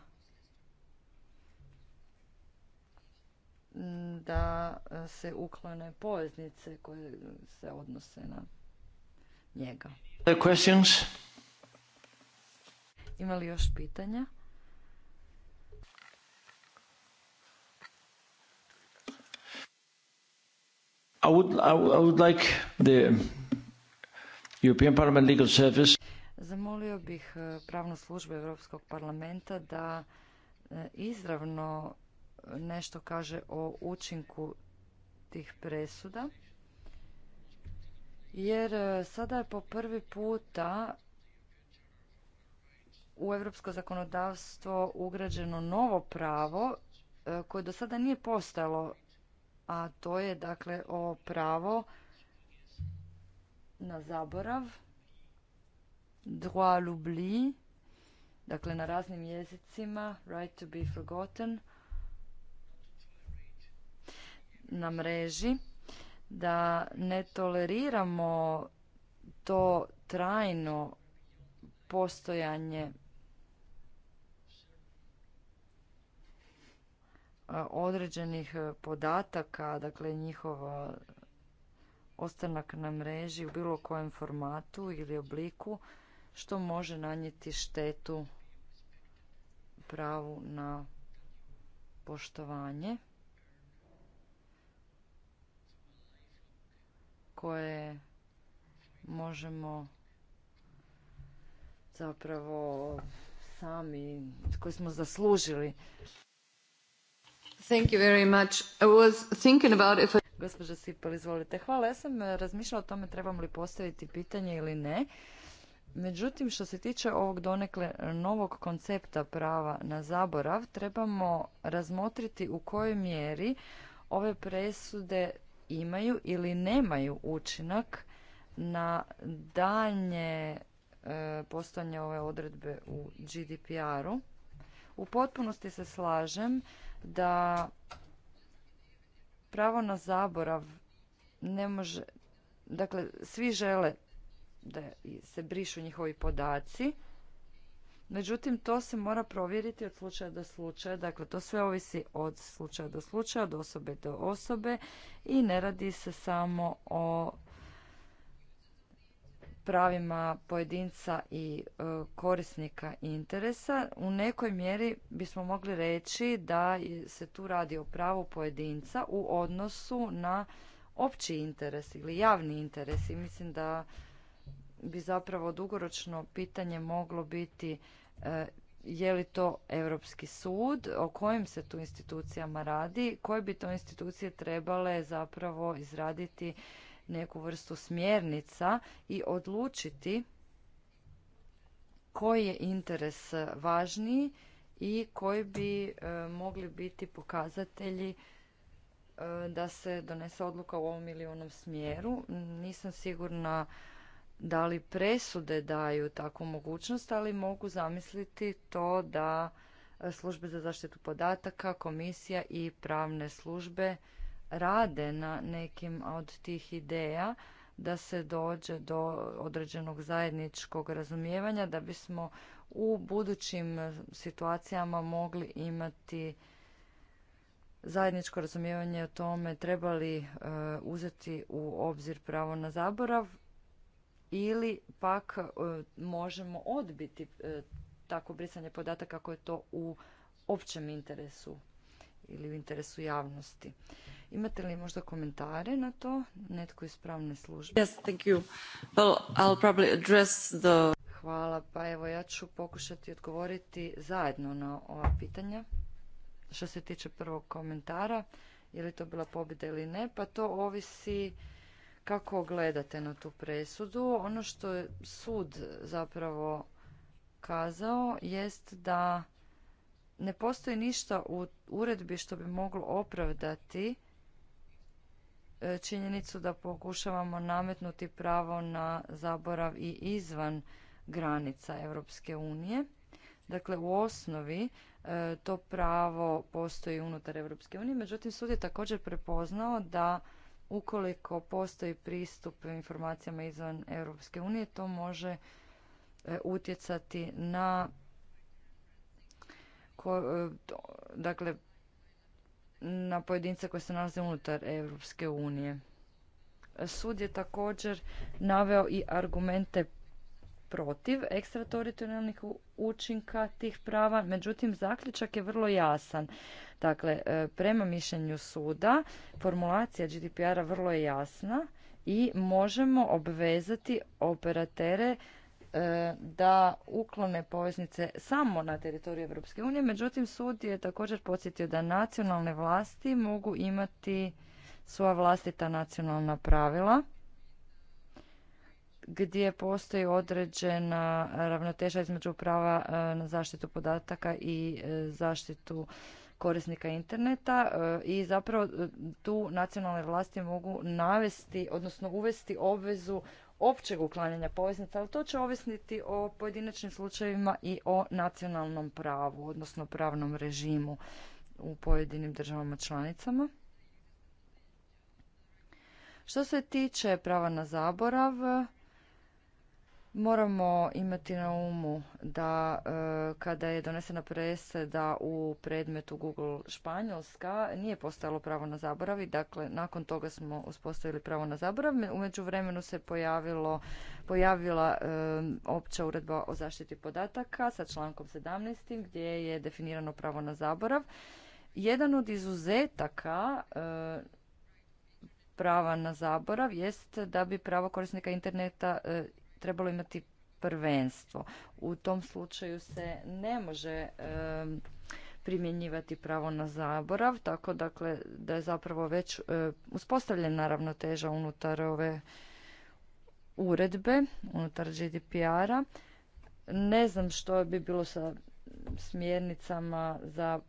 da e, se uklone poveznice koje se odnose na njega. Ima li još pitanja? Zamolio bih e, pravnu službu Europskog parlamenta da e, izravno nešto kaže o učinku tih presuda. Jer e, sada je po prvi puta u europsko zakonodavstvo ugrađeno novo pravo e, koje do sada nije postalo, a to je dakle o pravo na zaborav, droit l'oubli, dakle na raznim jezicima, right to be forgotten, na mreži, da ne toleriramo to trajno postojanje e, određenih podataka, dakle njihov ostanak na mreži u bilo kojem formatu ili obliku, što može nanijeti štetu pravu na poštovanje. koje možemo zapravo sami, koje smo zaslužili. Thank you much. izvolite. Hvala, ja sam eh, razmišljala o tome trebamo li postaviti pitanje ili ne. Međutim, što se tiče ovog donekle eh, novog koncepta prava na zaborav, trebamo razmotriti u kojoj mjeri ove presude imaju ili nemaju učinak na daljnje e, postojanje ove odredbe u GDPR-u. U potpunosti se slažem da pravo na zaborav ne može, dakle svi žele da se brišu njihovi podaci, Međutim, to se mora provjeriti od slučaja do slučaja. Dakle, to sve ovisi od slučaja do slučaja, od osobe do osobe i ne radi se samo o pravima pojedinca i e, korisnika interesa. U nekoj mjeri bismo mogli reći da se tu radi o pravu pojedinca u odnosu na opći interes ili javni interes i mislim da bi zapravo dugoročno pitanje moglo biti e, je li to Europski sud, o kojim se tu institucijama radi, koje bi to institucije trebale zapravo izraditi neku vrstu smjernica i odlučiti koji je interes važniji i koji bi e, mogli biti pokazatelji e, da se donese odluka u ovom ili onom smjeru. Nisam sigurna da li presude daju takvu mogućnost, ali mogu zamisliti to da e, službe za zaštitu podataka, komisija i pravne službe rade na nekim od tih ideja da se dođe do određenog zajedničkog razumijevanja da bismo u budućim situacijama mogli imati zajedničko razumijevanje o tome treba li e, uzeti u obzir pravo na zaborav ili pak e, možemo odbiti e, tako brisanje podataka ako je to u općem interesu ili u interesu javnosti. Imate li možda komentare na to? Netko iz pravne službe. Yes, thank you. I'll probably address the... Hvala. Pa evo, ja ću pokušati odgovoriti zajedno na ova pitanja. Što se tiče prvog komentara, je li to bila pobjeda ili ne, pa to ovisi kako gledate na tu presudu? Ono što je sud zapravo kazao jest da ne postoji ništa u uredbi što bi moglo opravdati e, činjenicu da pokušavamo nametnuti pravo na zaborav i izvan granica Europske unije. Dakle, u osnovi e, to pravo postoji unutar Europske unije, međutim sud je također prepoznao da ukoliko postoji pristup informacijama izvan Europske unije, to može e, utjecati na ko, e, dakle na pojedince koji se nalaze unutar Europske unije. Sud je također naveo i argumente protiv ekstrateritorijalnih učinka tih prava, međutim zaključak je vrlo jasan. Dakle, e, prema mišljenju suda formulacija GDPR-a vrlo je jasna i možemo obvezati operatere e, da uklone poveznice samo na teritoriju Europske unije. Međutim, sud je također podsjetio da nacionalne vlasti mogu imati svoja vlastita nacionalna pravila gdje postoji određena ravnoteža između prava e, na zaštitu podataka i e, zaštitu korisnika interneta e, i zapravo tu nacionalne vlasti mogu navesti, odnosno uvesti obvezu općeg uklanjanja poveznica, ali to će ovisniti o pojedinačnim slučajevima i o nacionalnom pravu, odnosno pravnom režimu u pojedinim državama članicama. Što se tiče prava na zaborav, Moramo imati na umu da e, kada je donesena da u predmetu Google Španjolska nije postojalo pravo na zaboravi, dakle nakon toga smo uspostavili pravo na zaborav. U međuvremenu se pojavilo, pojavila e, opća uredba o zaštiti podataka sa člankom 17. gdje je definirano pravo na zaborav. Jedan od izuzetaka e, prava na zaborav jest da bi pravo korisnika interneta trebalo imati prvenstvo. U tom slučaju se ne može e, primjenjivati pravo na zaborav, tako dakle da je zapravo već e, uspostavljena ravnoteža unutar ove uredbe, unutar GDPR-a. Ne znam što bi bilo sa smjernicama za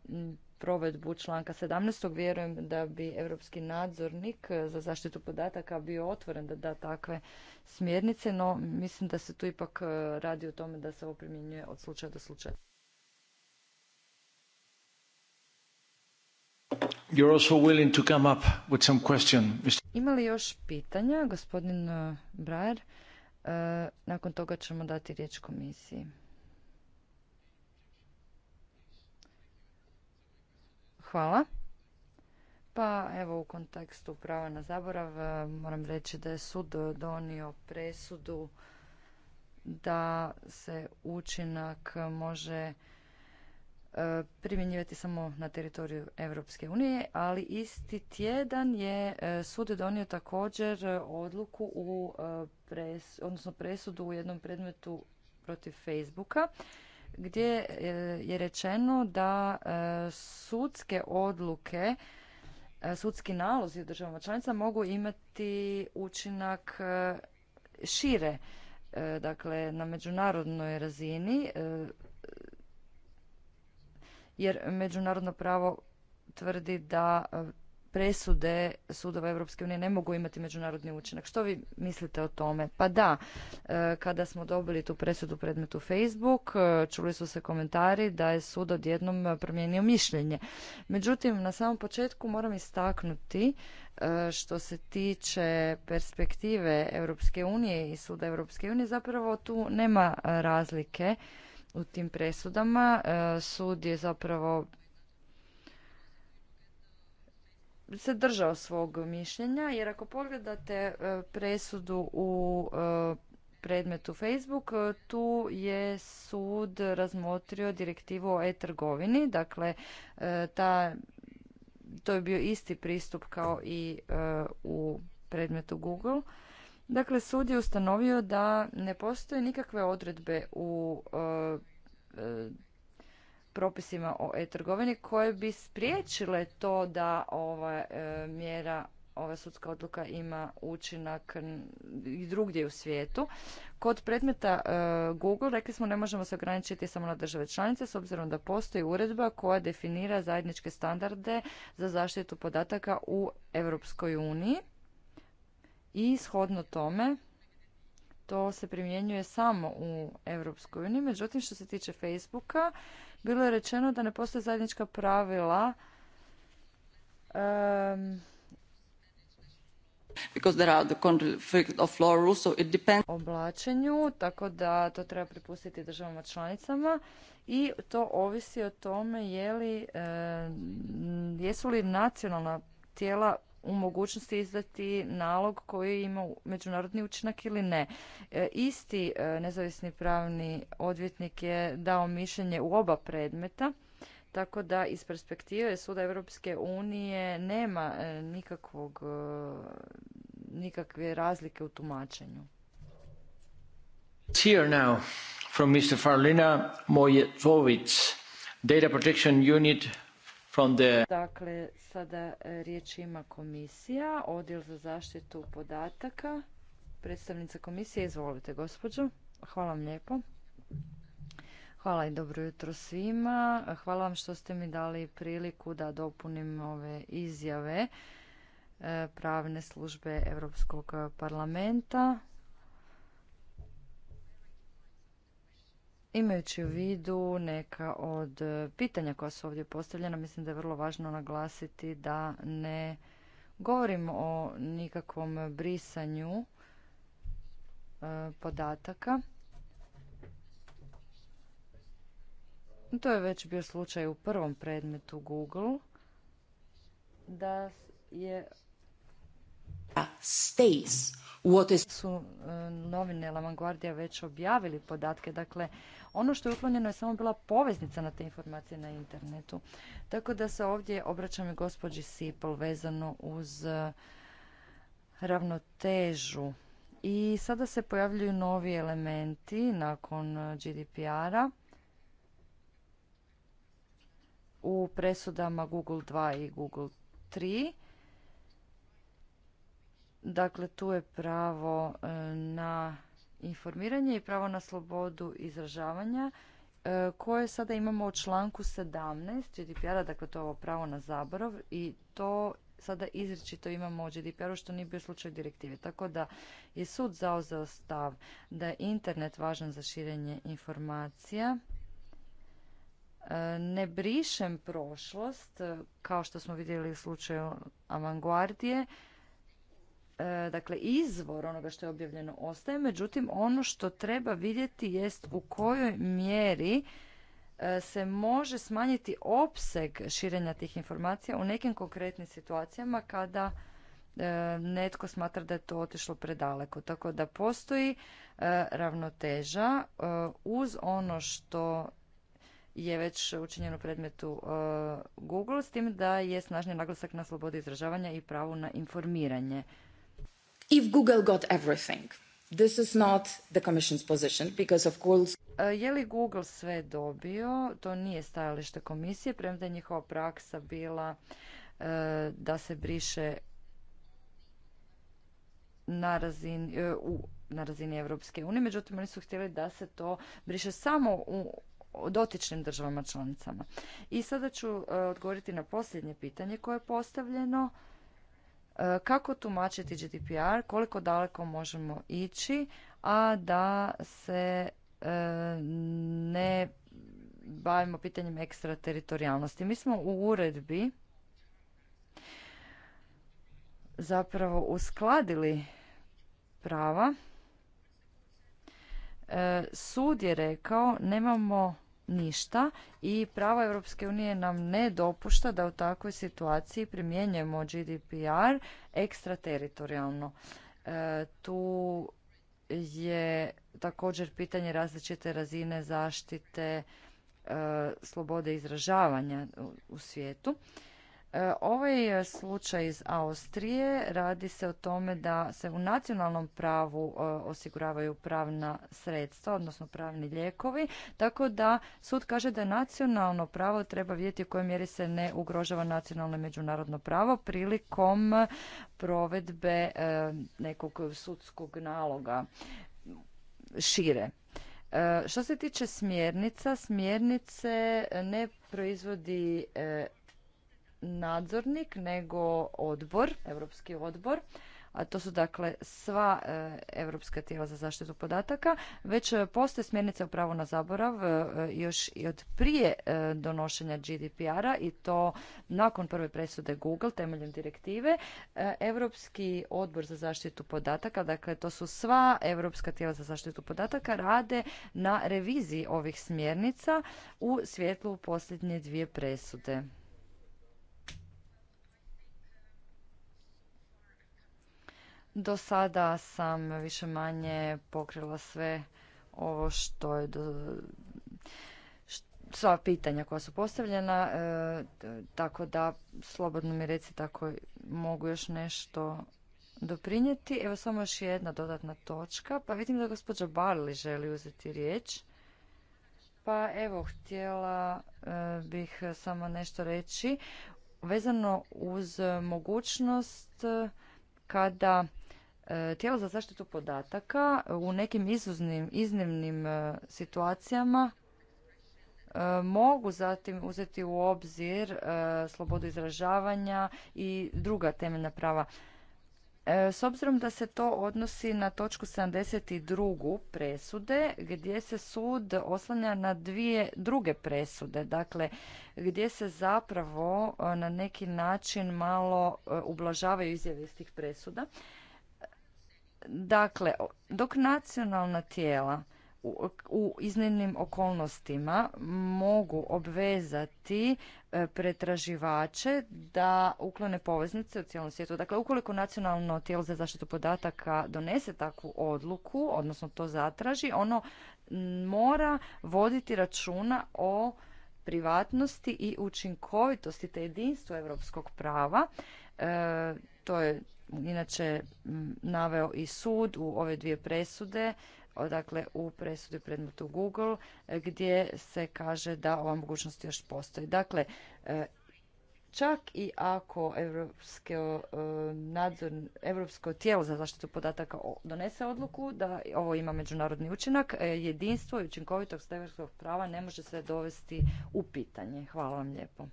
provedbu članka 17. Vjerujem da bi europski nadzornik za zaštitu podataka bio otvoren da da takve smjernice, no mislim da se tu ipak e, radi o tome da se ovo primjenjuje od slučaja do slučaja. You're Ima li još pitanja, gospodin e, Brajer? E, nakon toga ćemo dati riječ komisiji. Hvala. Pa evo u kontekstu prava na zaborav e, moram reći da je sud donio presudu da se učinak može e, primjenjivati samo na teritoriju Europske unije, ali isti tjedan je e, sud donio također odluku u odnosno presudu u jednom predmetu protiv Facebooka gdje e, je rečeno da e, sudske odluke, e, sudski nalozi u državama članica mogu imati učinak šire, dakle na međunarodnoj razini, jer međunarodno pravo tvrdi da presude sudova Europske unije ne mogu imati međunarodni učinak. Što vi mislite o tome? Pa da, e, kada smo dobili tu presudu predmetu Facebook, e, čuli su se komentari da je sud odjednom promijenio mišljenje. Međutim, na samom početku moram istaknuti e, što se tiče perspektive Europske unije i suda Europske unije, zapravo tu nema razlike u tim presudama. Sud je zapravo se držao svog mišljenja, jer ako pogledate e, presudu u e, predmetu Facebook, e, tu je sud razmotrio direktivu o e-trgovini, dakle ta, to je bio isti pristup kao i u predmetu Google. Dakle, sud je ustanovio da ne postoje nikakve odredbe u propisima o e-trgovini koje bi spriječile to da ova e, mjera, ova sudska odluka ima učinak i drugdje u svijetu. Kod predmeta e, Google rekli smo ne možemo se ograničiti samo na države članice s obzirom da postoji uredba koja definira zajedničke standarde za zaštitu podataka u Europskoj uniji i shodno tome to se primjenjuje samo u Europskoj uniji. Međutim, što se tiče Facebooka, bilo je rečeno da ne postoje zajednička pravila oblačenju, tako da to treba pripustiti državama članicama i to ovisi o tome je jesu li nacionalna tijela u mogućnosti izdati nalog koji ima međunarodni učinak ili ne. E, isti e, nezavisni pravni odvjetnik je dao mišljenje u oba predmeta, tako da iz perspektive Suda Europske unije nema e, nikakvog, nikakve razlike u tumačenju. Here now from Mr. Farlina Mojetovic, Data Protection Unit from the... Dakle, Sada e, riječ ima komisija, odjel za zaštitu podataka. Predstavnica komisije, izvolite gospođo. Hvala vam lijepo. Hvala i dobro jutro svima. Hvala vam što ste mi dali priliku da dopunim ove izjave e, pravne službe Europskog parlamenta Imajući u vidu neka od e, pitanja koja su ovdje postavljena, mislim da je vrlo važno naglasiti da ne govorim o nikakvom brisanju e, podataka. To je već bio slučaj u prvom predmetu Google da je stays su e, novine La Vanguardia već objavili podatke. Dakle, ono što je uklonjeno je samo bila poveznica na te informacije na internetu. Tako da se ovdje obraćam i gospođi Sipol vezano uz e, ravnotežu. I sada se pojavljuju novi elementi nakon e, GDPR-a u presudama Google 2 i Google 3 Dakle, tu je pravo e, na informiranje i pravo na slobodu izražavanja e, koje sada imamo u članku 17 GDPR-a, dakle to je ovo pravo na zaborav i to sada izričito imamo u GDPR-u što nije bio slučaj direktive. Tako da je sud zauzeo stav da je internet važan za širenje informacija. E, ne brišem prošlost, kao što smo vidjeli u slučaju avangardije, E, dakle izvor onoga što je objavljeno ostaje, međutim ono što treba vidjeti jest u kojoj mjeri e, se može smanjiti opseg širenja tih informacija u nekim konkretnim situacijama kada e, netko smatra da je to otišlo predaleko. Tako da postoji ravnoteža uz ono što je već učinjeno predmetu Google s tim da je snažni naglasak na slobodi izražavanja i pravu na informiranje if Google got everything, this is not the commission's position because of e, je li Google sve dobio? To nije stajalište komisije, premda je njihova praksa bila e, da se briše na razini, e, na razini Evropske unije, međutim oni su htjeli da se to briše samo u dotičnim državama članicama. I sada ću odgovoriti na posljednje pitanje koje je postavljeno. E, kako tumačiti GDPR, koliko daleko možemo ići, a da se e, ne bavimo pitanjem ekstrateritorijalnosti. Mi smo u uredbi zapravo uskladili prava. E, sud je rekao nemamo ništa i pravo Europske unije nam ne dopušta da u takvoj situaciji primjenjujemo GDPR ekstrateritorijalno. E, tu je također pitanje različite razine zaštite e, slobode izražavanja u svijetu. E, ovaj e, slučaj iz Austrije radi se o tome da se u nacionalnom pravu e, osiguravaju pravna sredstva, odnosno pravni lijekovi, tako da sud kaže da nacionalno pravo treba vidjeti u kojoj mjeri se ne ugrožava nacionalno i međunarodno pravo prilikom provedbe nekog sudskog naloga šire. Što se tiče smjernica, smjernice ne proizvodi nadzornik nego odbor, Europski odbor, a to su dakle sva e, europska tijela za zaštitu podataka, već e, postoje smjernice o pravu na zaborav e, još i od prije donošenja GDPR-a i to nakon prve presude Google temeljem direktive. Europski odbor za zaštitu podataka, dakle to su sva europska tijela za zaštitu podataka, rade na reviziji ovih smjernica u svjetlu posljednje dvije presude. Do sada sam više manje pokrila sve ovo što je do, sva pitanja koja su postavljena, e, tako da slobodno mi recite ako mogu još nešto doprinijeti. Evo samo još jedna dodatna točka, pa vidim da gospođa Barli želi uzeti riječ. Pa evo, htjela e, bih samo nešto reći vezano uz mogućnost e, kada E, tijelo za zaštitu podataka u nekim izuznim, iznimnim e, situacijama e, mogu zatim uzeti u obzir slobodu izražavanja i druga temeljna prava. S obzirom da se to odnosi na točku 72. presude gdje se sud oslanja na dvije druge presude, dakle gdje se zapravo na neki način malo ublažavaju izjave iz tih presuda, Dakle, dok nacionalna tijela u, u iznimnim okolnostima mogu obvezati e, pretraživače da uklone poveznice u cijelom svijetu. Dakle, ukoliko nacionalno tijelo za zaštitu podataka donese takvu odluku, odnosno to zatraži, ono mora voditi računa o privatnosti i učinkovitosti te jedinstvo europskog prava. E, to je inače naveo i sud u ove dvije presude, dakle u presudi predmetu Google, gdje se kaže da ova mogućnost još postoji. Dakle, e, čak i ako Evropsko, e, nadzor, Evropsko tijelo za zaštitu podataka donese odluku da ovo ima međunarodni učinak, e, jedinstvo i učinkovitog stevarskog prava ne može se dovesti u pitanje. Hvala vam lijepo.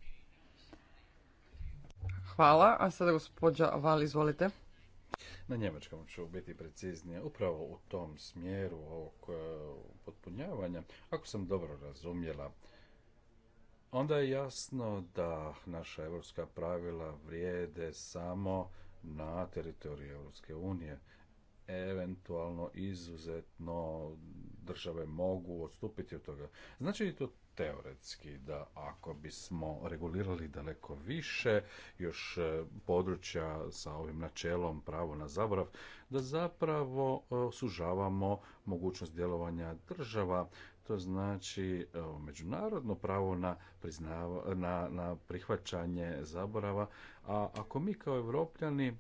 Hvala, a sada gospođa Val, izvolite. Na njemačkom ću biti preciznije, upravo u tom smjeru ovog e, potpunjavanja. Ako sam dobro razumjela, onda je jasno da naša evropska pravila vrijede samo na teritoriju Evropske unije. Eventualno izuzetno države mogu odstupiti od toga. Znači li to teoretski da ako bismo regulirali daleko više još e, područja sa ovim načelom pravo na zaborav, da zapravo e, sužavamo mogućnost djelovanja država, to znači e, međunarodno pravo na, na, na prihvaćanje zaborava, a ako mi kao evropljani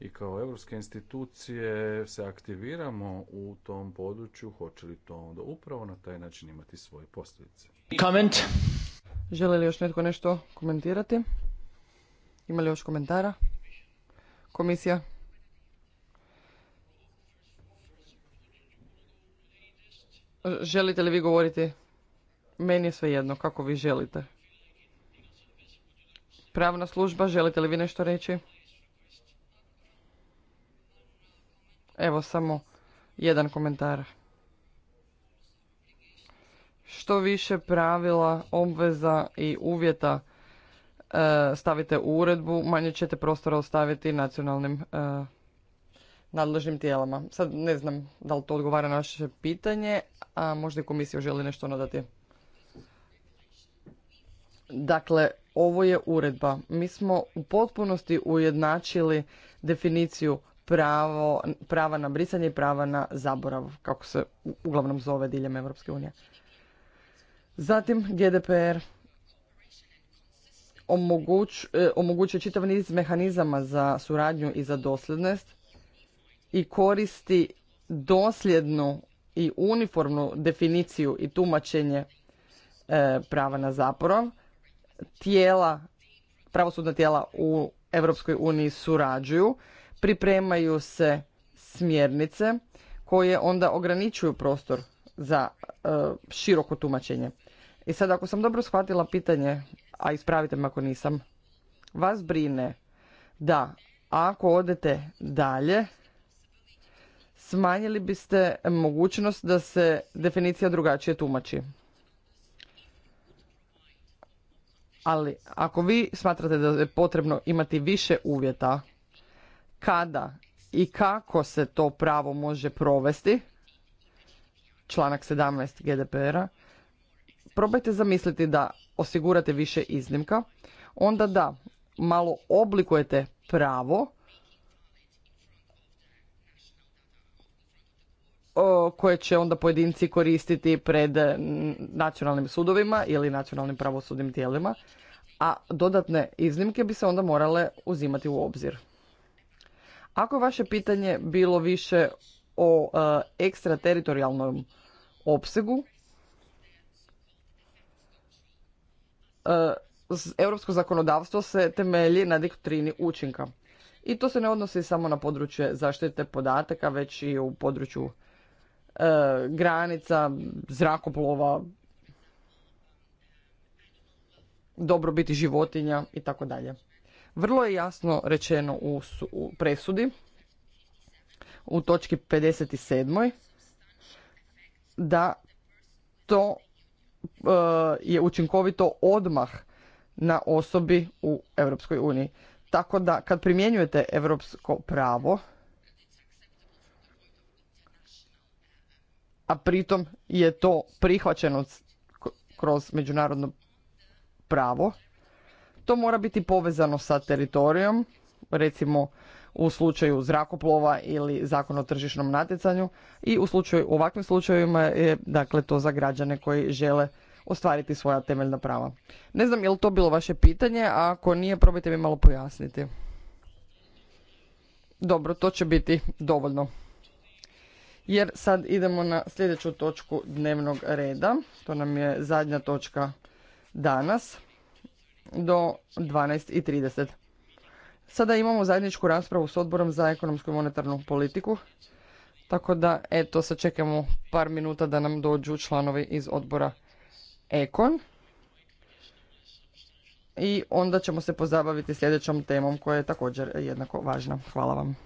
i kao europske institucije se aktiviramo u tom području, hoće li to onda upravo na taj način imati svoje posljedice. Comment. Želi li još netko nešto komentirati? Ima li još komentara? Komisija? Želite li vi govoriti? Meni je sve jedno, kako vi želite. Pravna služba, želite li vi nešto reći? Evo samo jedan komentar. Što više pravila, obveza i uvjeta e, stavite u uredbu, manje ćete prostora ostaviti nacionalnim e, nadležnim tijelama. Sad ne znam da li to odgovara naše pitanje, a možda i komisija želi nešto nadati. Dakle, ovo je uredba. Mi smo u potpunosti ujednačili definiciju pravo, prava na brisanje i prava na zaborav, kako se uglavnom zove diljem Europske unije. Zatim GDPR e, omogućuje čitav niz mehanizama za suradnju i za dosljednost i koristi dosljednu i uniformnu definiciju i tumačenje e, prava na zaborav. Tijela, pravosudna tijela u Europskoj uniji surađuju pripremaju se smjernice koje onda ograničuju prostor za e, široko tumačenje. I sad ako sam dobro shvatila pitanje, a ispravite me ako nisam, vas brine da ako odete dalje, smanjili biste mogućnost da se definicija drugačije tumači. Ali ako vi smatrate da je potrebno imati više uvjeta kada i kako se to pravo može provesti, članak 17 GDPR-a, probajte zamisliti da osigurate više iznimka, onda da malo oblikujete pravo koje će onda pojedinci koristiti pred nacionalnim sudovima ili nacionalnim pravosudnim tijelima, a dodatne iznimke bi se onda morale uzimati u obzir. Ako vaše pitanje bilo više o e, ekstrateritorijalnom opsegu, e, europsko zakonodavstvo se temelji na diktrini učinka. I to se ne odnosi samo na područje zaštite podataka, već i u području e, granica, zrakoplova, dobrobiti životinja i tako dalje. Vrlo je jasno rečeno u, presudi u točki 57. da to eh, je učinkovito odmah na osobi u Europskoj uniji. Tako da kad primjenjujete europsko pravo, a pritom je to prihvaćeno kroz međunarodno pravo, to mora biti povezano sa teritorijom, recimo u slučaju zrakoplova ili zakon o tržišnom natjecanju i u, slučaju, u ovakvim slučajevima je dakle to za građane koji žele ostvariti svoja temeljna prava. Ne znam je li to bilo vaše pitanje, a ako nije probajte mi malo pojasniti. Dobro, to će biti dovoljno. Jer sad idemo na sljedeću točku dnevnog reda. To nam je zadnja točka danas do 12.30. Sada imamo zajedničku raspravu s odborom za ekonomsku i monetarnu politiku. Tako da, eto, sačekamo par minuta da nam dođu članovi iz odbora Ekon. I onda ćemo se pozabaviti sljedećom temom koja je također jednako važna. Hvala vam.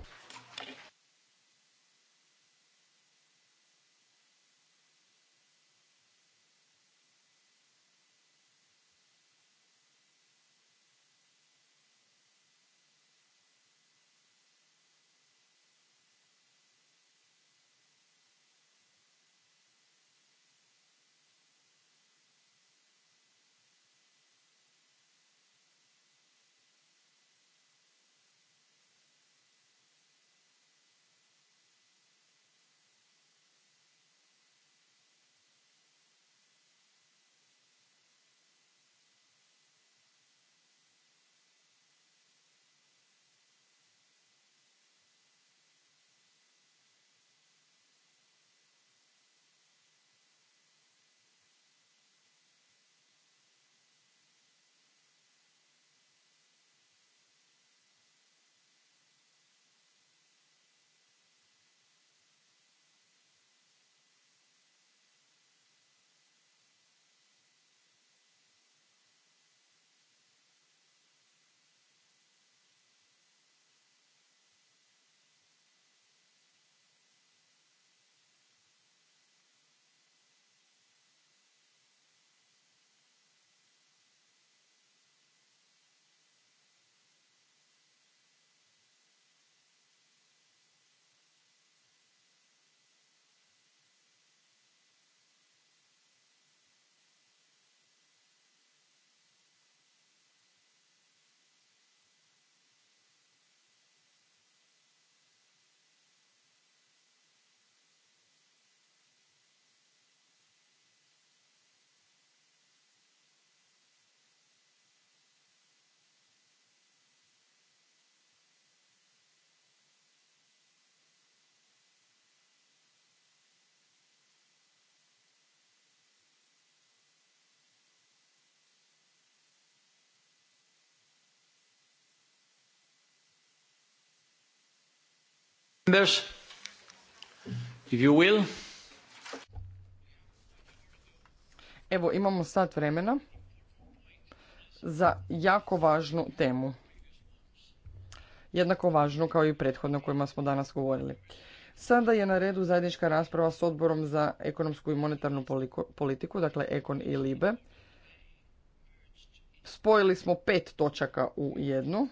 Members, if you will. Evo, imamo sat vremena za jako važnu temu. Jednako važnu kao i prethodno o kojima smo danas govorili. Sada je na redu zajednička rasprava s odborom za ekonomsku i monetarnu politiku, dakle Ekon i Libe. Spojili smo pet točaka u jednu.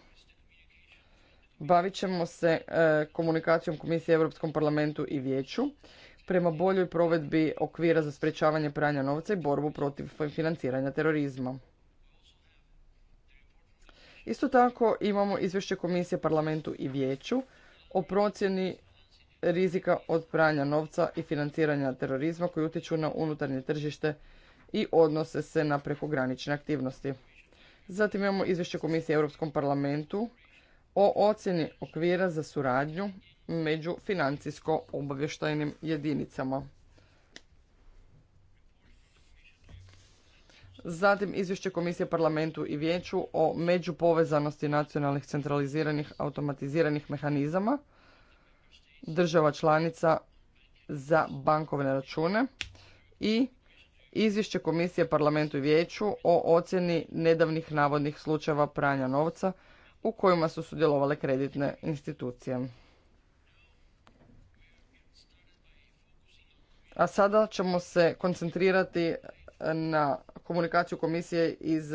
Bavit ćemo se e, komunikacijom Komisije Europskom parlamentu i vijeću prema boljoj provedbi okvira za sprečavanje pranja novca i borbu protiv financiranja terorizma. Isto tako imamo izvješće Komisije parlamentu i vijeću o procjeni rizika od pranja novca i financiranja terorizma koji utječu na unutarnje tržište i odnose se na prekogranične aktivnosti. Zatim imamo izvješće Komisije Europskom parlamentu o ocjeni okvira za suradnju među financijsko obavještajnim jedinicama. Zatim izvješće Komisije parlamentu i vijeću o međupovezanosti nacionalnih centraliziranih automatiziranih mehanizama država članica za bankovne račune i izvješće Komisije parlamentu i vijeću o ocjeni nedavnih navodnih slučajeva pranja novca u kojima su sudjelovale kreditne institucije. A sada ćemo se koncentrirati na komunikaciju komisije iz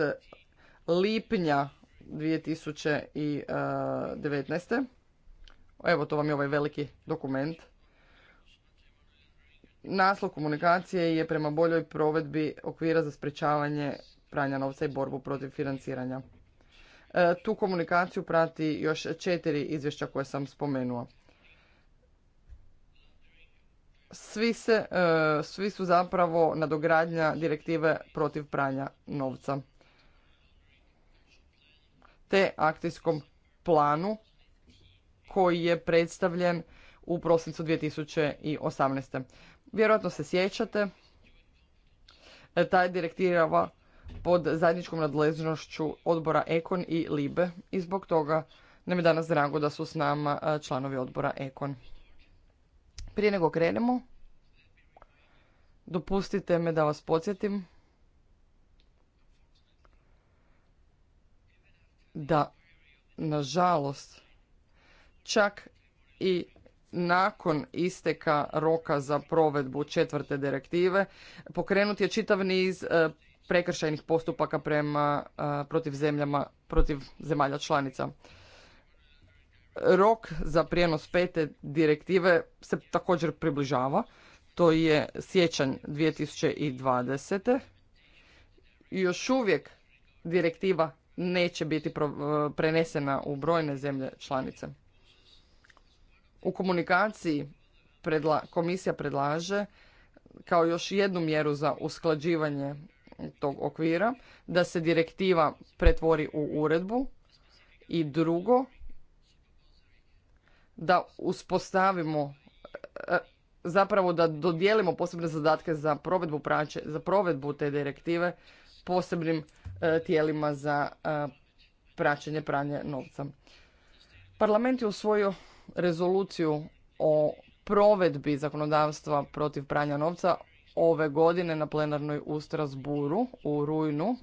lipnja 2019. E, Evo to vam je ovaj veliki dokument. Naslov komunikacije je prema boljoj provedbi okvira za sprečavanje pranja novca i borbu protiv financiranja. E, tu komunikaciju prati još četiri izvješća koje sam spomenuo. Svi, se, e, svi su zapravo nadogradnja direktive protiv pranja novca te akcijskom planu koji je predstavljen u prosincu 2018. Vjerojatno se sjećate, e, ta direktirava... direktiva pod zajedničkom nadležnošću odbora Ekon i Libe i zbog toga nam je danas drago da su s nama e, članovi odbora Ekon. Prije nego krenemo, dopustite me da vas podsjetim da, nažalost, čak i nakon isteka roka za provedbu četvrte direktive pokrenut je čitav niz e, prekršajnih postupaka prema protiv zemljama, protiv zemalja članica. Rok za prijenos pete direktive se također približava. To je sjećanj 2020. I još uvijek direktiva neće biti prenesena u brojne zemlje članice. U komunikaciji predla, komisija predlaže kao još jednu mjeru za usklađivanje tog okvira, da se direktiva pretvori u uredbu i drugo, da uspostavimo e, zapravo da dodijelimo posebne zadatke za provedbu praće, za provedbu te direktive posebnim e, tijelima za e, praćenje pranje novca. Parlament je usvojio rezoluciju o provedbi zakonodavstva protiv pranja novca ove godine na plenarnoj u Strasburu u rujnu.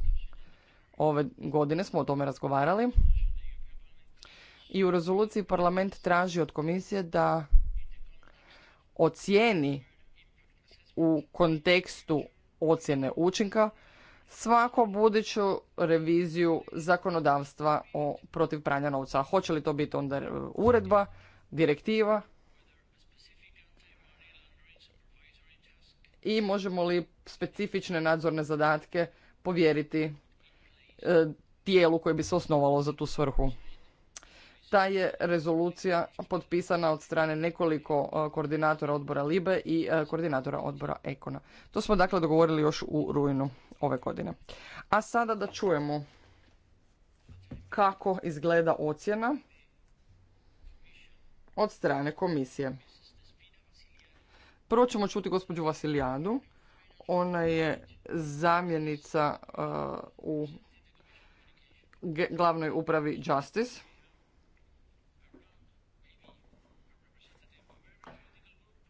Ove godine smo o tome razgovarali. I u rezoluciji parlament traži od komisije da ocijeni u kontekstu ocjene učinka svako buduću reviziju zakonodavstva o protiv pranja novca. Hoće li to biti onda uredba, direktiva i možemo li specifične nadzorne zadatke povjeriti e, tijelu koje bi se osnovalo za tu svrhu. Ta je rezolucija potpisana od strane nekoliko e, koordinatora odbora LIBE i e, koordinatora odbora Ekona. To smo dakle dogovorili još u rujnu ove godine. A sada da čujemo kako izgleda ocjena od strane komisije. Prvo ćemo čuti gospođu Vasilijadu. Ona je zamjenica uh, u glavnoj upravi Justice.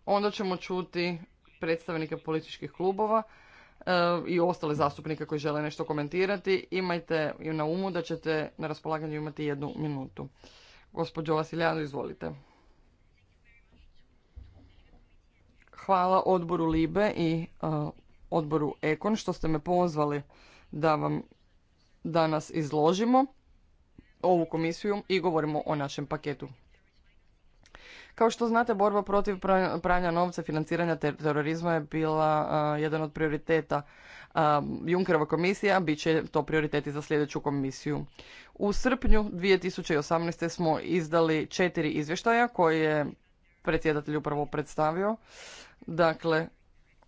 Onda ćemo čuti predstavnike političkih klubova uh, i ostale zastupnike koji žele nešto komentirati. Imajte na umu da ćete na raspolaganju imati jednu minutu. Gospođo Vasilijanu, izvolite. Hvala odboru Libe i e, odboru Ekon što ste me pozvali da vam danas izložimo ovu komisiju i govorimo o našem paketu. Kao što znate, borba protiv pranja novca, i financiranja terorizma je bila e, jedan od prioriteta e, Junkerova komisija, bit će to prioriteti za sljedeću komisiju. U srpnju 2018. smo izdali četiri izvještaja koje predsjedatelj upravo predstavio. Dakle,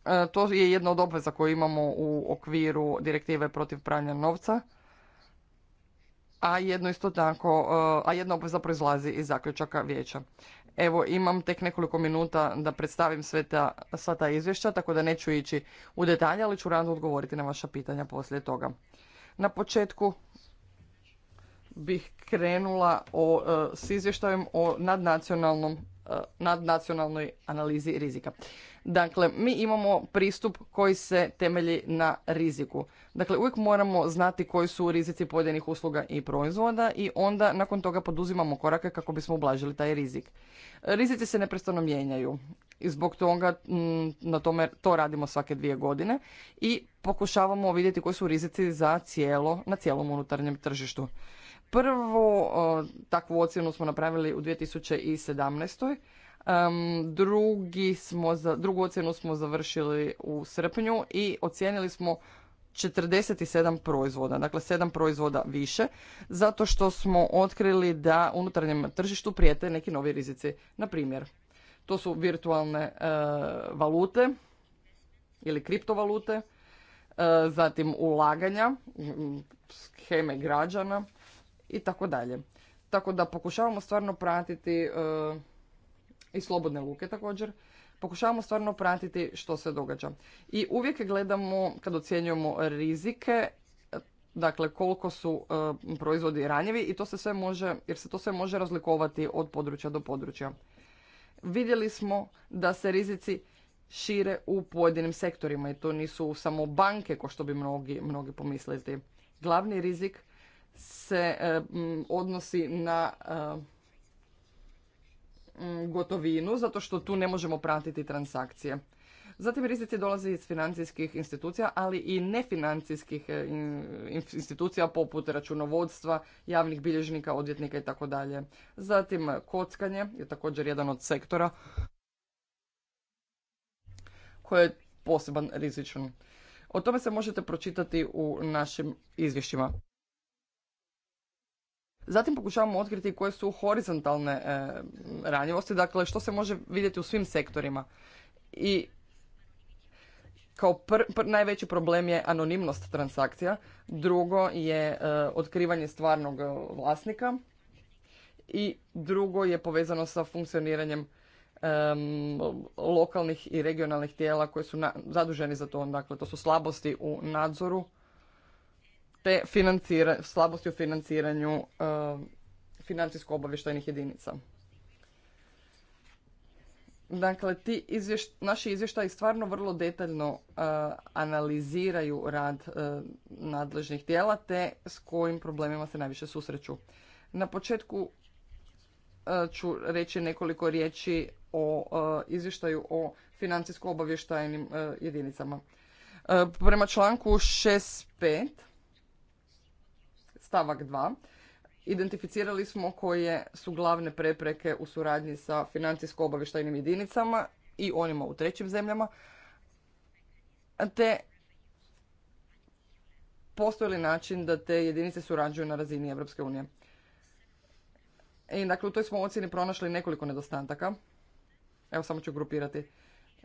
e, to je jedna od obveza koju imamo u okviru direktive protiv pranja novca, a jedno isto tako, e, a jedna obveza proizlazi iz zaključaka vijeća. Evo, imam tek nekoliko minuta da predstavim sve ta, sva ta izvješća, tako da neću ići u detalje, ali ću rado odgovoriti na vaša pitanja poslije toga. Na početku bih krenula o, e, s izvještajem o nadnacionalnom E, nadnacionalnoj analizi rizika. Dakle, mi imamo pristup koji se temelji na riziku. Dakle, uvijek moramo znati koji su rizici pojedinih usluga i proizvoda i onda nakon toga poduzimamo korake kako bismo ublažili taj rizik. Rizici se neprestano mijenjaju i zbog toga mm, na tome to radimo svake dvije godine i pokušavamo vidjeti koji su rizici za cijelo, na cijelom unutarnjem tržištu. Prvo, takvu ocjenu smo napravili u 2017. drugi smo drugu ocjenu smo završili u srpnju i ocijenili smo 47 proizvoda, dakle 7 proizvoda više, zato što smo otkrili da unutarnjem tržištu prijete neki novi rizici. Na primjer, to su virtualne e, valute ili kriptovalute, e, zatim ulaganja, scheme građana, i tako dalje. Tako da pokušavamo stvarno pratiti e, i slobodne luke također. Pokušavamo stvarno pratiti što se događa. I uvijek gledamo kad ocjenjujemo rizike, dakle koliko su e, proizvodi ranjivi i to se sve može, jer se to sve može razlikovati od područja do područja. Vidjeli smo da se rizici šire u pojedinim sektorima i to nisu samo banke, ko što bi mnogi, mnogi Glavni rizik se e, odnosi na e, gotovinu, zato što tu ne možemo pratiti transakcije. Zatim rizici dolaze iz financijskih institucija, ali i nefinancijskih e, institucija poput računovodstva, javnih bilježnika, odvjetnika i tako dalje. Zatim kockanje je također jedan od sektora koji je poseban rizičan. O tome se možete pročitati u našim izvješćima. Zatim pokušavamo otkriti koje su horizontalne e, ranjivosti, dakle što se može vidjeti u svim sektorima. I kao pr, najveći problem je anonimnost transakcija, drugo je e, otkrivanje stvarnog e, vlasnika i drugo je povezano sa funkcioniranjem lokalnih i regionalnih tijela koji su zaduženi za to. Dakle, to su slabosti u nadzoru te slabosti u financiranju eh, financijsko-obavještajnih jedinica. Dakle, ti naši izvještaji stvarno vrlo detaljno eh, analiziraju rad eh, nadležnih tijela te s kojim problemima se najviše susreću. Na početku ću reći nekoliko riječi o izvještaju o financijsko-obavještajnim jedinicama. Prema članku 6.5 stavak 2. Identificirali smo koje su glavne prepreke u suradnji sa financijsko-obavještajnim jedinicama i onima u trećim zemljama, te postoji li način da te jedinice surađuju na razini Europske unije. I dakle, u toj smo ocjeni pronašli nekoliko nedostataka. Evo, samo ću grupirati.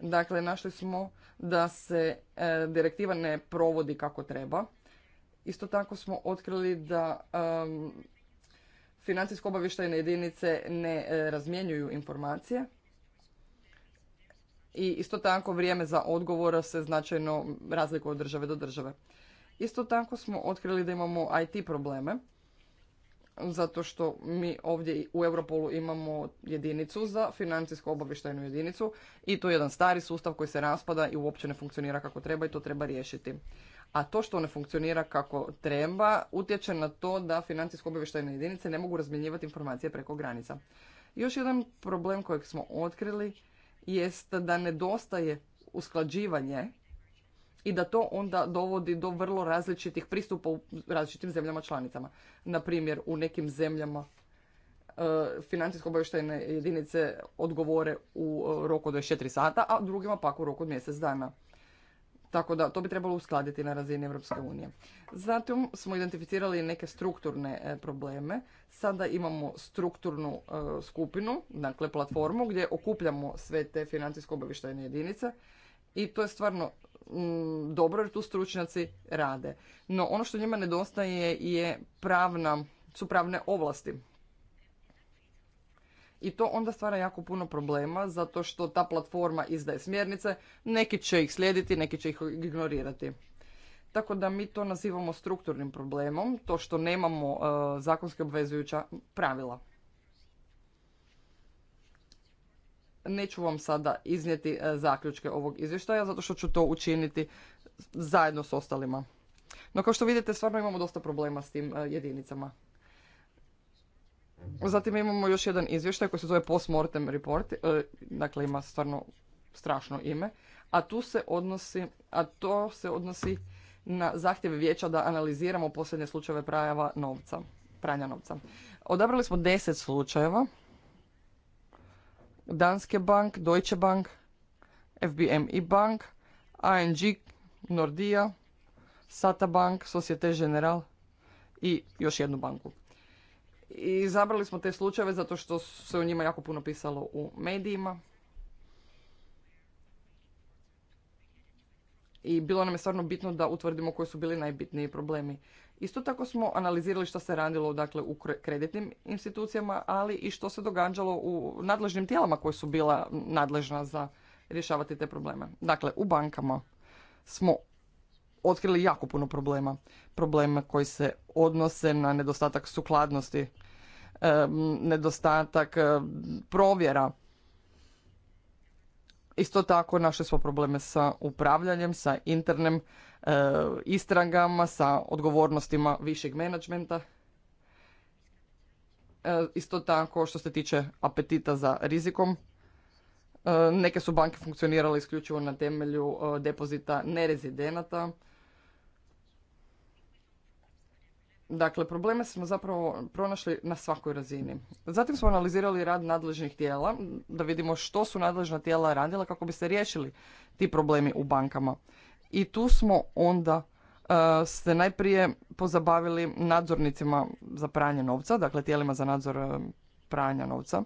Dakle, našli smo da se e, direktiva ne provodi kako treba. Isto tako smo otkrili da financijsko obavještajne jedinice ne razmijenjuju razmjenjuju informacije i isto tako vrijeme za odgovor se značajno razlikuje od države do države. Isto tako smo otkrili da imamo IT probleme, zato što mi ovdje u Europolu imamo jedinicu za financijsko obavještajnu jedinicu i to je jedan stari sustav koji se raspada i uopće ne funkcionira kako treba i to treba riješiti a to što ne funkcionira kako treba utječe na to da financijsko obavještajne jedinice ne mogu razmjenjivati informacije preko granica. Još jedan problem kojeg smo otkrili jest da nedostaje usklađivanje i da to onda dovodi do vrlo različitih pristupa u različitim zemljama članicama. Na primjer, u nekim zemljama e, financijsko obavještajne jedinice odgovore u roku od 24 sata, a drugima pak u roku od mjesec dana. Tako da to bi trebalo uskladiti na razini Europske unije. Zatim smo identificirali neke strukturne e, probleme. Sada imamo strukturnu e, skupinu, dakle platformu gdje okupljamo sve te financijsko obavještajne jedinice i to je stvarno mm, dobro jer tu stručnjaci rade. No ono što njima nedostaje je pravna, su pravne ovlasti i to onda stvara jako puno problema zato što ta platforma izdaje smjernice, neki će ih slijediti, neki će ih ignorirati. Tako da mi to nazivamo strukturnim problemom, to što nemamo e, zakonski obvezujuća pravila. Neću vam sada iznijeti e, zaključke ovog izvještaja zato što ću to učiniti zajedno s ostalima. No kao što vidite stvarno imamo dosta problema s tim e, jedinicama. Zatim imamo još jedan izvještaj koji se zove Postmortem Report, e, dakle ima stvarno strašno ime, a tu se odnosi, a to se odnosi na zahtjeve vijeća da analiziramo posljednje slučajeve prava novca, pranja novca. Odabrali smo deset slučajeva. Danske Bank, Deutsche Bank, FBMI Bank, ANG, Nordia, Sata Bank, Societe General i još jednu banku. I izabrali smo te slučajeve zato što se o njima jako puno pisalo u medijima. I bilo nam je stvarno bitno da utvrdimo koji su bili najbitniji problemi. Isto tako smo analizirali što se radilo dakle, u kreditnim institucijama, ali i što se događalo u nadležnim tijelama koje su bila nadležna za rješavati te probleme. Dakle, u bankama smo otkrili jako puno problema. Probleme koji se odnose na nedostatak sukladnosti, nedostatak provjera. Isto tako našli smo probleme sa upravljanjem, sa internim istragama, sa odgovornostima višeg menadžmenta. E, isto tako što se tiče apetita za rizikom, Neke su banke funkcionirale isključivo na temelju depozita nerezidenata, Dakle, probleme smo zapravo pronašli na svakoj razini. Zatim smo analizirali rad nadležnih tijela, da vidimo što su nadležna tijela radila kako bi se riješili ti problemi u bankama. I tu smo onda e, se najprije pozabavili nadzornicima za pranje novca, dakle tijelima za nadzor e, pranja novca.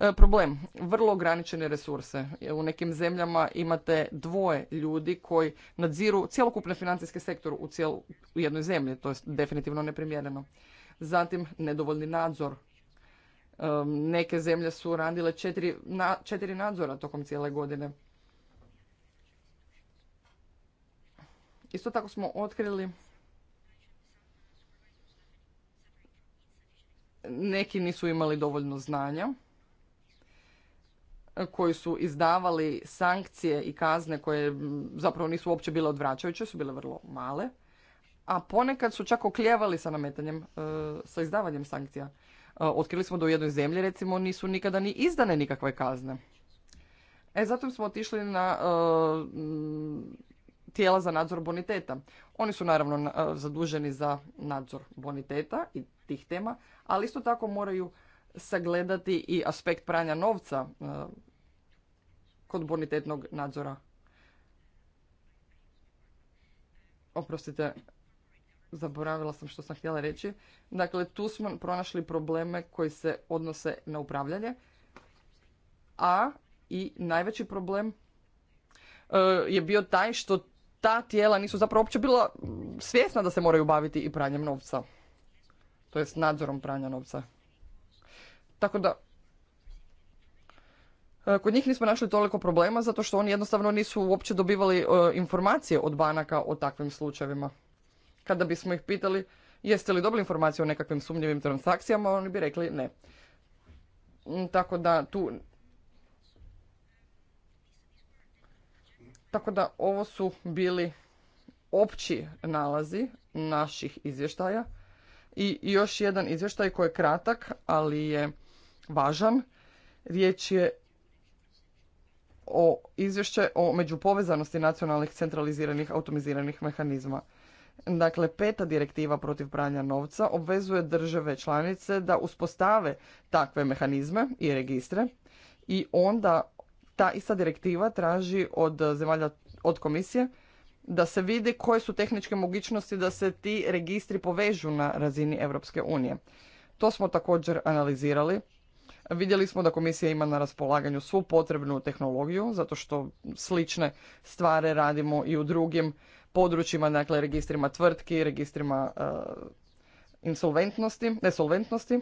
E, problem, vrlo ograničene resurse. E, u nekim zemljama imate dvoje ljudi koji nadziru cjelokupne financijske sektor u, u jednoj zemlji, to je definitivno neprimjereno. Zatim nedovoljni nadzor. E, neke zemlje su radile na, četiri nadzora tokom cijele godine. Isto tako smo otkrili neki nisu imali dovoljno znanja koji su izdavali sankcije i kazne koje zapravo nisu uopće bile odvraćajuće, su bile vrlo male, a ponekad su čak okljevali sa nametanjem, e, sa izdavanjem sankcija. E, otkrili smo da u jednoj zemlji recimo nisu nikada ni izdane nikakve kazne. E zato smo otišli na e, tijela za nadzor boniteta. Oni su naravno zaduženi za nadzor boniteta i tih tema, ali isto tako moraju sagledati i aspekt pranja novca kod bonitetnog nadzora. Oprostite, zaboravila sam što sam htjela reći. Dakle, tu smo pronašli probleme koji se odnose na upravljanje, a i najveći problem e, je bio taj što ta tijela nisu zapravo uopće bila svjesna da se moraju baviti i pranjem novca. To jest nadzorom pranja novca. Tako da E, kod njih nismo našli toliko problema zato što oni jednostavno nisu uopće dobivali e, informacije od banaka o takvim slučajevima. Kada bismo ih pitali jeste li dobili informacije o nekakvim sumnjivim transakcijama, oni bi rekli ne. Mm, tako da tu... Tako da ovo su bili opći nalazi naših izvještaja i još jedan izvještaj koji je kratak, ali je važan. Riječ je o izvješće o međupovezanosti nacionalnih centraliziranih automiziranih mehanizma. Dakle, peta direktiva protiv pranja novca obvezuje države članice da uspostave takve mehanizme i registre i onda ta ista direktiva traži od zemalja, od komisije da se vidi koje su tehničke mogućnosti da se ti registri povežu na razini Europske unije. To smo također analizirali Vidjeli smo da komisija ima na raspolaganju svu potrebnu tehnologiju, zato što slične stvari radimo i u drugim područjima, dakle registrima tvrtki, registrima eh, insolventnosti, nesolventnosti.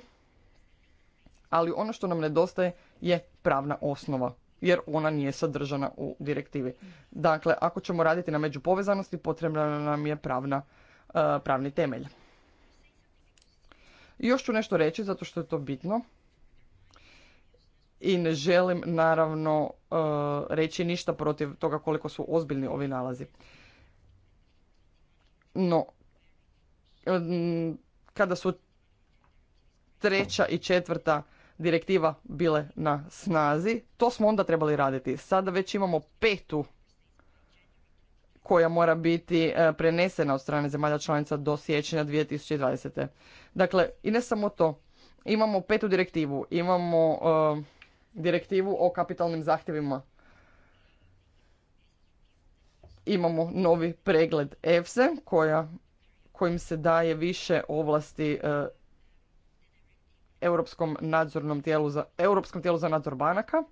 Ali ono što nam nedostaje je pravna osnova jer ona nije sadržana u direktivi. Dakle, ako ćemo raditi na međupovezanosti, potrebna nam je pravna, eh, pravni temelj. još ću nešto reći, zato što je to bitno i ne želim naravno e, reći ništa protiv toga koliko su ozbiljni ovi nalazi. No, kada su treća i četvrta direktiva bile na snazi, to smo onda trebali raditi. Sada već imamo petu koja mora biti e, prenesena od strane zemalja članica do siječnja 2020. Dakle, i ne samo to. Imamo petu direktivu, imamo direktivu o kapitalnim zahtjevima. Imamo novi pregled EFSE koja, kojim se daje više ovlasti e, Europskom nadzornom tijelu za, Europskom tijelu za nadzor banaka.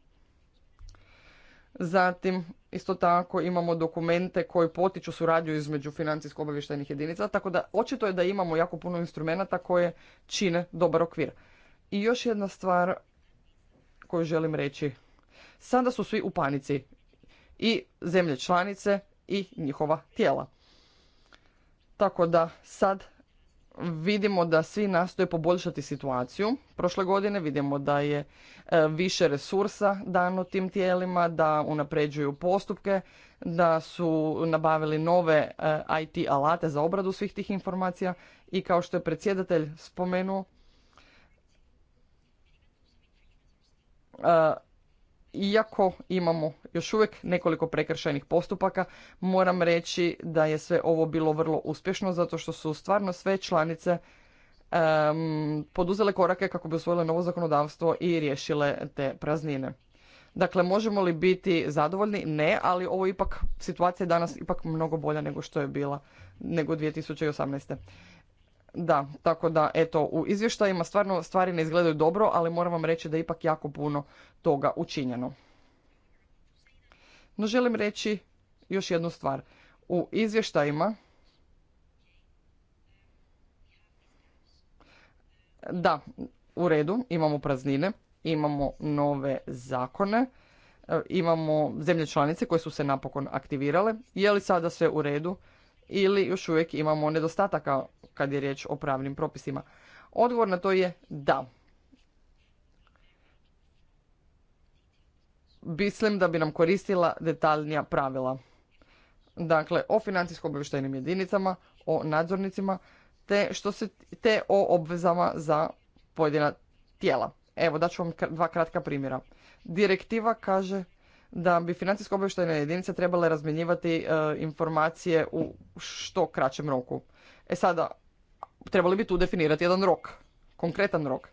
Zatim, isto tako imamo dokumente koji potiču suradnju između financijsko obavještajnih jedinica, tako da očito je da imamo jako puno instrumenata koje čine dobar okvir. I još jedna stvar koju želim reći. Sada su svi u panici. I zemlje članice i njihova tijela. Tako da sad vidimo da svi nastoje poboljšati situaciju. Prošle godine vidimo da je e, više resursa dano tim tijelima, da unapređuju postupke, da su nabavili nove e, IT alate za obradu svih tih informacija i kao što je predsjedatelj spomenuo, E, iako imamo još uvijek nekoliko prekršajnih postupaka, moram reći da je sve ovo bilo vrlo uspješno zato što su stvarno sve članice poduzele korake kako bi usvojile novo zakonodavstvo i riješile te praznine. Dakle, možemo li biti zadovoljni? Ne, ali ovo ipak, situacija je danas ipak mnogo bolja nego što je bila, nego 2018. Da, tako da, eto, u izvještajima stvarno stvari ne izgledaju dobro, ali moram vam reći da je ipak jako puno toga učinjeno. No želim reći još jednu stvar. U izvještajima Da, u redu, imamo praznine, imamo nove zakone, e, imamo zemlje članice koje su se napokon aktivirale. Je li sada sve u redu ili još uvijek imamo nedostataka kad je riječ o pravnim propisima? Odgovor na to je da. Mislim da bi nam koristila detaljnija pravila. Dakle, o financijsko-obavještajnim jedinicama, o nadzornicima, te, što se, te o obvezama za pojedina tijela. Evo, daću vam dva kratka primjera. Direktiva kaže da bi financijsko obavještajne jedinice trebale razmjenjivati e, informacije u što kraćem roku. E sada, trebali bi tu definirati jedan rok, konkretan rok.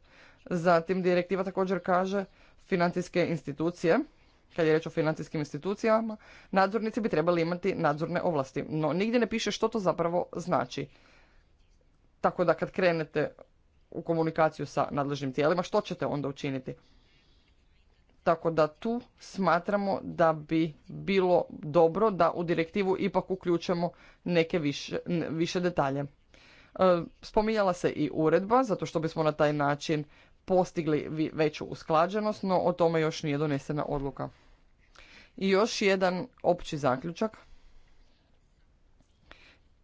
Zatim direktiva također kaže financijske institucije, kad je reč o financijskim institucijama, nadzornici bi trebali imati nadzorne ovlasti. No nigdje ne piše što to zapravo znači. Tako da kad krenete u komunikaciju sa nadležnim tijelima, što ćete onda učiniti? Tako da tu smatramo da bi bilo dobro da u direktivu ipak uključemo neke više, više detalje. E, spominjala se i uredba, zato što bismo na taj način postigli veću usklađenost, no o tome još nije donesena odluka. I još jedan opći zaključak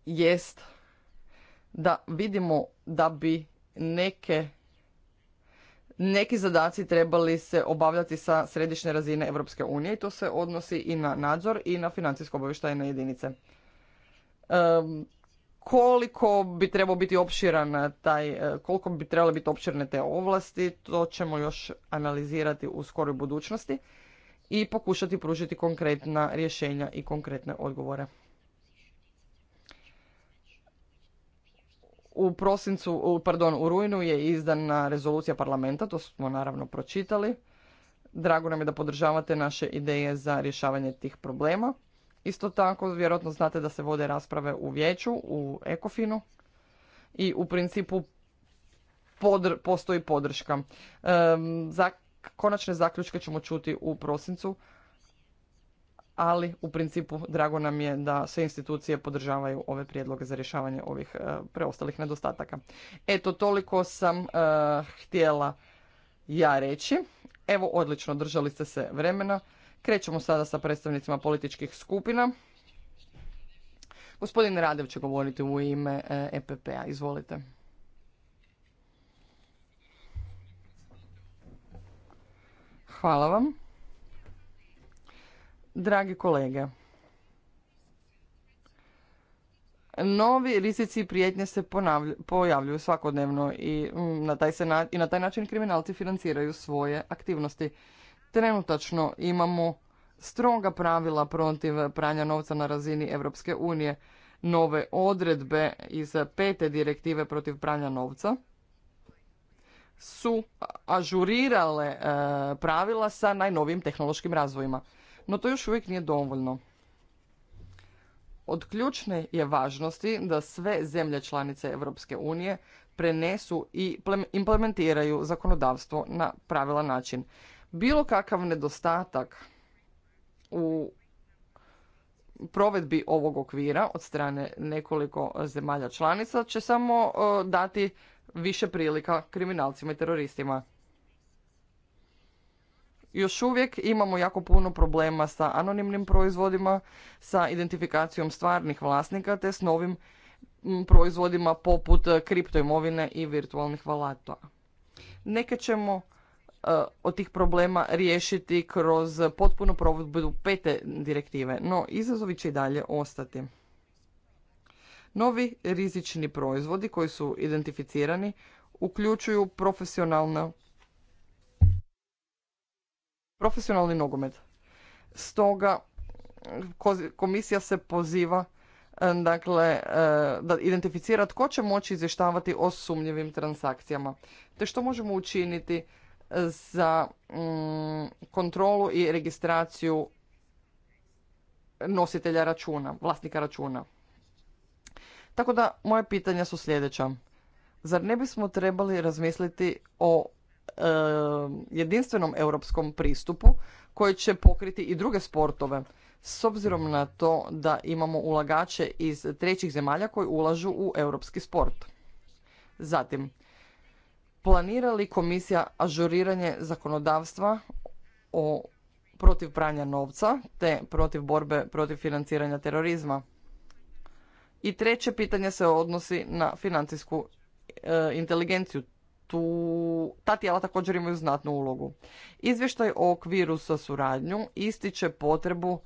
jest da vidimo da bi neke neki zadaci trebali se obavljati sa središnje razine Europske unije i to se odnosi i na nadzor i na financijsko obavještajne jedinice koliko bi trebao biti opširan eh, taj, eh, koliko bi trebale biti opširne te ovlasti, to ćemo još analizirati u skoroj budućnosti i pokušati pružiti konkretna rješenja i konkretne odgovore. U prosincu, pardon, u rujnu je izdana rezolucija parlamenta, to smo naravno pročitali. Drago nam je da podržavate naše ideje za rješavanje tih problema. Isto tako, vjerojatno znate da se vode rasprave u vijeću, u Ekofinu i u principu postoji podrška. za konačne zaključke ćemo čuti u prosincu, ali u principu drago nam je da sve institucije podržavaju ove prijedloge za rješavanje ovih e, preostalih nedostataka. Eto, toliko sam e, htjela ja reći. Evo, odlično, držali ste se vremena. Krećemo sada sa predstavnicima političkih skupina. Gospodin Radev će govoriti u ime EPP-a. Eh, e Izvolite. Hvala vam. Dragi kolege, novi rizici i prijetnje se pojavljuju svakodnevno i mm, na, taj se i na taj način kriminalci financiraju svoje aktivnosti. Trenutačno imamo stroga pravila protiv pranja novca na razini Europske unije, nove odredbe iz pete direktive protiv pranja novca su ažurirale e, pravila sa najnovijim tehnološkim razvojima. No to još uvijek nije dovoljno. Od ključne je važnosti da sve zemlje članice Europske unije prenesu i implementiraju zakonodavstvo na pravilan način bilo kakav nedostatak u provedbi ovog okvira od strane nekoliko zemalja članica će samo e, dati više prilika kriminalcima i teroristima. Još uvijek imamo jako puno problema sa anonimnim proizvodima, sa identifikacijom stvarnih vlasnika te s novim proizvodima poput kriptoimovine i virtualnih valata. Neke ćemo E, od tih problema riješiti kroz potpunu provedbu pete direktive, no izazovi će i dalje ostati. Novi rizični proizvodi koji su identificirani uključuju profesionalna profesionalni nogomet. Stoga komisija se poziva e, dakle, e, da identificira tko će moći izvještavati o sumnjivim transakcijama, te što možemo učiniti za mm, kontrolu i registraciju nositelja računa, vlasnika računa. Tako da moje pitanja su sljedeća. Zar ne bismo trebali razmisliti o e, jedinstvenom europskom pristupu koji će pokriti i druge sportove s obzirom na to da imamo ulagače iz trećih zemalja koji ulažu u europski sport. Zatim planira li komisija ažuriranje zakonodavstva o protiv pranja novca te protiv borbe protiv financiranja terorizma? I treće pitanje se odnosi na financijsku e, inteligenciju. Tu, ta tijela također imaju znatnu ulogu. Izvještaj o okviru sa suradnju ističe potrebu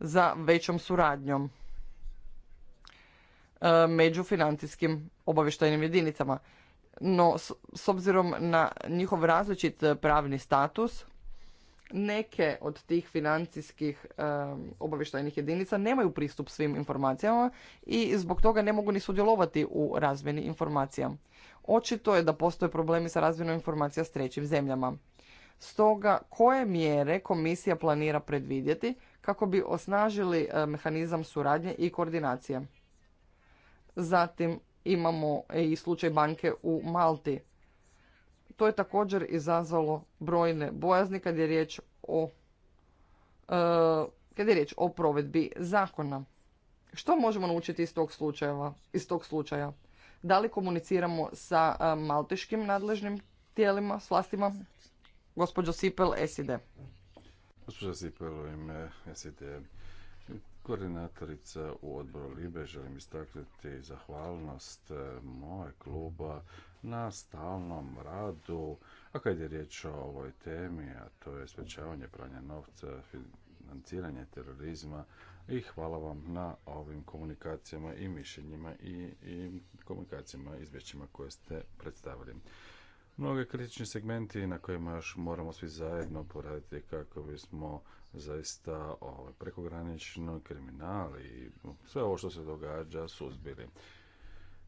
za većom suradnjom e, među financijskim obavještajnim jedinicama no s obzirom na njihov različit e, pravni status neke od tih financijskih e, obavještajnih jedinica nemaju pristup svim informacijama i zbog toga ne mogu ni sudjelovati u razmjeni informacija. Očito je da postoje problemi sa razmjenom informacija s trećim zemljama. Stoga, koje mjere komisija planira predvidjeti kako bi osnažili e, mehanizam suradnje i koordinacije? Zatim, imamo e, i slučaj banke u Malti. To je također izazvalo brojne bojazni kad je riječ o e, kad je riječ o provedbi zakona. Što možemo naučiti iz tog, tog slučaja? Da li komuniciramo sa e, malteškim nadležnim tijelima, s vlastima? Gospođo Sipel, SID. Gospođo Sipel, ime SID koordinatorica u odboru Libe želim istaknuti zahvalnost e, moje kluba na stalnom radu, a kad je riječ o ovoj temi, a to je sprečavanje pranja novca, financiranje terorizma i hvala vam na ovim komunikacijama i mišljenjima i, i komunikacijama i izvješćima koje ste predstavili. Mnoge kritični segmenti na kojima još moramo svi zajedno poraditi kako bismo zaista ovaj, prekogranično kriminal i sve ovo što se događa suzbili.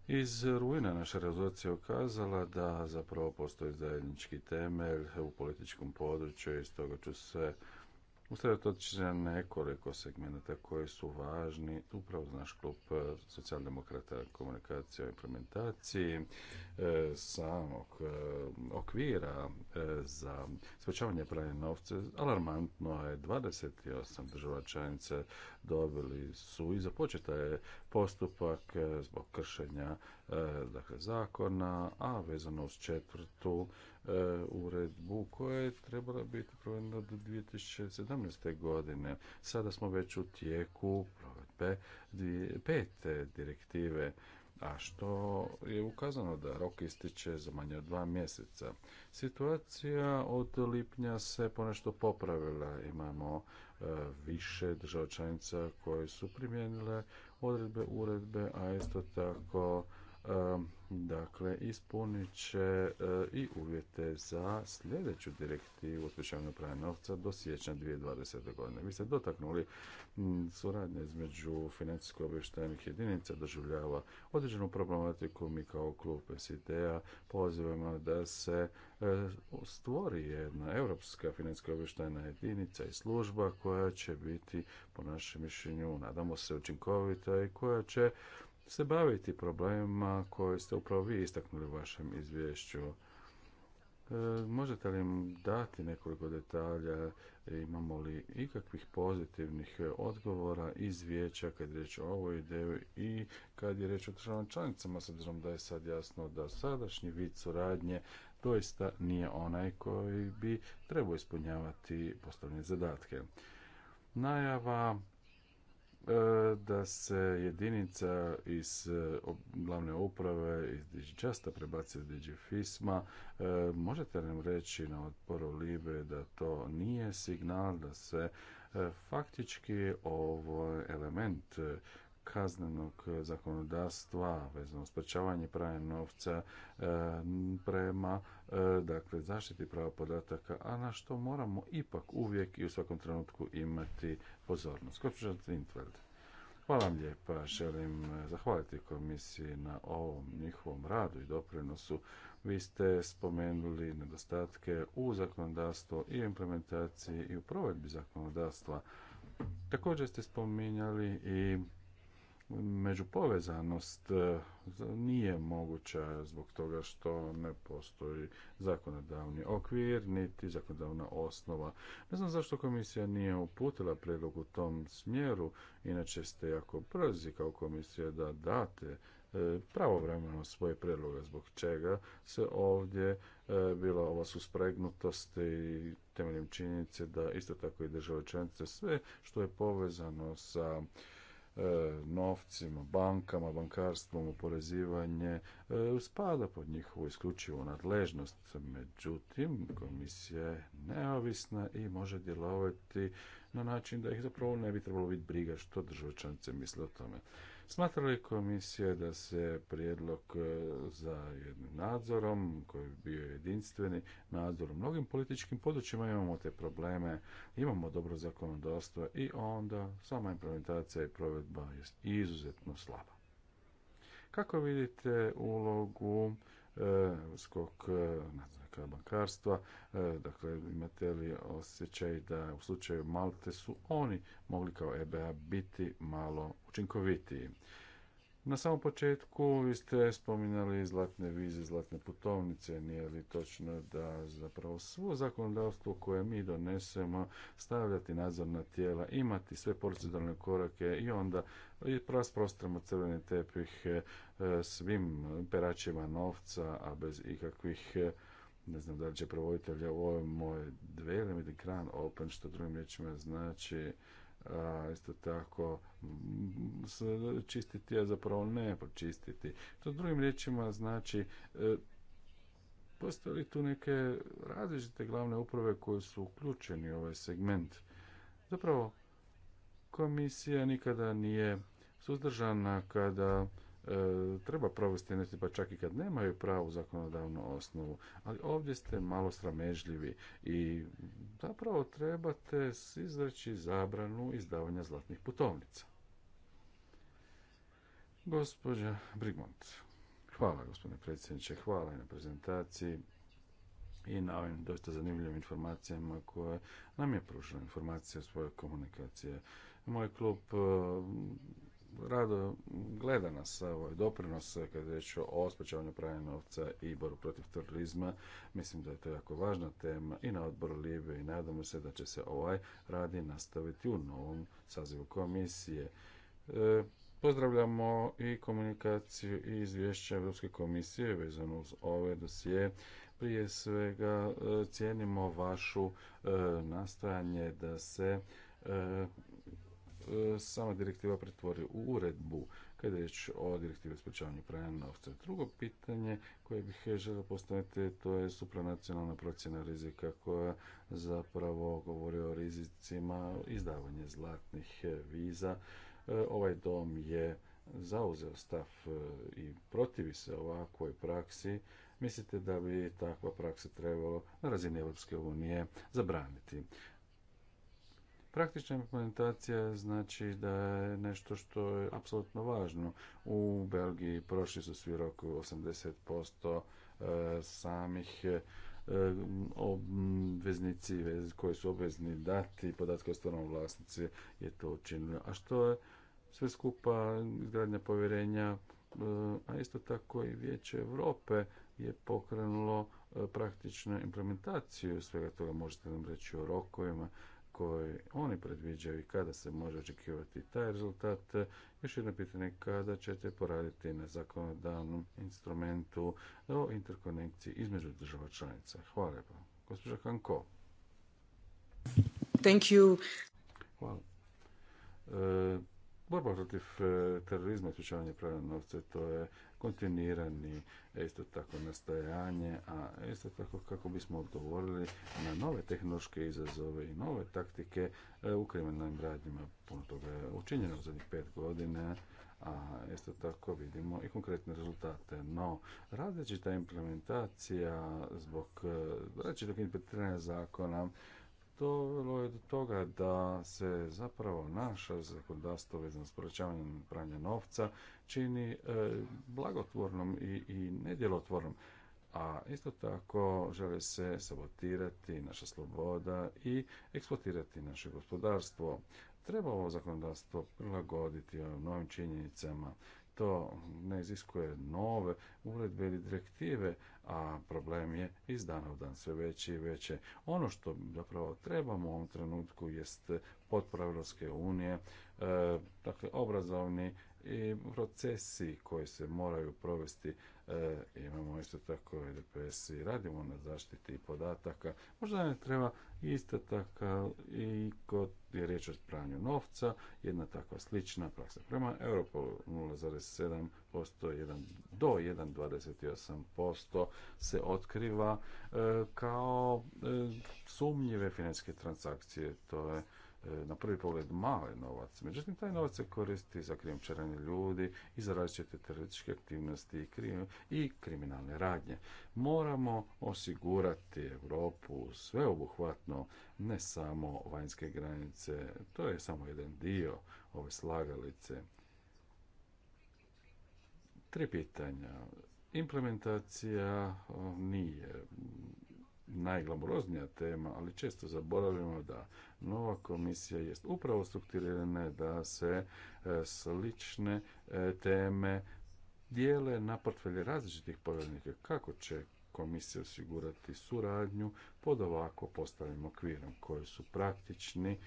Iz ruina naša rezolucija okazala da zapravo postoji zajednički temelj u političkom području i stoga ću se usredotočiti nekoliko segmenta koji su važni upravo za naš klub e, socijaldemokrata komunikacije o implementaciji e, samog e, okvira za sprečavanje pranja novca. Alarmantno je 28 država članica dobili su i započeta je postupak zbog kršenja dakle, zakona, a vezano uz četvrtu E, uredbu koja je trebala biti provedena do 2017. godine. Sada smo već u tijeku provedbe pete direktive a što je ukazano da rok ističe za manje od dva mjeseca. Situacija od lipnja se ponešto popravila. Imamo e, više država članica koje su primijenile odredbe uredbe, a isto tako dakle ispunit će eh, i uvjete za sljedeću direktivu o sprečavanju pranja novca do siječnja 2020. godine. Vi ste dotaknuli mm, suradnje između financijsko obještajnih jedinica doživljava određenu problematiku. Mi kao klub sit a pozivamo da se eh, stvori jedna europska financijska obještajna jedinica i služba koja će biti po našem mišljenju nadamo se učinkovita i koja će se baviti problemima koje ste upravo vi istaknuli u vašem izvješću. E, možete li im dati nekoliko detalja, e, imamo li ikakvih pozitivnih odgovora iz kad je riječ o ovoj ideji i kad je riječ o državama članicama, s obzirom da je sad jasno da sadašnji vid suradnje doista nije onaj koji bi trebao ispunjavati postavljene zadatke. Najava E, da se jedinica iz e, glavne uprave iz Digičasta prebaci u Digifisma. E, možete nam reći na odporu Libe da to nije signal da se faktički ovo element kaznenog zakonodavstva vezano sprečavanje pranja novca prema dakle zaštiti prava podataka, a na što moramo ipak uvijek i u svakom trenutku imati pozornost. Gospođa Trintveld, hvala vam lijepa. Želim eh, zahvaliti komisiji na ovom njihovom radu i doprinosu. Vi ste spomenuli nedostatke u zakonodavstvu i implementaciji i u provedbi zakonodavstva. Također ste spominjali i međupovezanost e, nije moguća zbog toga što ne postoji zakonodavni okvir niti zakonodavna osnova. Ne znam zašto komisija nije uputila prijedlog u tom smjeru, inače ste jako brzi kao komisija da date e, pravovremeno svoje predloge zbog čega se ovdje e, bila ova suspregnutost i temeljem činjenice da isto tako i države članice sve što je povezano sa E, novcima, bankama, bankarstvom, oporezivanje e, spada pod njihovu isključivu nadležnost. Međutim, komisija je neovisna i može djelovati na način da ih zapravo ne bi trebalo biti briga što države članice misle o tome. Smatra li komisija da se prijedlog e, za jednim nadzorom, koji bi bio jedinstveni nadzor u mnogim političkim područjima, imamo te probleme, imamo dobro zakonodavstvo i onda sama implementacija i provedba je izuzetno slaba. Kako vidite ulogu Europskog e, nadzora? bankarstva, e, dakle imate li osjećaj da u slučaju Malte su oni mogli kao EBA biti malo učinkovitiji. Na samom početku vi ste spominjali zlatne vize, zlatne putovnice, nije li točno da zapravo svo zakonodavstvo koje mi donesemo, stavljati na tijela, imati sve proceduralne korake i onda rasprostramo crveni tepih e, svim peračima novca, a bez ikakvih e, ne znam da li će provoditelja u ovoj moj dvele ili open, što drugim riječima znači isto tako čistiti, a zapravo ne počistiti. To drugim riječima znači e, postoje li tu neke različite glavne uprave koje su uključeni u ovaj segment. Zapravo, komisija nikada nije suzdržana kada E, treba provesti nešto pa čak i kad nemaju pravu zakonodavnu osnovu. Ali ovdje ste malo sramežljivi i zapravo trebate izreći zabranu izdavanja zlatnih putovnica. Gospođa Brigmont. Hvala, gospodine predsjedniče. Hvala i na prezentaciji i na ovim dosta zanimljivim informacijama koje nam je pružila informacija svoje komunikacije. Moj klub rado gleda nas ovaj doprinos kada je riječ o sprečavanju pranja novca i boru protiv terorizma. Mislim da je to jako važna tema i na odboru Libe i nadamo se da će se ovaj radi nastaviti u novom sazivu komisije. E, pozdravljamo i komunikaciju i izvješća Europske komisije vezano uz ove dosije. Prije svega e, cijenimo vašu e, nastojanje da se E, sama direktiva pretvori u uredbu kada je riječ o direktivi sprečavanju pranja novca. Drugo pitanje koje bih želio postaviti to je supranacionalna procjena rizika koja zapravo govori o rizicima izdavanja zlatnih viza. E, ovaj dom je zauzeo stav e, i protivi se ovakvoj praksi. Mislite da bi takva praksa trebalo na razini Europske unije zabraniti. Praktična implementacija znači da je nešto što je apsolutno važno. U Belgiji prošli su svi roku 80% e, samih e, obveznici koji su obvezni dati podatke o stvarnom vlasnici je to učinilo. A što je sve skupa izgradnja povjerenja, e, a isto tako i Vijeće Europe je pokrenulo praktičnu implementaciju svega toga. Možete nam reći o rokovima, koji oni predviđaju i kada se može očekivati taj rezultat. Još jedno pitanje, kada ćete poraditi na zakonodavnom instrumentu o interkonekciji između država članica? Hvala lijepo. Gospođa Hanko. Thank you. Hvala. E, borba protiv e, terorizma i pranja novca, to je kontinuirani isto tako nastojanje, a isto tako kako bismo odgovorili na nove tehnološke izazove i nove taktike e, u kriminalnim radnjima. Puno toga je učinjeno zadnjih pet godina, a isto tako vidimo i konkretne rezultate. No, različita implementacija zbog e, različitog interpretiranja zakona dovelo je do toga da se zapravo naše zakonodavstvo vezano s povećavanjem pranja novca čini e, blagotvornom i, i nedjelotvornom. A isto tako žele se sabotirati naša sloboda i eksploatirati naše gospodarstvo. Treba ovo zakonodavstvo prilagoditi novim činjenicama to ne iziskuje nove uredbe ili direktive, a problem je iz dana u dan sve veći i veće. Ono što zapravo trebamo u ovom trenutku jest potpora unije, e, dakle obrazovni i procesi koji se moraju provesti E, imamo isto tako i i radimo na zaštiti podataka. Možda ne treba isto tako i kod je riječ o pranju novca, jedna takva slična praksa. Prema Europolu 0,7%, do 1,28% se otkriva e, kao e, sumnjive financijske transakcije. To je E, na prvi pogled male novac. Međutim, taj novac se koristi za krijumčarenje ljudi i za različite terorističke aktivnosti i kriminalne radnje. Moramo osigurati Europu sveobuhvatno, ne samo vanjske granice, to je samo jedan dio ove slagalice. Tri pitanja. Implementacija nije najglamoroznija tema, ali često zaboravimo da nova komisija jest upravo strukturirana da se e, slične e, teme dijele na portfelje različitih povjerenika kako će komisija osigurati suradnju pod ovako postavljenim okvirom koji su praktični e,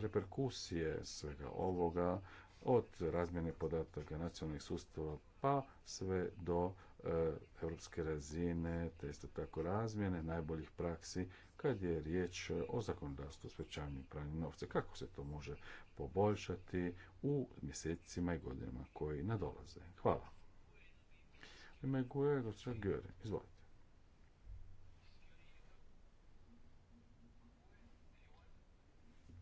reperkusije svega ovoga od razmjene podataka nacionalnih sustava pa sve do europske razine te isto tako razmjene najboljih praksi kad je riječ o zakonodavstvu sprečavanju pranja novca, kako se to može poboljšati u mjesecima i godinama koji nadolaze. Hvala. Ime Guje, Göre, izvolite.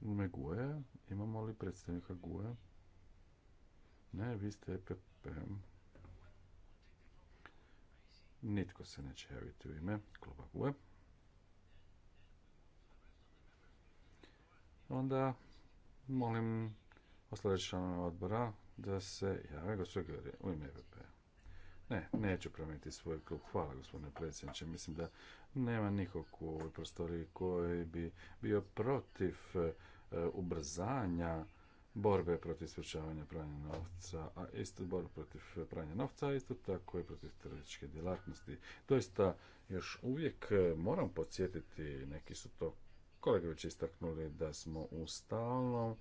Ime Guje, imamo li predstavnika Guje? Ne, vi ste EPP. Nitko se neće javiti u ime kluba Guje. onda molim ostale članove odbora da se jave gospodin u ime EPP. Ne, neću promijeniti svoj klub. Hvala gospodine predsjedniče. Mislim da nema nikog u ovoj prostoriji koji bi bio protiv e, ubrzanja borbe protiv sprječavanja pranja novca, a isto borbe protiv pranja novca, a isto tako i protiv terorističke djelatnosti. Doista još uvijek e, moram podsjetiti, neki su to Kolege već istaknuli da smo u stalnom e,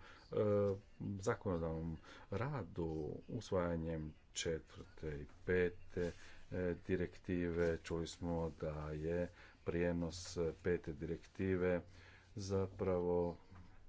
zakonodavnom radu usvajanjem četvrte i pete e, direktive. Čuli smo da je prijenos pete direktive zapravo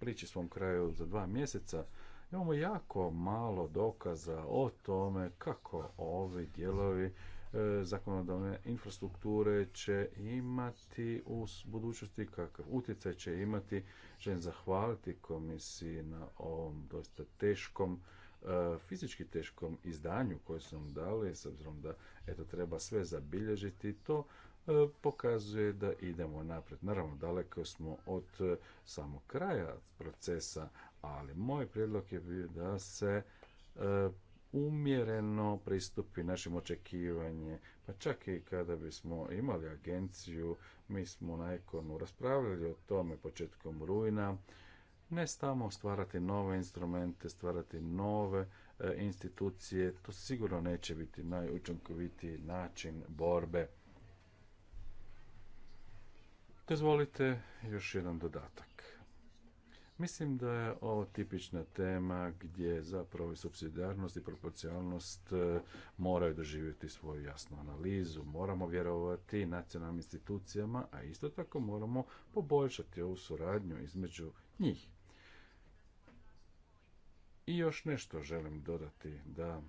priči svom kraju za dva mjeseca. Imamo jako malo dokaza o tome kako ovi dijelovi E, zakonodavne infrastrukture će imati u budućnosti, kakav utjecaj će imati. Želim zahvaliti komisiji na ovom dosta teškom e, fizički teškom izdanju koje su nam dali, s obzirom da eto, treba sve zabilježiti, to e, pokazuje da idemo naprijed. Naravno, daleko smo od samog kraja procesa, ali moj prijedlog je bio da se umjereno pristupi našim očekivanje. Pa čak i kada bismo imali agenciju, mi smo na Ekonu raspravljali o tome početkom rujna, ne samo stvarati nove instrumente, stvarati nove e, institucije, to sigurno neće biti najučinkovitiji način borbe. Dozvolite još jedan dodatak. Mislim da je ovo tipična tema gdje zapravo subsidijarnost i proporcionalnost e, moraju doživjeti svoju jasnu analizu. Moramo vjerovati nacionalnim institucijama, a isto tako moramo poboljšati ovu suradnju između njih. I još nešto želim dodati da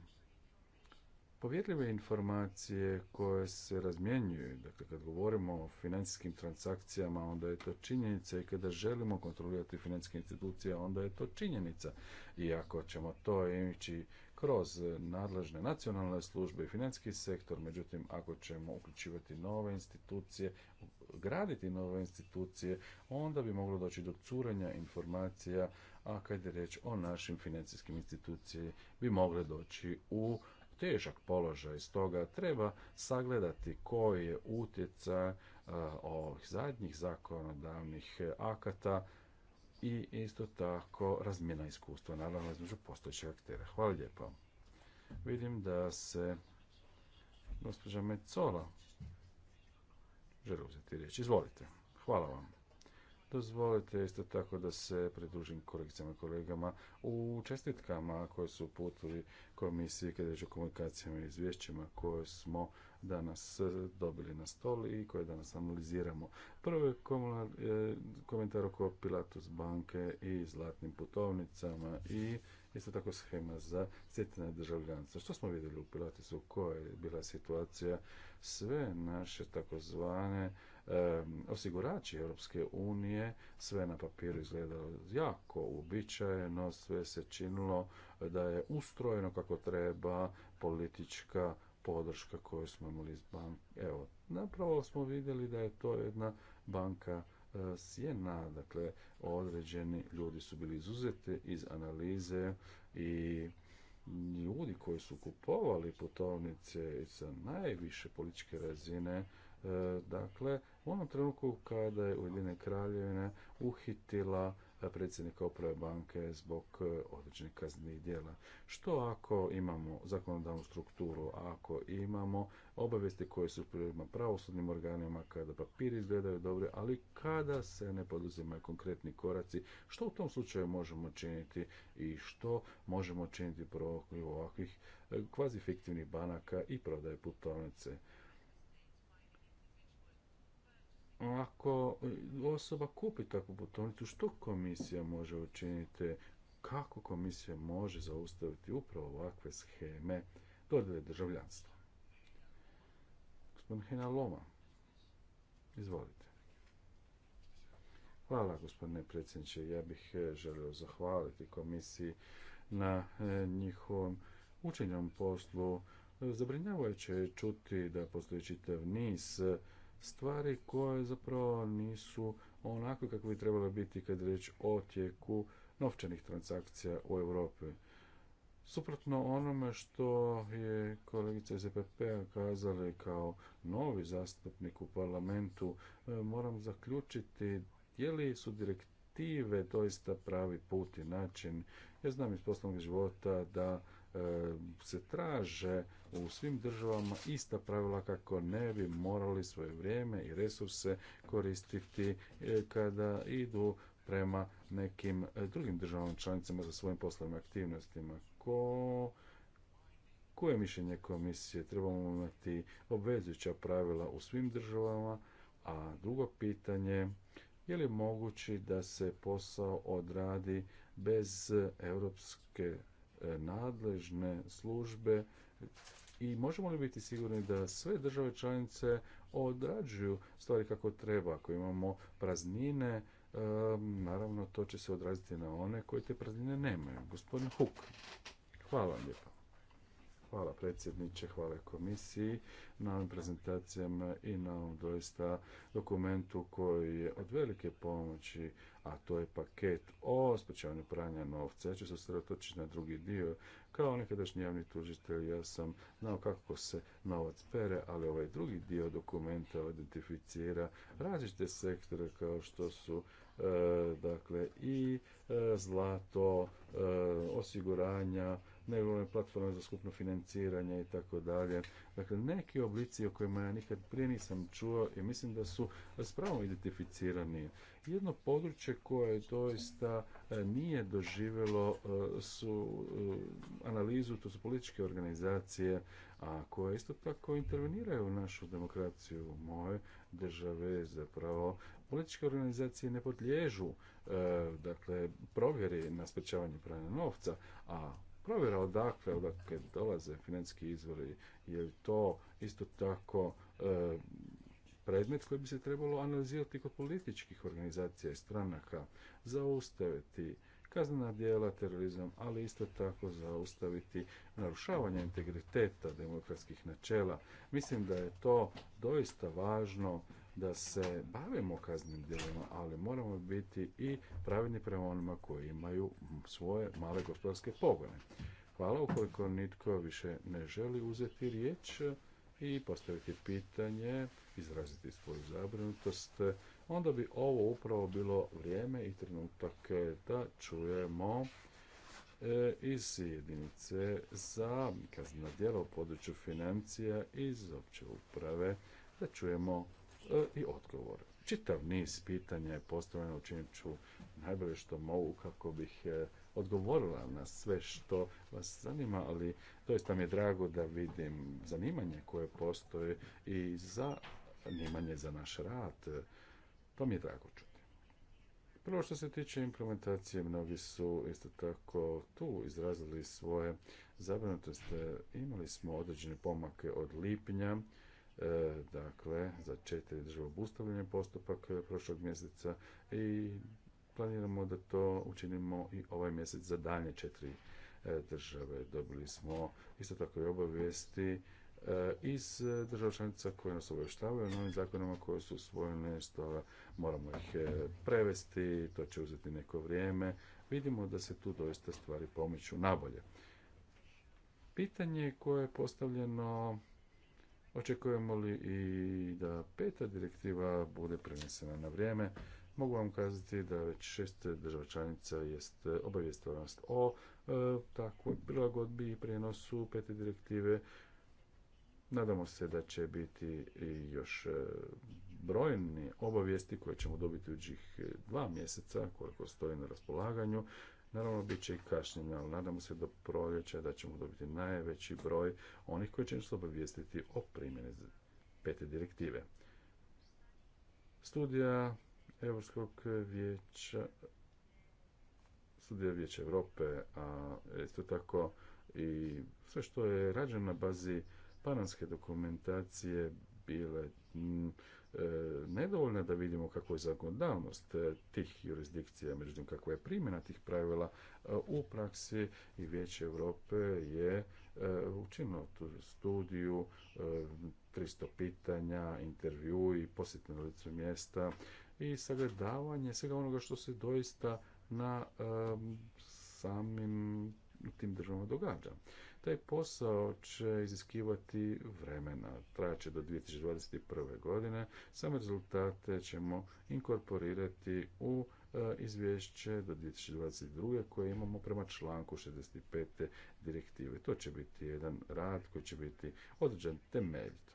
Povjerljive informacije koje se razmjenjuju, dakle kad govorimo o financijskim transakcijama, onda je to činjenica i kada želimo kontrolirati financijske institucije, onda je to činjenica. I ako ćemo to ići kroz nadležne nacionalne službe i financijski sektor, međutim ako ćemo uključivati nove institucije, graditi nove institucije, onda bi moglo doći do curenja informacija, a kad je reč o našim financijskim institucijama bi mogle doći u težak položaj, stoga treba sagledati koji je utjecaj ovih zadnjih zakonodavnih akata i isto tako razmjena iskustva, naravno između postojećih aktera. Hvala lijepo. Vidim da se gospođa Mecola želi uzeti riječ. Izvolite. Hvala vam. Dozvolite isto tako da se pridružim kolegicama i kolegama u čestitkama koje su uputili komisiji kada je o komunikacijama i izvješćima koje smo danas dobili na stol i koje danas analiziramo. Prvo je e, komentar oko Pilatus banke i zlatnim putovnicama i isto tako schema za stjecanje državljanstva. Što smo vidjeli u Pilatusu, koja je bila situacija, sve naše takozvane osigurači Europske unije, sve na papiru izgledalo jako uobičajeno, sve se činilo da je ustrojeno kako treba politička podrška koju smo imali iz banka. Evo, napravo smo vidjeli da je to jedna banka e, sjena, dakle određeni ljudi su bili izuzeti iz analize i ljudi koji su kupovali putovnice sa najviše političke razine, e, dakle u onom trenutku kada je Ujedine kraljevine uhitila eh, predsjednika oprave banke zbog eh, određenih kaznenih djela. Što ako imamo zakonodavnu strukturu, ako imamo obavijesti koje su prema pravosudnim organima, kada papiri izgledaju dobro, ali kada se ne poduzimaju konkretni koraci, što u tom slučaju možemo činiti i što možemo činiti u ovakvih eh, kvazi fiktivnih banaka i prodaje putovnice ako osoba kupi takvu putovnicu, što komisija može učiniti? Kako komisija može zaustaviti upravo ovakve scheme dodjele državljanstva? Gospodin Loma, izvolite. Hvala gospodine predsjedniče. Ja bih e, želio zahvaliti komisiji na e, njihovom učenjom poslu. Zabrinjavajuće je čuti da postoji čitav niz stvari koje zapravo nisu onako kako bi trebalo biti kad riječ o tijeku novčanih transakcija u Europi. Suprotno onome što je kolegica iz epp p-a kao novi zastupnik u parlamentu, e, moram zaključiti je li su direktive doista pravi put i način. Ja znam iz poslovnog života da E, se traže u svim državama ista pravila kako ne bi morali svoje vrijeme i resurse koristiti e, kada idu prema nekim e, drugim državama članicama za svojim poslovnim aktivnostima. Ko koje mišljenje komisije? Trebamo imati obvezujuća pravila u svim državama, a drugo pitanje je li moguće da se posao odradi bez europske E, nadležne službe i možemo li biti sigurni da sve države članice odrađuju stvari kako treba ako imamo praznine e, naravno to će se odraziti na one koji te praznine nemaju gospodin Huk hvala vam lijepa Hvala predsjedniče, hvala komisiji na ovim prezentacijama i na ovom doista dokumentu koji je od velike pomoći, a to je paket o spočavanju pranja novca. Ja ću se sredotočiti na drugi dio. Kao nekadašnji javni tužitelj ja sam znao kako se novac pere, ali ovaj drugi dio dokumenta identificira različite sektore kao što su e, dakle i e, zlato, e, osiguranja, nevrovne platforme za skupno financiranje i tako dalje. Dakle, neki oblici o kojima ja nikad prije nisam čuo i mislim da su spravo identificirani. Jedno područje koje doista e, nije doživjelo e, su e, analizu, to su političke organizacije, a koje isto tako interveniraju u našu demokraciju u moje države zapravo političke organizacije ne podliježu dakle provjeri na sprečavanje pranja novca a provjera odakle, odakle dolaze financijski izvori, je li to isto tako e, predmet koji bi se trebalo analizirati kod političkih organizacija i stranaka, zaustaviti kaznena djela, terorizam, ali isto tako zaustaviti narušavanje integriteta demokratskih načela. Mislim da je to doista važno da se bavimo kaznenim djelima, ali moramo biti i pravedni prema onima koji imaju svoje male gospodarske pogone. Hvala ukoliko nitko više ne želi uzeti riječ i postaviti pitanje, izraziti svoju zabrinutost, onda bi ovo upravo bilo vrijeme i trenutak da čujemo e, iz jedinice za kaznena djela u području financija iz opće uprave da čujemo E, i odgovor. Čitav niz pitanja je postavljeno, učinit ću najbolje što mogu kako bih e, odgovorila na sve što vas zanima, ali doista mi je drago da vidim zanimanje koje postoji i za zanimanje za naš rad. E, to mi je drago čuti. Prvo što se tiče implementacije, mnogi su isto tako tu izrazili svoje zabrinutosti. Imali smo određene pomake od lipnja, E, dakle za četiri država obustavljen je postupak e, prošlog mjeseca i planiramo da to učinimo i ovaj mjesec za dalje četiri e, države. Dobili smo isto tako i obavijesti iz država članica koje nas obavještavaju o novim zakonima koje su usvojene, stoga moramo ih prevesti, to će uzeti neko vrijeme. Vidimo da se tu doista stvari pomiču nabolje. Pitanje koje je postavljeno Očekujemo li i da peta direktiva bude prenesena na vrijeme? Mogu vam kazati da već šest država članica jest obavijestnost o e, takvoj prilagodbi i prijenosu pete direktive. Nadamo se da će biti i još e, brojni obavijesti koje ćemo dobiti u e, dva mjeseca koliko stoji na raspolaganju Naravno, bit će i kašnjenja, ali nadamo se do proljeća da ćemo dobiti najveći broj onih koji će nas obavijestiti o primjeni pete direktive. Studija Europskog vijeća studija Vijeća Europe, a isto tako i sve što je rađeno na bazi pananske dokumentacije bile E, nedovoljna da vidimo kako je zakonodavnost e, tih jurisdikcija, međutim kako je primjena tih pravila e, u praksi i Vijeće Europe je učinilo tu studiju, 300 pitanja, intervju i posjetne licu mjesta i sagledavanje svega onoga što se doista na samim tim državama događa. Taj posao će iziskivati vremena, trajaće do 2021. godine, Samo rezultate ćemo inkorporirati u e, izvješće do 2022. koje imamo prema članku 65. direktive. To će biti jedan rad koji će biti određen temeljito.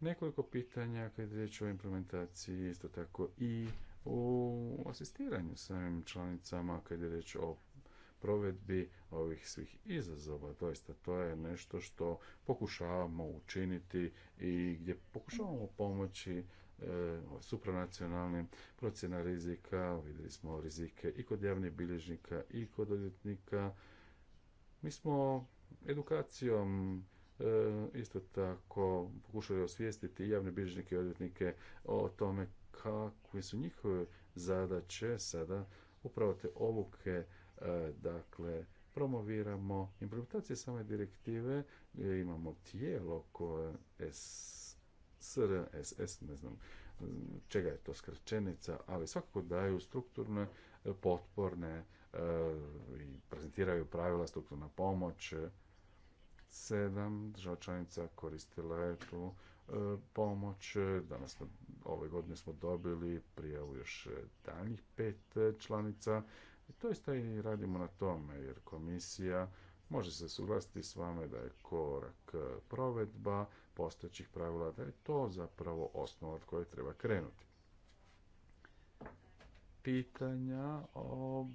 Nekoliko pitanja kad je riječ o implementaciji, isto tako i u asistiranju samim članicama kad je riječ o provedbi ovih svih izazova. Doista to je nešto što pokušavamo učiniti i gdje pokušavamo pomoći e, supranacionalnim procjena rizika, vidjeli smo rizike i kod javnih bilježnika i kod odjetnika. Mi smo edukacijom e, isto tako pokušali osvijestiti javne bilježnike i odvjetnike o tome kakve su njihove zadaće sada upravo te obuke E, dakle, promoviramo implementacije same direktive, imamo tijelo koje SR, ne znam čega je to skraćenica, ali svakako daju strukturne potporne e, i prezentiraju pravila strukturna pomoć. Sedam država članica koristila je tu e, pomoć. Danas ove godine smo dobili prijavu još daljih pet članica i to isto i radimo na tome, jer komisija može se suglasiti s vama da je korak e, provedba postojećih pravila, da je to zapravo osnova od koje treba krenuti. Pitanja o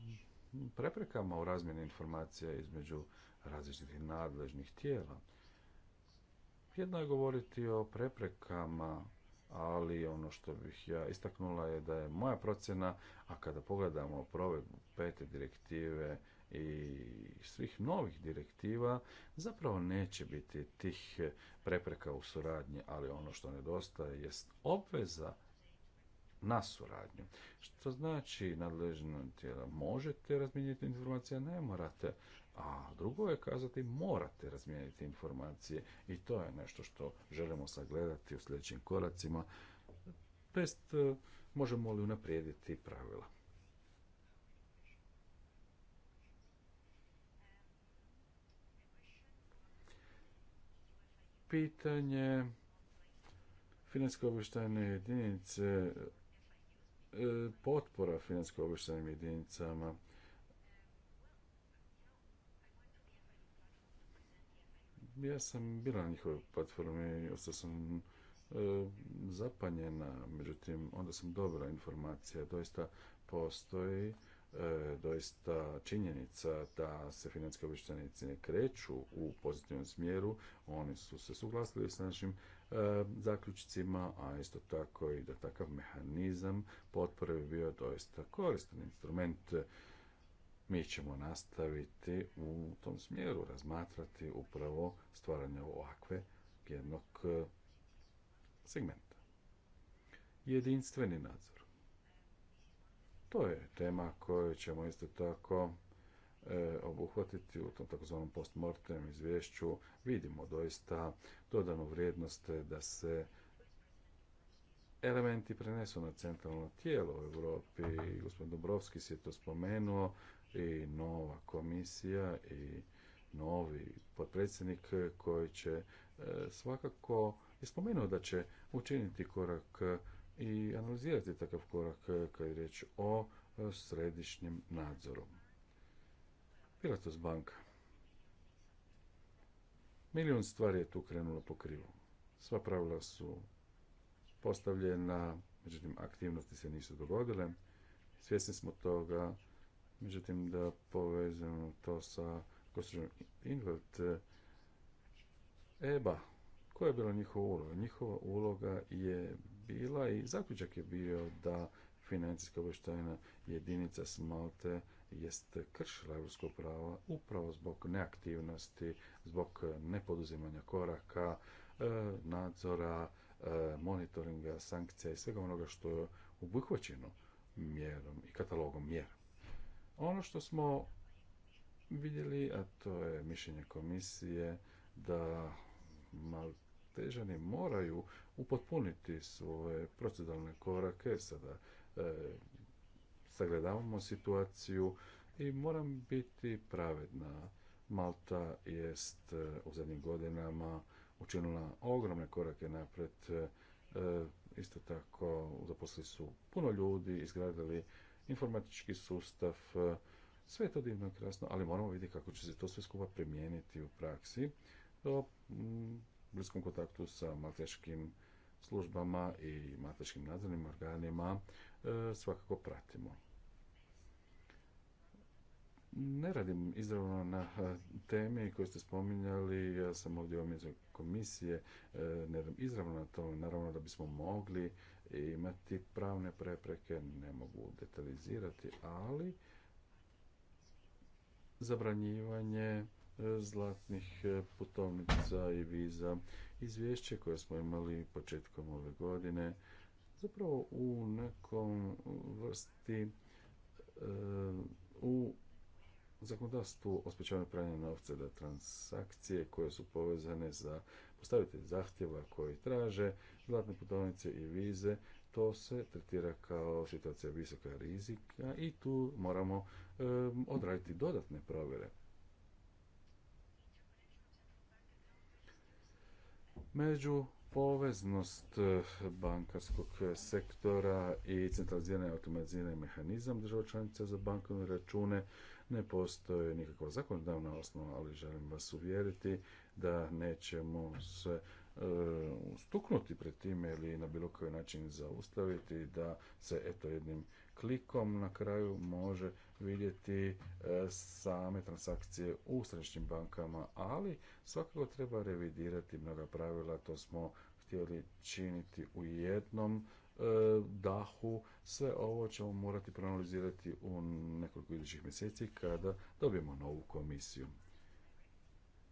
preprekama u razmjeni informacija između različitih nadležnih tijela. Jedno je govoriti o preprekama ali ono što bih ja istaknula je da je moja procjena, a kada pogledamo provedbu pete direktive i svih novih direktiva, zapravo neće biti tih prepreka u suradnji, ali ono što nedostaje jest obveza na suradnju. Što znači nadležno tijela možete razmijeniti informacije, ne morate. A drugo je kazati morate razmijeniti informacije i to je nešto što želimo sagledati u sljedećim koracima. Test e, možemo li unaprijediti pravila. Pitanje finansko obještajne jedinice, e, potpora finansko obještajnim jedinicama, Ja sam bila na njihovoj platformi i ostao sam e, zapanjena, međutim onda sam dobila informacija, doista postoji e, doista činjenica da se financijski obještenici ne kreću u pozitivnom smjeru. Oni su se suglasili s našim e, zaključcima, a isto tako i da takav mehanizam potpore bi bio doista koristan instrument mi ćemo nastaviti u tom smjeru razmatrati upravo stvaranje ovakve jednog e, segmenta. Jedinstveni nadzor. To je tema koju ćemo isto tako e, obuhvatiti u tom takozvanom postmortem izvješću. Vidimo doista dodanu vrijednost da se elementi prenesu na centralno tijelo u Europi. Gospodin Dobrovski se je to spomenuo i nova komisija i novi potpredsjednik koji će e, svakako je spomenuo da će učiniti korak i analizirati takav korak kad je riječ o e, središnjem nadzoru. Pilatos banka. Milijun stvari je tu krenulo po krivu. Sva pravila su postavljena, međutim aktivnosti se nisu dogodile. Svjesni smo toga, Međutim, da povezujemo to sa gospođom Invert. EBA, koja je bila njihova uloga? Njihova uloga je bila i zaključak je bio da financijska obavještajna jedinica Smalte jest kršila europsko prava upravo zbog neaktivnosti, zbog nepoduzimanja koraka, e, nadzora, e, monitoringa, sankcija i svega onoga što je obuhvaćeno mjerom i katalogom mjera. Ono što smo vidjeli, a to je mišljenje komisije, da maltežani moraju upotpuniti svoje proceduralne korake. Sada e, sagledavamo situaciju i moram biti pravedna. Malta jest e, u zadnjim godinama učinila ogromne korake napred. E, isto tako zaposlili su puno ljudi, izgradili informatički sustav, e, sve je to divno krasno, ali moramo vidjeti kako će se to sve skupa primijeniti u praksi o bliskom kontaktu sa malteškim službama i malteškim nadzornim organima e, svakako pratimo. Ne radim izravno na e, temi koje ste spominjali, ja sam ovdje u komisije, ne radim izravno na to, naravno da bismo mogli imati pravne prepreke, ne mogu detalizirati, ali zabranjivanje e, zlatnih e, putovnica i viza. Izvješće koje smo imali početkom ove godine zapravo u nekom vrsti e, u zakonodavstvu o sprečavanju pranja novca da transakcije koje su povezane za postaviti zahtjeva koji traže zlatne putovnice i vize, to se tretira kao situacija visoka rizika i tu moramo odraditi dodatne provjere. Među poveznost eh, bankarskog sektora i centralizirani automatizirani mehanizam država članica za bankovne račune ne postoji nikakva zakonodavna osnova, ali želim vas uvjeriti da nećemo se E, stuknuti pred time ili na bilo koji način zaustaviti da se eto jednim klikom na kraju može vidjeti e, same transakcije u središnjim bankama, ali svakako treba revidirati mnoga pravila, to smo htjeli činiti u jednom e, dahu. Sve ovo ćemo morati proanalizirati u nekoliko idućih mjeseci kada dobijemo novu komisiju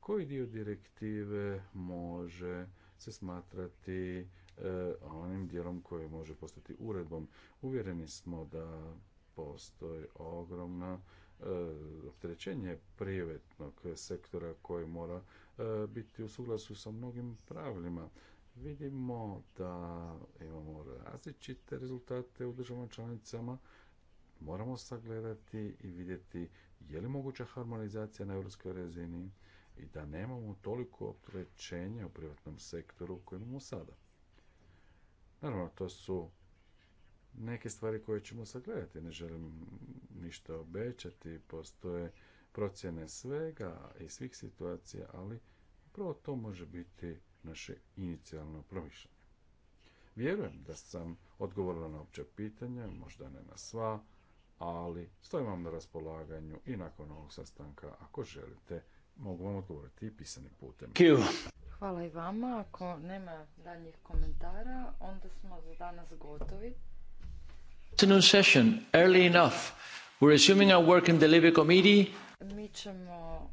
koji dio direktive može se smatrati e, onim dijelom koji može postati uredbom. Uvjereni smo da postoji ogromno e, opterećenje privatnog sektora koji mora e, biti u suglasu sa mnogim pravilima. Vidimo da imamo različite rezultate u državama članicama. Moramo sagledati i vidjeti je li moguća harmonizacija na europskoj razini i da nemamo toliko oprećenja u privatnom sektoru kojem imamo sada. Naravno, to su neke stvari koje ćemo sagledati. Ne želim ništa obećati, postoje procjene svega i svih situacija, ali upravo to može biti naše inicijalno promišljanje. Vjerujem da sam odgovorila na opće pitanja, možda ne na sva, ali stojim vam na raspolaganju i nakon ovog sastanka ako želite mogu vam odgovoriti pisanim putem. Hvala i vama. Ako nema daljnjih komentara, onda smo za danas gotovi. Afternoon session, early enough. We're resuming our work in the Committee. Mi ćemo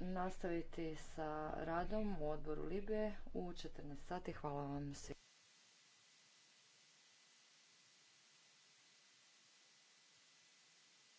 nastaviti sa radom u odboru Libe u 14 sati. Hvala vam svi.